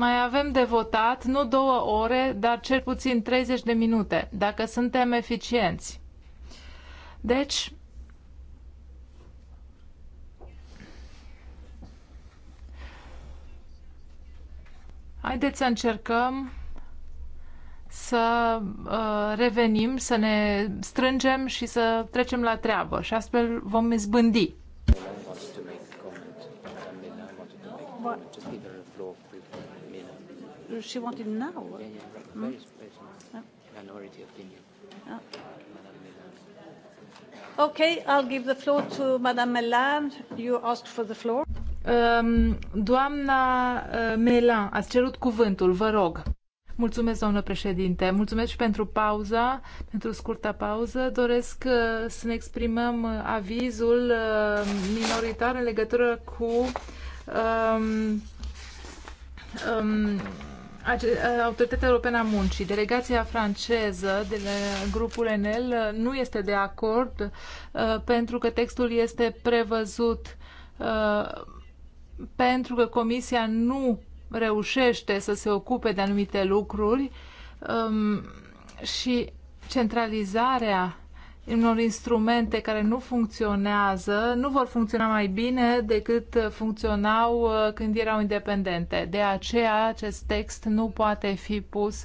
Mai avem de votat nu două ore, dar cel puțin 30 de minute, dacă suntem eficienți. Deci, haideți să încercăm să uh, revenim, să ne strângem și să trecem la treabă și astfel vom izbândi. but she wanted now. Yeah, yeah. Hmm? yeah. Minority opinion. Yeah. Okay, I'll give the floor to Madame Melan. You asked for the floor. Um, doamna uh, Melan, ați cerut cuvântul, vă rog. Mulțumesc, doamnă președinte. Mulțumesc și pentru pauza, pentru scurta pauză. Doresc uh, să ne exprimăm uh, avizul uh, minoritar în legătură cu um, um, Uh, Autoritatea Europeană a Muncii, delegația franceză de la grupul Enel uh, nu este de acord uh, pentru că textul este prevăzut pentru că Comisia nu reușește să se ocupe de anumite lucruri um, și centralizarea unor instrumente care nu funcționează, nu vor funcționa mai bine decât funcționau uh, când erau independente. De aceea acest text nu poate fi pus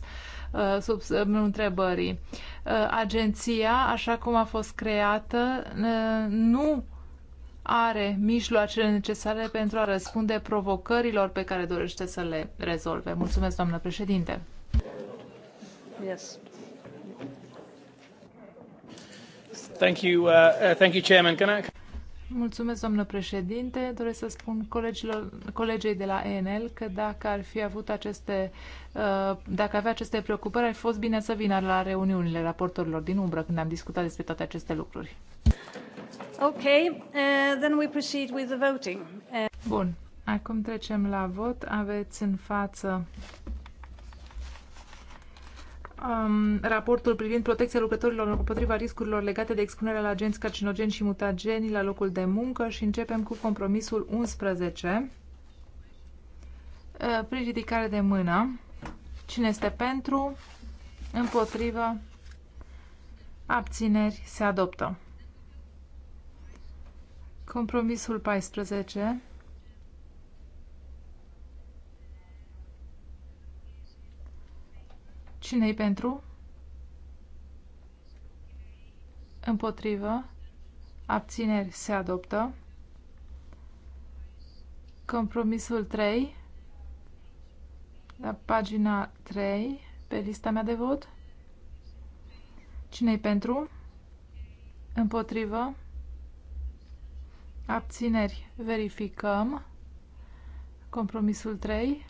uh, sub semnul întrebării. Uh, agenția, așa cum a fost creată, nu are mijloacele necesare pentru a răspunde provocărilor pe care dorește să le rezolve. Mulțumesc, doamnă președinte. Yes. Uh, uh, Mulțumesc, doamnă președinte. Doresc să spun colegilor, colegei de la ENL că dacă ar fi avut aceste, uh, dacă avea aceste preocupări, ar fi fost bine să vină la reuniunile raportorilor din umbră când am discutat despre toate aceste lucruri. Ok, uh, then we proceed with the voting. Uh... Bun, acum trecem la vot. Aveți în față um, raportul privind protecția lucrătorilor împotriva riscurilor legate de expunerea la agenți carcinogeni și mutageni la locul de muncă și începem cu compromisul 11 uh, prin ridicare de mână. Cine este pentru? Împotrivă? Abțineri? Se adoptă. Compromisul 14 Cine-i pentru? Împotrivă. Abțineri se adoptă. Compromisul 3. La pagina 3, pe lista mea de vot. Cine-i pentru? Împotrivă. Abțineri verificăm. Compromisul 3.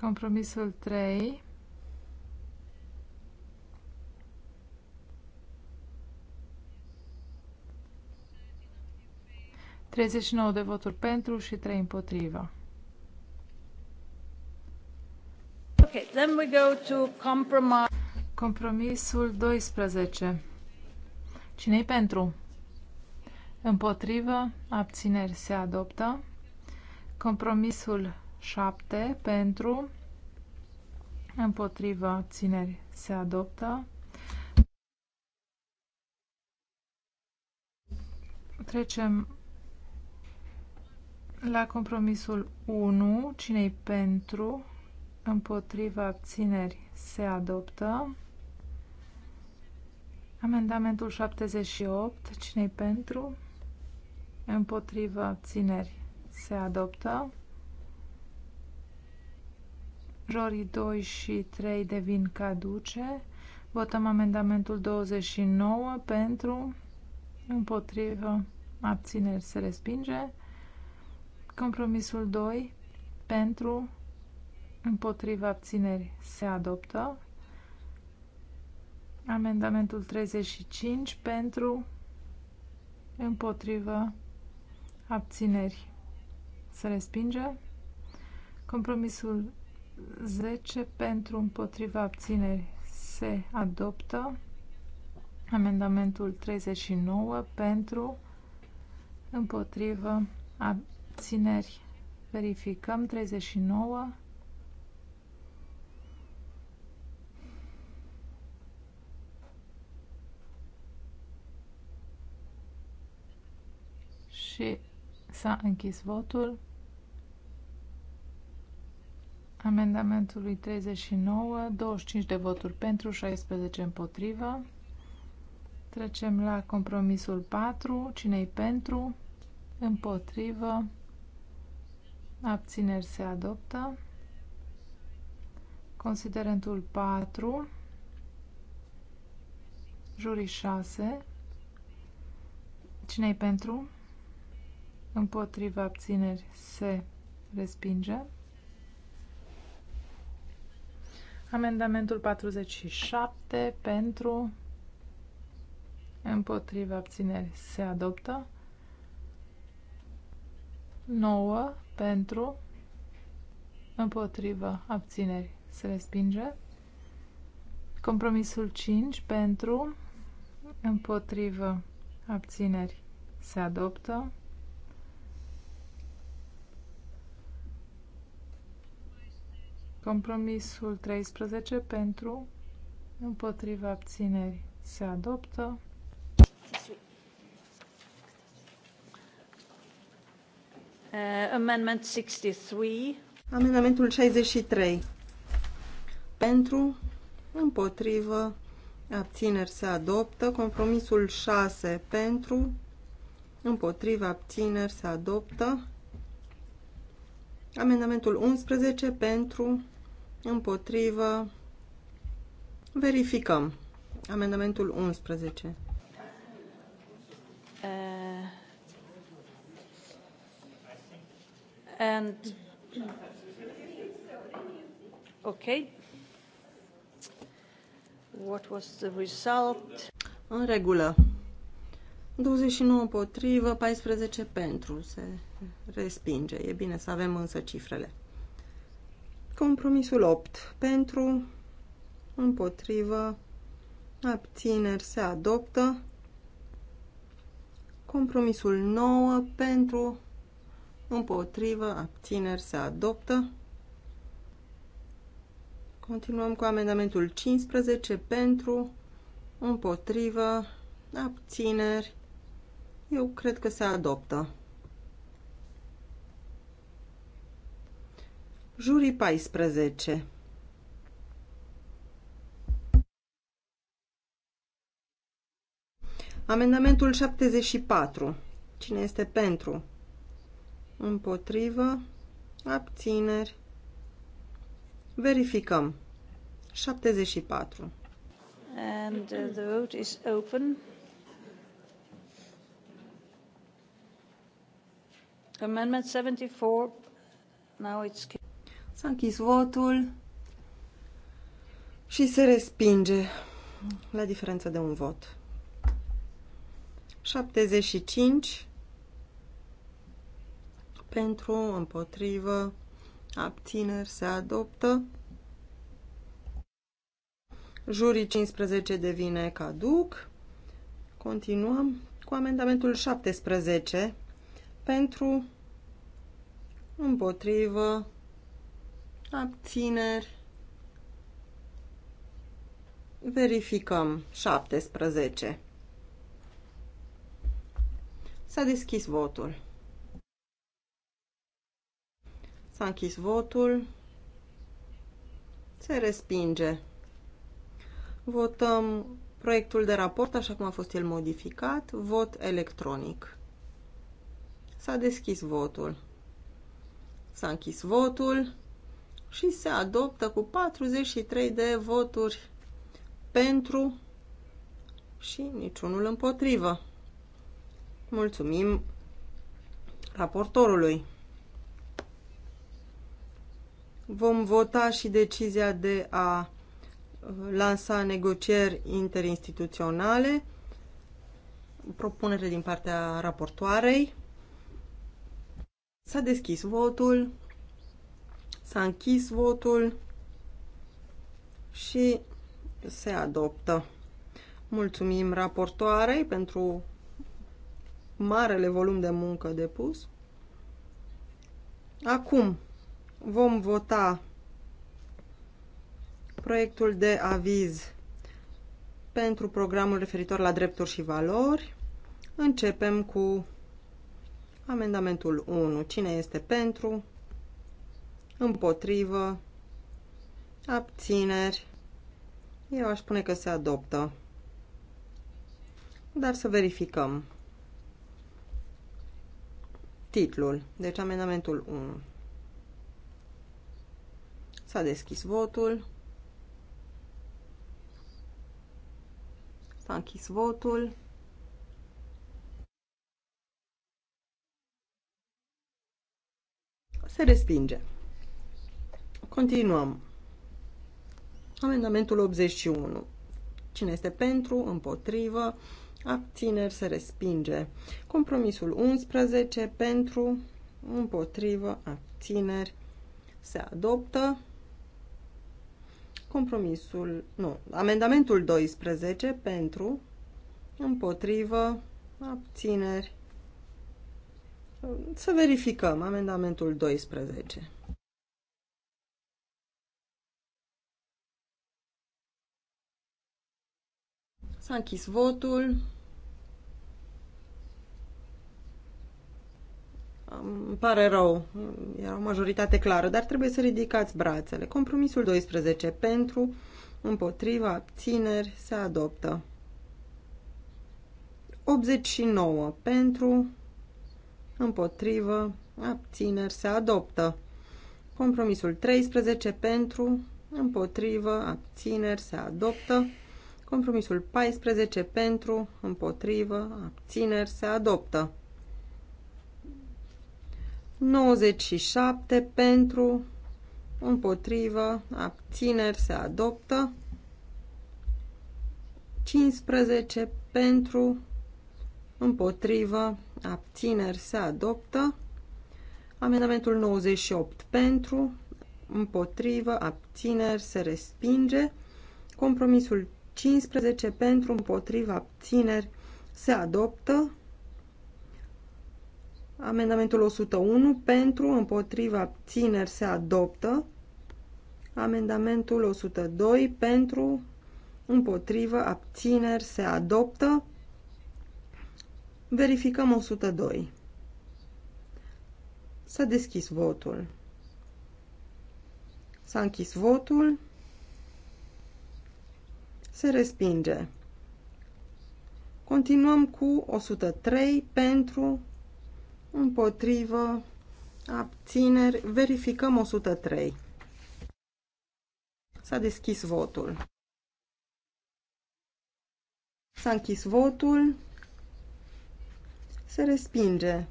Compromisul 3. Treizeci nouă de voturi pentru și trei împotriva. Okay, then we go to compromise. Compromisul 12. Cine-i pentru? Împotrivă, abțineri se adoptă. Compromisul 7 pentru, împotriva țineri se adoptă. Trecem la compromisul 1, cine pentru, împotriva abțineri se adoptă. Amendamentul 78, cine pentru, împotriva abțineri se adoptă. Rory 2 și 3 devin caduce. Votăm amendamentul 29 pentru, împotrivă, abțineri se respinge. Compromisul 2 pentru, împotrivă, abțineri se adoptă. Amendamentul 35 pentru, împotrivă, abțineri se respinge. Compromisul 10 pentru împotriva abțineri se adoptă. Amendamentul 39 pentru împotriva abțineri. Verificăm 39. Și s-a închis votul amendamentului 39, 25 de voturi pentru, 16 împotrivă. Trecem la compromisul 4, cine-i pentru, împotrivă, abțineri se adoptă. Considerentul 4, juri 6, cine-i pentru, împotrivă, abțineri se respinge. Amendamentul 47 pentru, împotriva abțineri se adoptă. 9 pentru, împotriva abțineri se respinge. Compromisul 5 pentru, împotriva abțineri se adoptă. Compromisul 13 pentru împotriva abțineri se adoptă. Uh, amendment 63. Amendamentul 63. Pentru, împotrivă, abțineri se adoptă. Compromisul 6. Pentru, împotriva abțineri se adoptă. Amendamentul 11. Pentru, împotrivă, verificăm. Amendamentul 11. Uh, and okay. What was the result? În regulă. 29 împotrivă, 14 pentru. Se respinge. E bine să avem însă cifrele. Compromisul 8. Pentru, împotrivă, abțineri se adoptă. Compromisul 9. Pentru, împotrivă, abțineri se adoptă. Continuăm cu amendamentul 15. Pentru, împotrivă, abțineri. Eu cred că se adoptă. Jurii 14. Amendamentul 74. Cine este pentru? Împotrivă. Abțineri. Verificăm. 74. And uh, the vote is open. Amendment 74. Now it's S-a închis votul și se respinge la diferență de un vot. 75 pentru, împotrivă, abțineri, se adoptă. Jurii 15 devine caduc. Continuăm cu amendamentul 17 pentru, împotrivă, abțineri, verificăm 17. S-a deschis votul. S-a închis votul. Se respinge. Votăm proiectul de raport așa cum a fost el modificat. Vot electronic. S-a deschis votul. S-a închis votul și se adoptă cu 43 de voturi pentru și niciunul împotrivă. Mulțumim raportorului. Vom vota și decizia de a uh, lansa negocieri interinstituționale, propunere din partea raportoarei. S-a deschis votul. S-a închis votul și se adoptă. Mulțumim raportoarei pentru marele volum de muncă depus. Acum vom vota proiectul de aviz pentru programul referitor la drepturi și valori. Începem cu amendamentul 1. Cine este pentru? împotrivă, abțineri. Eu aș spune că se adoptă. Dar să verificăm. Titlul, deci amendamentul 1. S-a deschis votul. S-a închis votul. Se respinge. Continuăm. Amendamentul 81. Cine este pentru, împotrivă, abțineri se respinge. Compromisul 11 pentru, împotrivă, abțineri se adoptă. Compromisul, nu, amendamentul 12 pentru, împotrivă, abțineri. Să verificăm amendamentul 12. S-a închis votul. Îmi pare rău, era o majoritate clară, dar trebuie să ridicați brațele. Compromisul 12 pentru, împotriva, abțineri, se adoptă. 89 pentru, împotrivă, abțineri, se adoptă. Compromisul 13 pentru, împotrivă, abțineri, se adoptă. Compromisul 14 pentru, împotrivă, abțineri se adoptă. 97 pentru, împotrivă, abțineri se adoptă. 15 pentru, împotrivă, abțineri se adoptă. Amendamentul 98 pentru, împotrivă, abțineri se respinge. Compromisul 15 pentru, împotriva, abțineri, se adoptă. Amendamentul 101 pentru, împotriva, abțineri, se adoptă. Amendamentul 102 pentru, împotriva abțineri, se adoptă. Verificăm 102. S-a deschis votul. S-a închis votul se respinge. Continuăm cu 103 pentru, împotrivă, abțineri, verificăm 103. S-a deschis votul. S-a închis votul. Se respinge.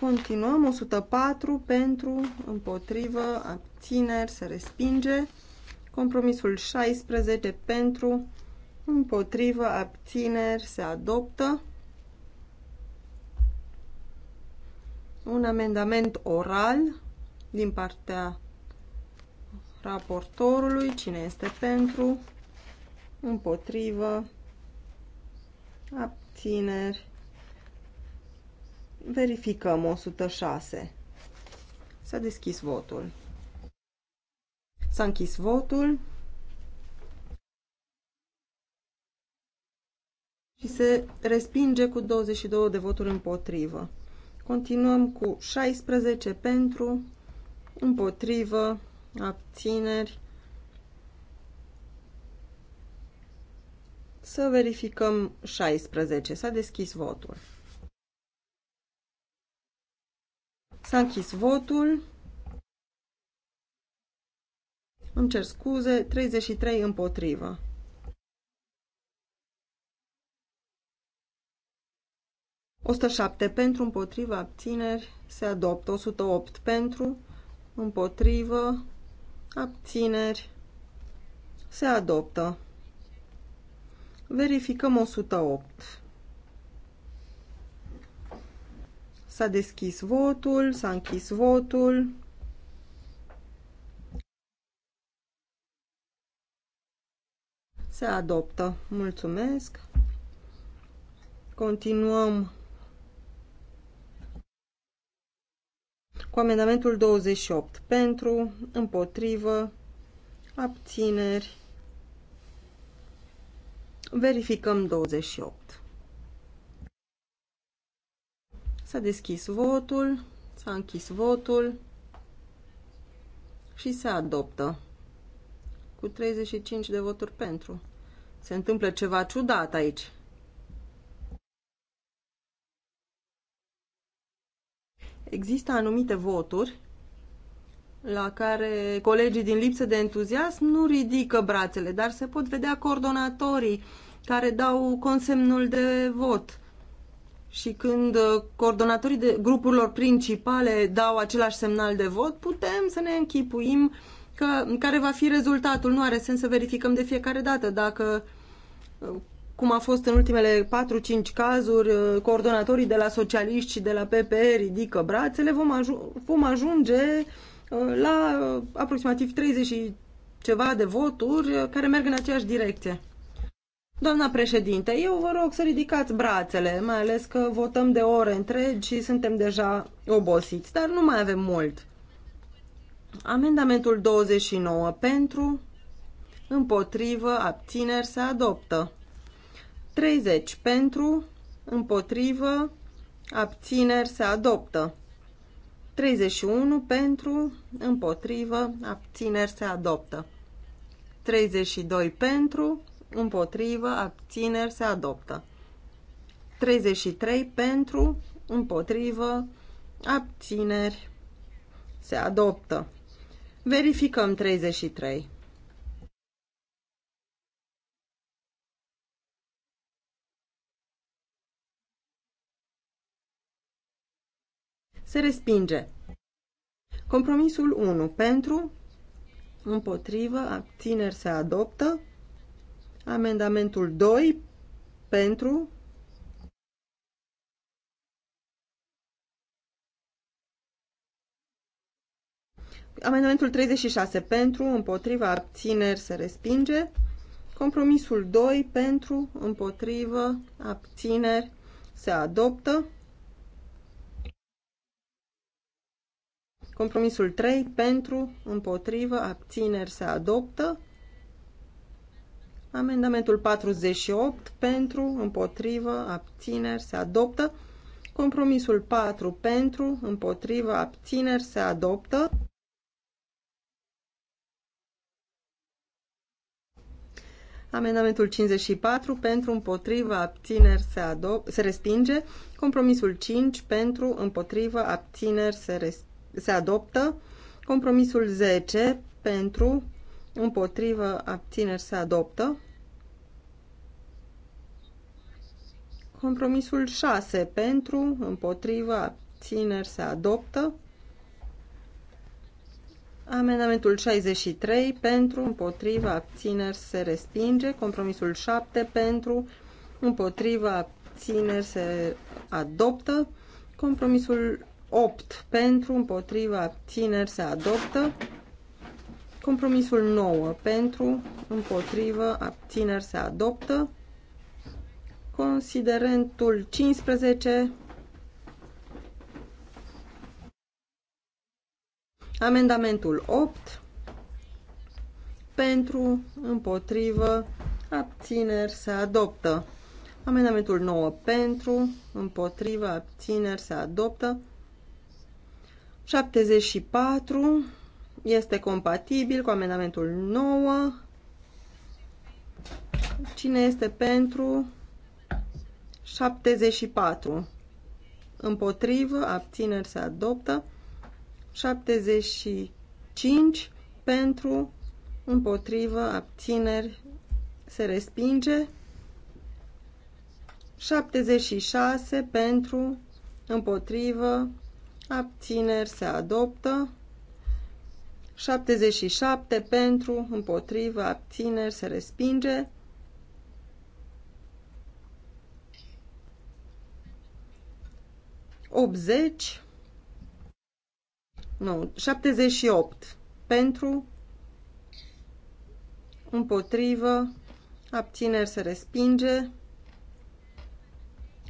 Continuăm, 104 pentru, împotrivă, abțineri, se respinge. Compromisul 16 pentru, împotrivă, abțineri, se adoptă. Un amendament oral din partea raportorului. Cine este pentru? Împotrivă, abțineri. Verificăm 106. S-a deschis votul. S-a închis votul. Și se respinge cu 22 de voturi împotrivă. Continuăm cu 16 pentru, împotrivă, abțineri. Să verificăm 16. S-a deschis votul. S-a închis votul îmi cer scuze, 33 împotrivă. șapte pentru, împotrivă, abțineri, se adoptă. 108 pentru, împotrivă, abțineri, se adoptă. Verificăm 108. S-a deschis votul, s-a închis votul. Se adoptă. Mulțumesc. Continuăm cu amendamentul 28. Pentru, împotrivă, abțineri. Verificăm 28. S-a deschis votul, s-a închis votul și se adoptă cu 35 de voturi pentru. Se întâmplă ceva ciudat aici. Există anumite voturi la care colegii din lipsă de entuziasm nu ridică brațele, dar se pot vedea coordonatorii care dau consemnul de vot. Și când uh, coordonatorii de grupurilor principale dau același semnal de vot, putem să ne închipuim că, care va fi rezultatul. Nu are sens să verificăm de fiecare dată dacă uh, cum a fost în ultimele 4-5 cazuri, uh, coordonatorii de la socialiști și de la PP ridică brațele, vom, aju- vom ajunge uh, la aproximativ 30 și ceva de voturi care merg în aceeași direcție. Doamna președinte, eu vă rog să ridicați brațele, mai ales că votăm de ore întregi și suntem deja obosiți, dar nu mai avem mult. Amendamentul 29 pentru, împotrivă, abțineri se adoptă. 30 pentru, împotrivă, abțineri se adoptă. 31 pentru, împotrivă, abțineri se adoptă. 32 pentru, împotrivă, abțineri se adoptă. 33 pentru, împotrivă, abțineri se adoptă. Verificăm 33. Se respinge. Compromisul 1. Pentru, împotrivă, abțineri se adoptă. Amendamentul 2. Pentru, Amendamentul 36 pentru, împotriva, abțineri se respinge. Compromisul 2 pentru, împotrivă, abțineri se adoptă. Compromisul 3 pentru, împotrivă, abțineri se adoptă. Amendamentul 48 pentru, împotrivă, abțineri se adoptă. Compromisul 4 pentru, împotrivă, abțineri se adoptă. Amendamentul 54 pentru împotrivă abțineri se, se respinge. Compromisul 5 pentru împotrivă abțineri se, se adoptă. Compromisul 10 pentru împotrivă abțineri se adoptă. Compromisul 6 pentru împotrivă abțineri se adoptă. Amendamentul 63 pentru, împotriva, abțineri se respinge. Compromisul 7 pentru, împotriva, abțineri se adoptă. Compromisul 8 pentru, împotriva, abțineri se adoptă. Compromisul 9 pentru, împotriva, abțineri se adoptă. Considerentul 15 Amendamentul 8 pentru, împotrivă, abțineri se adoptă. Amendamentul 9 pentru, împotrivă, abțineri se adoptă. 74 este compatibil cu amendamentul 9. Cine este pentru? 74. Împotrivă, abțineri se adoptă. 75 pentru, împotrivă, abțineri, se respinge. 76 pentru, împotrivă, abțineri, se adoptă. 77 pentru, împotrivă, abțineri, se respinge. 80 nu, 78 pentru, împotrivă, abțineri se respinge.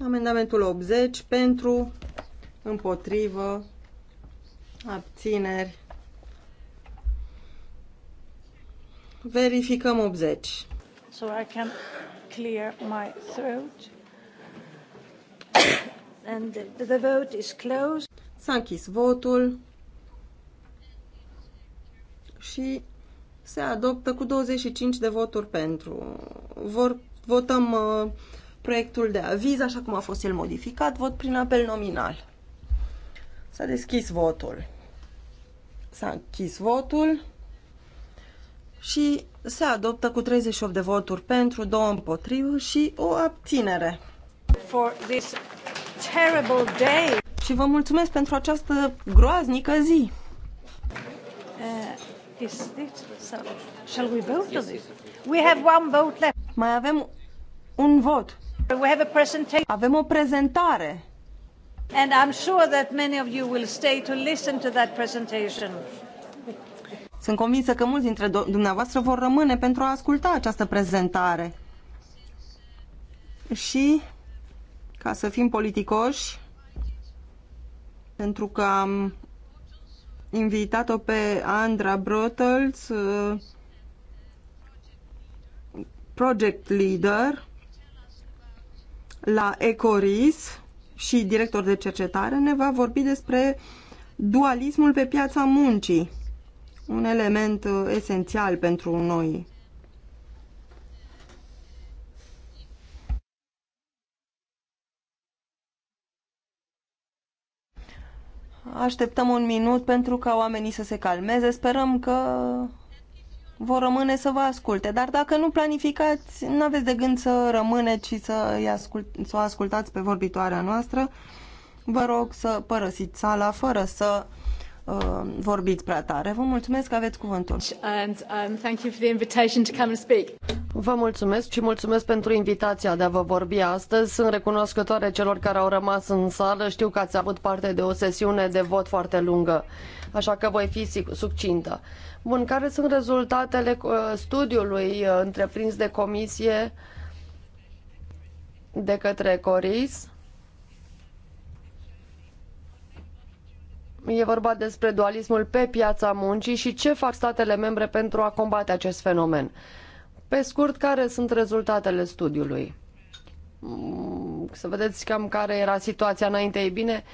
Amendamentul 80 pentru, împotrivă, abțineri. Verificăm 80. So I can clear my throat. [COUGHS] And the, the vote is closed. S-a închis votul și se adoptă cu 25 de voturi pentru. Vor, votăm uh, proiectul de aviz, așa cum a fost el modificat, vot prin apel nominal. S-a deschis votul. S-a închis votul și se adoptă cu 38 de voturi pentru, două împotrivă și o abținere. For this terrible day. Și vă mulțumesc pentru această groaznică zi. Uh this, this. shall we vote on this? We have one vote left. Mai avem un vot. We have a presentation. Avem o prezentare. And I'm sure that many of you will stay to listen to that presentation. Sunt convinsă că mulți dintre dumneavoastră vor rămâne pentru a asculta această prezentare. Și, ca să fim politicoși, pentru că am invitat-o pe Andra Brotels, uh, project leader la Ecoris și director de cercetare, ne va vorbi despre dualismul pe piața muncii, un element uh, esențial pentru noi Așteptăm un minut pentru ca oamenii să se calmeze. Sperăm că vor rămâne să vă asculte. Dar dacă nu planificați, nu aveți de gând să rămâneți și să, ascult, să o ascultați pe vorbitoarea noastră, vă rog să părăsiți sala fără să uh, vorbit prea tare. Vă mulțumesc că aveți cuvântul. And, um, thank you for the invitation to come and speak. Vă mulțumesc și mulțumesc pentru invitația de a vă vorbi astăzi. Sunt recunoscătoare celor care au rămas în sală. Știu că ați avut parte de o sesiune de vot foarte lungă, așa că voi fi succintă. Bun, care sunt rezultatele uh, studiului uh, întreprins de comisie de către CORIS? E vorba despre dualismul pe piața muncii și ce fac statele membre pentru a combate acest fenomen. Pe scurt, care sunt rezultatele studiului? Mm, să vedeți cam care era situația înainte. Ei bine,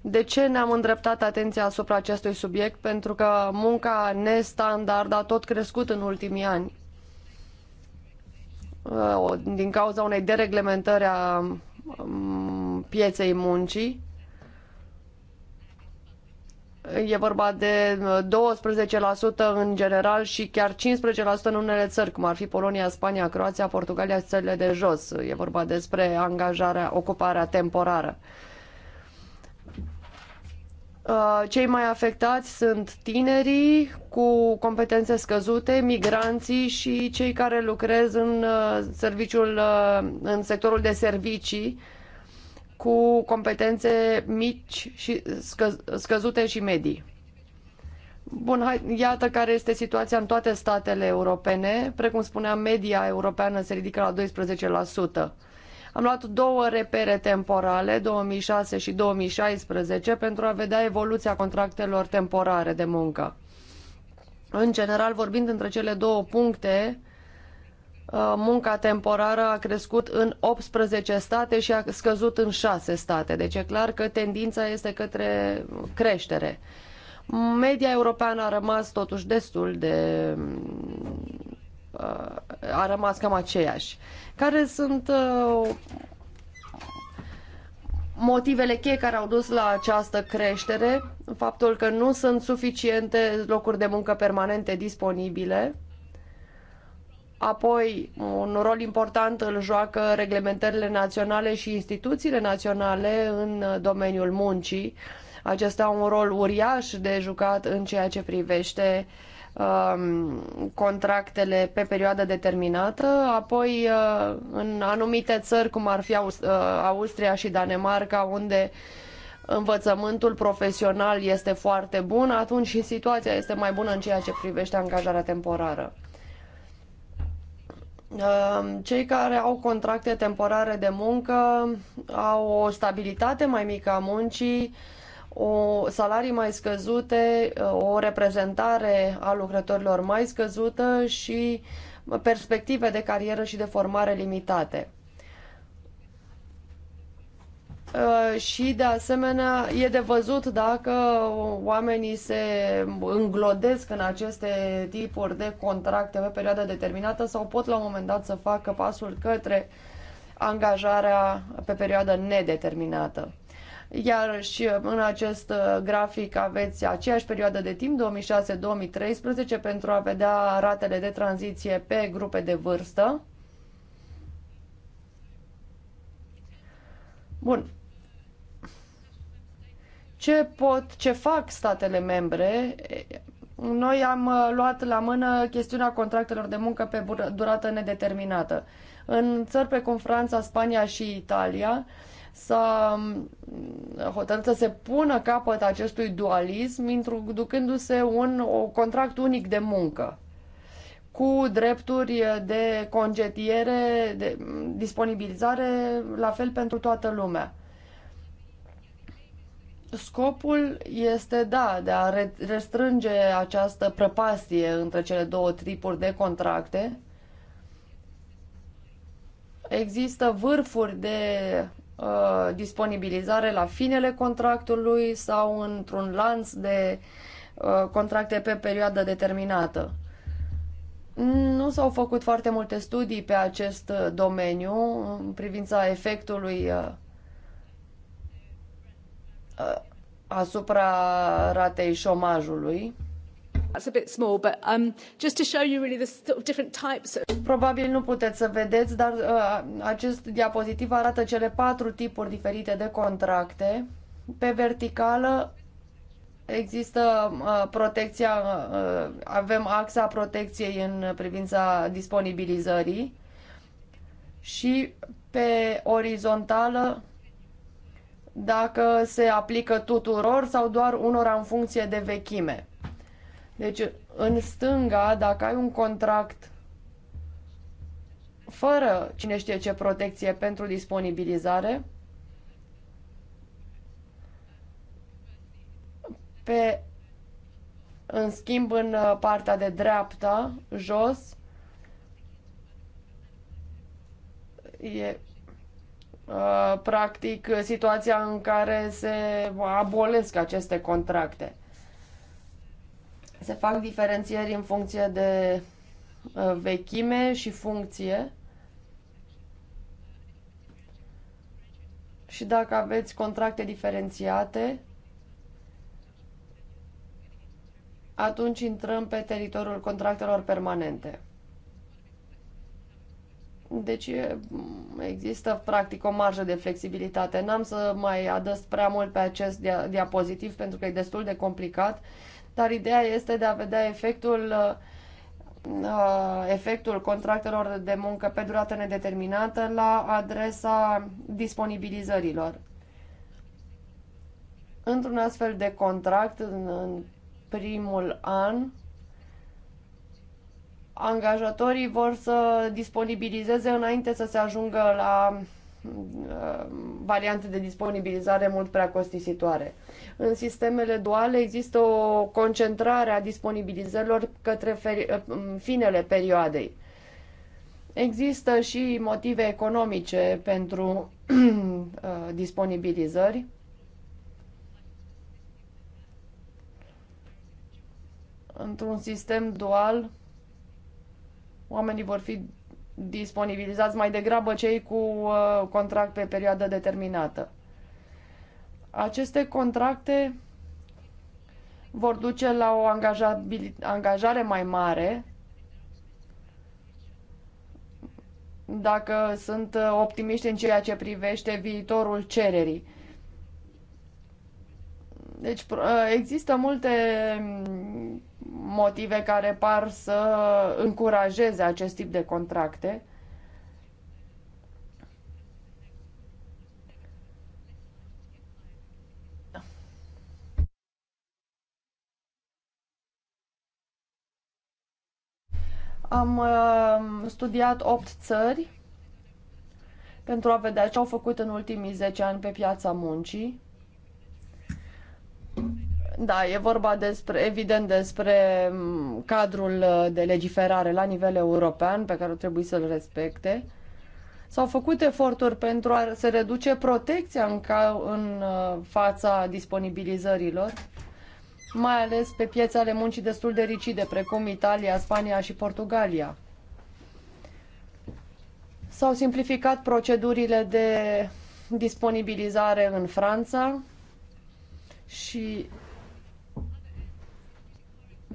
de ce ne-am îndreptat atenția asupra acestui subiect? Pentru că munca nestandard a tot crescut în ultimii ani uh, din cauza unei dereglementări a mm, pieței muncii E vorba de 12% uh, în general și chiar 15% în unele țări, cum ar fi Polonia, Spania, Croația, Portugalia și țările de jos. E vorba despre angajarea, ocuparea temporară. Uh, cei mai afectați sunt tinerii cu competențe scăzute, migranții și cei care lucrez în, uh, serviciul, în sectorul de servicii, cu competențe mici și scăzute și medii. Bun, hai, iată care este situația în toate statele europene. Precum spuneam, media europeană se ridică la 12%. Am luat două repere temporale, 2006 și 2016, pentru a vedea evoluția contractelor temporare de muncă. În general, vorbind între cele două puncte, Uh, munca temporară a crescut în 18 state și a scăzut în 6 state. Deci e clar că tendința este către creștere. Media europeană a rămas totuși destul de uh, a rămas cam aceeași. Care sunt uh, motivele cheie care au dus la această creștere? Faptul că nu sunt suficiente locuri de muncă permanente disponibile, Apoi, un rol important îl joacă reglementările naționale și instituțiile naționale în domeniul muncii. Acesta au un rol uriaș de jucat în ceea ce privește um, contractele pe perioadă determinată, apoi uh, în anumite țări, cum ar fi Aust uh, Austria și Danemarca, unde învățământul profesional este foarte bun, atunci și situația este mai bună în ceea ce privește angajarea temporară. Ehm, cei care au contracte temporare de muncă au o stabilitate mai mică a muncii, o salarii mai scăzute, o reprezentare a lucrătorilor mai scăzută și perspective de carieră și de formare limitate. Uh, și de asemenea e de văzut dacă oamenii se înglodesc în aceste tipuri de contracte pe perioada determinată sau pot la un moment dat să facă pasul către angajarea pe perioadă nedeterminată. Iar și uh, în acest uh, grafic aveți aceeași perioadă de timp, 2006-2013, pentru a vedea ratele de tranziție pe grupe de vârstă. Bun, ce pot, ce fac statele membre. Noi am uh, luat la mână chestiunea contractelor de muncă pe durată nedeterminată. În țări precum Franța, Spania și Italia s-a um, hotărât să se pună capăt acestui dualism introducându-se un o contract unic de muncă cu drepturi de congetiere, de disponibilizare, la fel pentru toată lumea. Scopul este, da, de a restrânge această prăpastie între cele două tipuri de contracte. Există vârfuri de uh, disponibilizare la finele contractului sau într-un lanț de uh, contracte pe perioadă determinată. Nu s-au făcut foarte multe studii pe acest domeniu în privința efectului uh, Uh, asupra ratei șomajului. That's a bit small, but um, just to show you really the sort of different types of... Probabil nu puteți să vedeți, dar uh, acest diapozitiv arată cele patru tipuri diferite de contracte. Pe verticală există uh, protecția, uh, avem axa protecției în privința disponibilizării și pe orizontală dacă se aplică tuturor sau doar unora în funcție de vechime. Deci, în stânga, dacă ai un contract fără cine știe ce protecție pentru disponibilizare, pe, în schimb, în partea de dreapta, jos, e Uh, practic situația în care se abolesc aceste contracte. Se fac diferențieri în funcție de uh, vechime și funcție. Și dacă aveți contracte diferențiate, atunci intrăm pe teritoriul contractelor permanente. Deci există practic o marjă de flexibilitate. N-am să mai adăst prea mult pe acest dia diapozitiv pentru că e destul de complicat, dar ideea este de a vedea efectul uh, uh, efectul contractelor de muncă pe durată nedeterminată la adresa disponibilizărilor. Într-un astfel de contract, în primul an, angajatorii vor să disponibilizeze înainte să se ajungă la uh, variante de disponibilizare mult prea costisitoare. În sistemele duale există o concentrare a disponibilizărilor către uh, finele perioadei. Există și motive economice pentru uh, disponibilizări. Într-un sistem dual, oamenii vor fi disponibilizați mai degrabă cei cu uh, contract pe perioadă determinată. Aceste contracte vor duce la o angajare mai mare dacă sunt uh, optimiști în ceea ce privește viitorul cererii. Deci uh, există multe mm, motive care par să încurajeze acest tip de contracte. Am uh, studiat 8 țări pentru a vedea ce au făcut în ultimii 10 ani pe piața muncii. Da, e vorba despre, evident despre mm, cadrul uh, de legiferare la nivel european pe care trebuie să-l respecte. S-au făcut eforturi pentru a se reduce protecția în, ca, în uh, fața disponibilizărilor, mai ales pe piețele muncii destul de ricide, precum Italia, Spania și Portugalia. S-au simplificat procedurile de disponibilizare în Franța și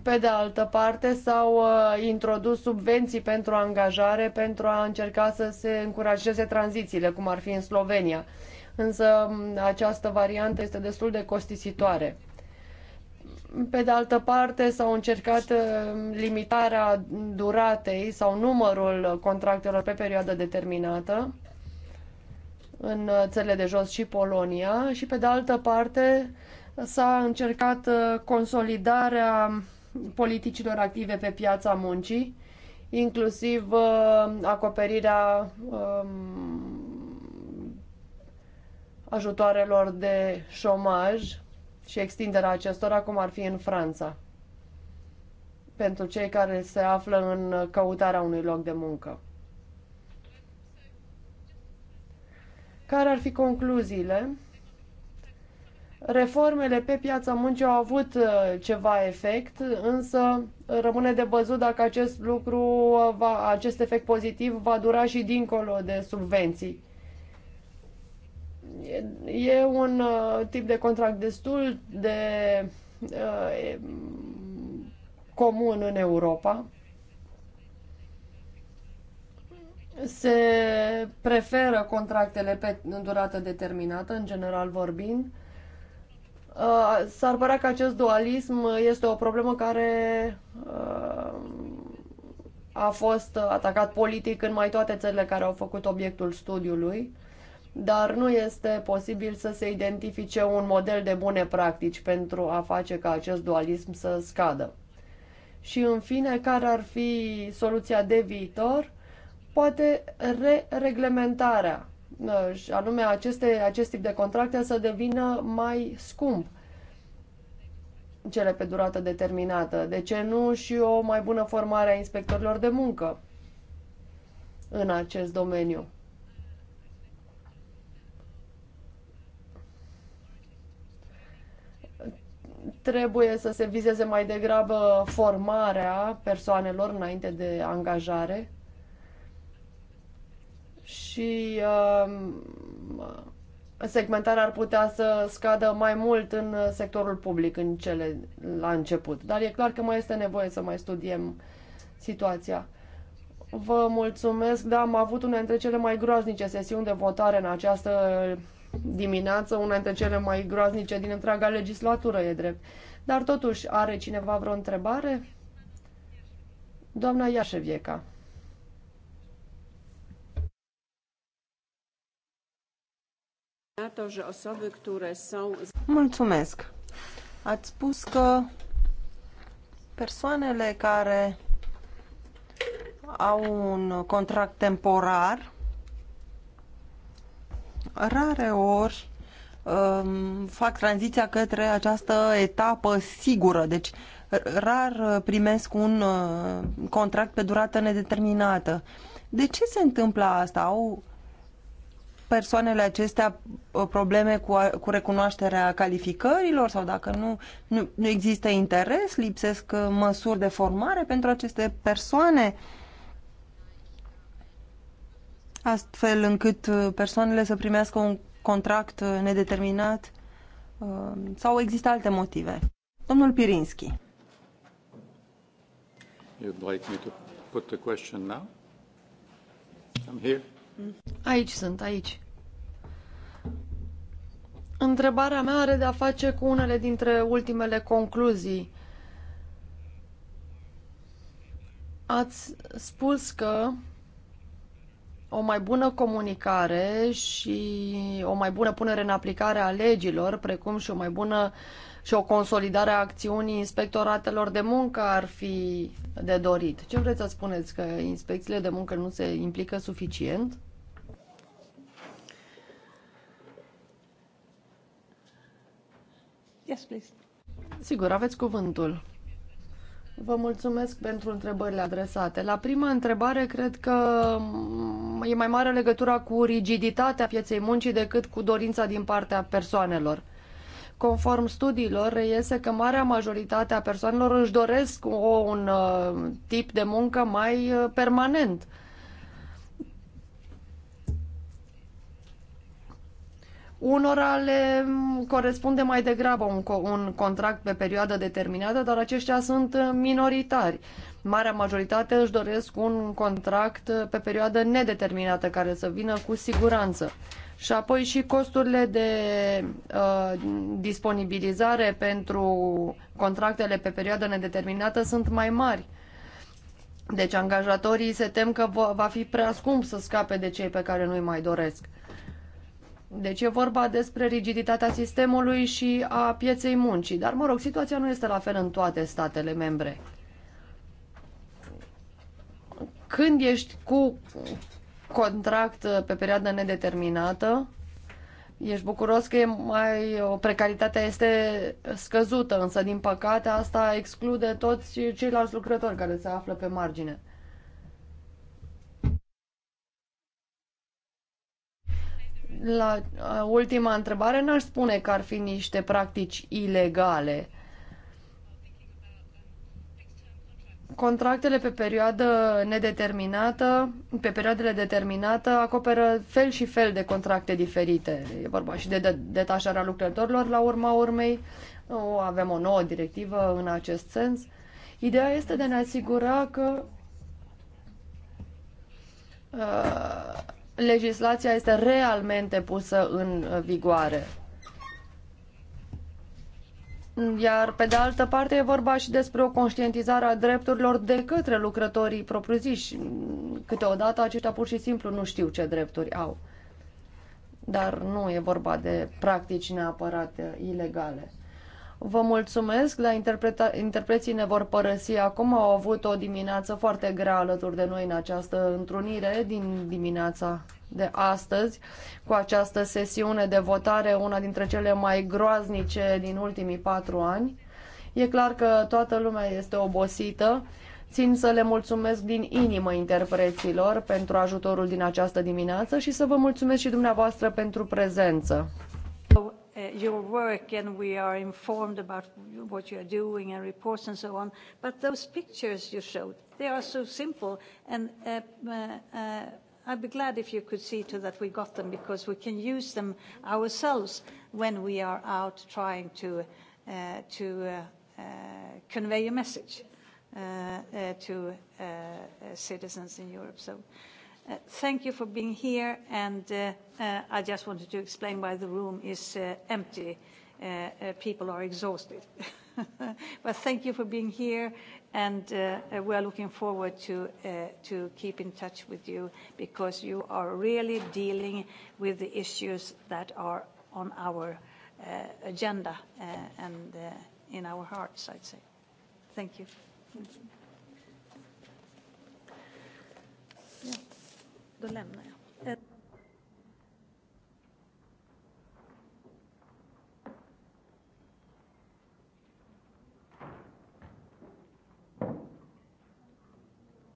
pe de altă parte, s-au uh, introdus subvenții pentru angajare pentru a încerca să se încurajeze tranzițiile, cum ar fi în Slovenia. Însă această variantă este destul de costisitoare. Pe de altă parte, s-au încercat uh, limitarea duratei sau numărul contractelor pe perioadă determinată în uh, țările de jos și Polonia și pe de altă parte s-a încercat consolidarea politicilor active pe piața muncii, inclusiv uh, acoperirea um, ajutoarelor de șomaj și extinderea acestora, cum ar fi în Franța, pentru cei care se află în căutarea unui loc de muncă. Care ar fi concluziile? Reformele pe piața muncii au avut uh, ceva efect, însă rămâne de văzut dacă acest lucru, uh, va, acest efect pozitiv va dura și dincolo de subvenții. E, e un uh, tip de contract destul de uh, comun în Europa. Se preferă contractele pe durată determinată, în general vorbind, uh, Uh, s-ar părea că acest dualism este o problemă care uh, a fost atacat politic în mai toate țările care au făcut obiectul studiului, dar nu este posibil să se identifice un model de bune practici pentru a face ca acest dualism să scadă. Și în fine, care ar fi soluția de viitor? Poate re-reglementarea și anume aceste, acest tip de contracte să devină mai scump cele pe durată determinată. De ce nu și o mai bună formare a inspectorilor de muncă în acest domeniu? Trebuie să se vizeze mai degrabă formarea persoanelor înainte de angajare și um, segmentarea ar putea să scadă mai mult în sectorul public în cele la început. Dar e clar că mai este nevoie să mai studiem situația. Vă mulțumesc, da, am avut una dintre cele mai groaznice sesiuni de votare în această dimineață, una dintre cele mai groaznice din întreaga legislatură, e drept. Dar totuși, are cineva vreo întrebare? Doamna Iașevieca. Mulțumesc. Ați spus că persoanele care au un contract temporar rare ori um, fac tranziția către această etapă sigură. Deci rar primesc un uh, contract pe durată nedeterminată. De ce se întâmplă asta? Au persoanele acestea uh, probleme cu, a, cu recunoașterea calificărilor sau dacă nu, nu, nu există interes, lipsesc uh, măsuri de formare pentru aceste persoane, astfel încât uh, persoanele să primească un contract nedeterminat sau există alte motive. Domnul Pirinski. You'd like me to put the question now? I'm here. Aici sunt, aici. Întrebarea mea are de-a face cu unele dintre ultimele concluzii. Ați spus că o mai bună comunicare și o mai bună punere în aplicare a legilor, precum și o mai bună uh, și o consolidare a acțiunii inspectoratelor de muncă ar fi de dorit. Ce vreți să spuneți? Că inspecțiile de muncă nu se implică suficient? Yes, please. Sigur, aveți cuvântul. Vă mulțumesc pentru întrebările adresate. La prima întrebare, cred că e mai mare legătura cu rigiditatea pieței muncii decât cu dorința din partea persoanelor. Conform studiilor, reiese că marea majoritate a persoanelor își doresc o, un uh, tip de muncă mai uh, permanent. Unora le mm, corespunde mai degrabă un, co un contract pe perioadă determinată, dar aceștia sunt uh, minoritari. Marea majoritate își doresc un contract uh, pe perioadă nedeterminată care să vină cu siguranță și apoi și costurile de uh, disponibilizare pentru contractele pe perioadă nedeterminată sunt mai mari. Deci angajatorii se tem că va fi prea scump să scape de cei pe care nu-i mai doresc. Deci e vorba despre rigiditatea sistemului și a pieței muncii. Dar, mă rog, situația nu este la fel în toate statele membre. Când ești cu contract uh, pe perioadă nedeterminată, ești bucuros că e mai, o precaritate este scăzută, însă din păcate asta exclude toți ceilalți lucrători care se află pe margine. La uh, ultima întrebare n-aș spune că ar fi niște practici ilegale. Uh, contractele pe perioadă nedeterminată, pe perioadele determinată, acoperă fel și fel de contracte diferite. E vorba și de, detașarea lucrătorilor la urma urmei. O, avem o nouă directivă în acest sens. Ideea este de a ne asigura că uh, legislația este realmente pusă în vigoare. Iar pe de altă parte e vorba și despre o conștientizare a drepturilor de către lucrătorii propriu-ziși. Câteodată aceștia pur și simplu nu știu ce drepturi au. Dar nu e vorba de practici neapărat ilegale. Vă mulțumesc, la interpreta... interpreții ne vor părăsi acum. Au avut o dimineață foarte grea alături de noi în această întrunire din dimineața de astăzi, cu această sesiune de votare, una dintre cele mai groaznice din ultimii patru ani. E clar că toată lumea este obosită. Țin să le mulțumesc din inimă interpreților pentru ajutorul din această dimineață și să vă mulțumesc și dumneavoastră pentru prezență. Uh, your work and we are informed about what you are doing and reports and so on. But those pictures you showed, they are so simple and uh, uh, uh, I'd be glad if you could see to that we got them because we can use them ourselves when we are out trying to, uh, to uh, uh, convey a message uh, uh, to uh, uh, citizens in Europe. So. Uh, thank you for being here, and uh, uh, I just wanted to explain why the room is uh, empty. Uh, uh, people are exhausted. [LAUGHS] but thank you for being here, and uh, uh we are looking forward to, uh, to keep in touch with you because you are really dealing with the issues that are on our uh, agenda uh, and uh, in our hearts, I'd say. Thank you. Thank you. Yeah lämnar jag.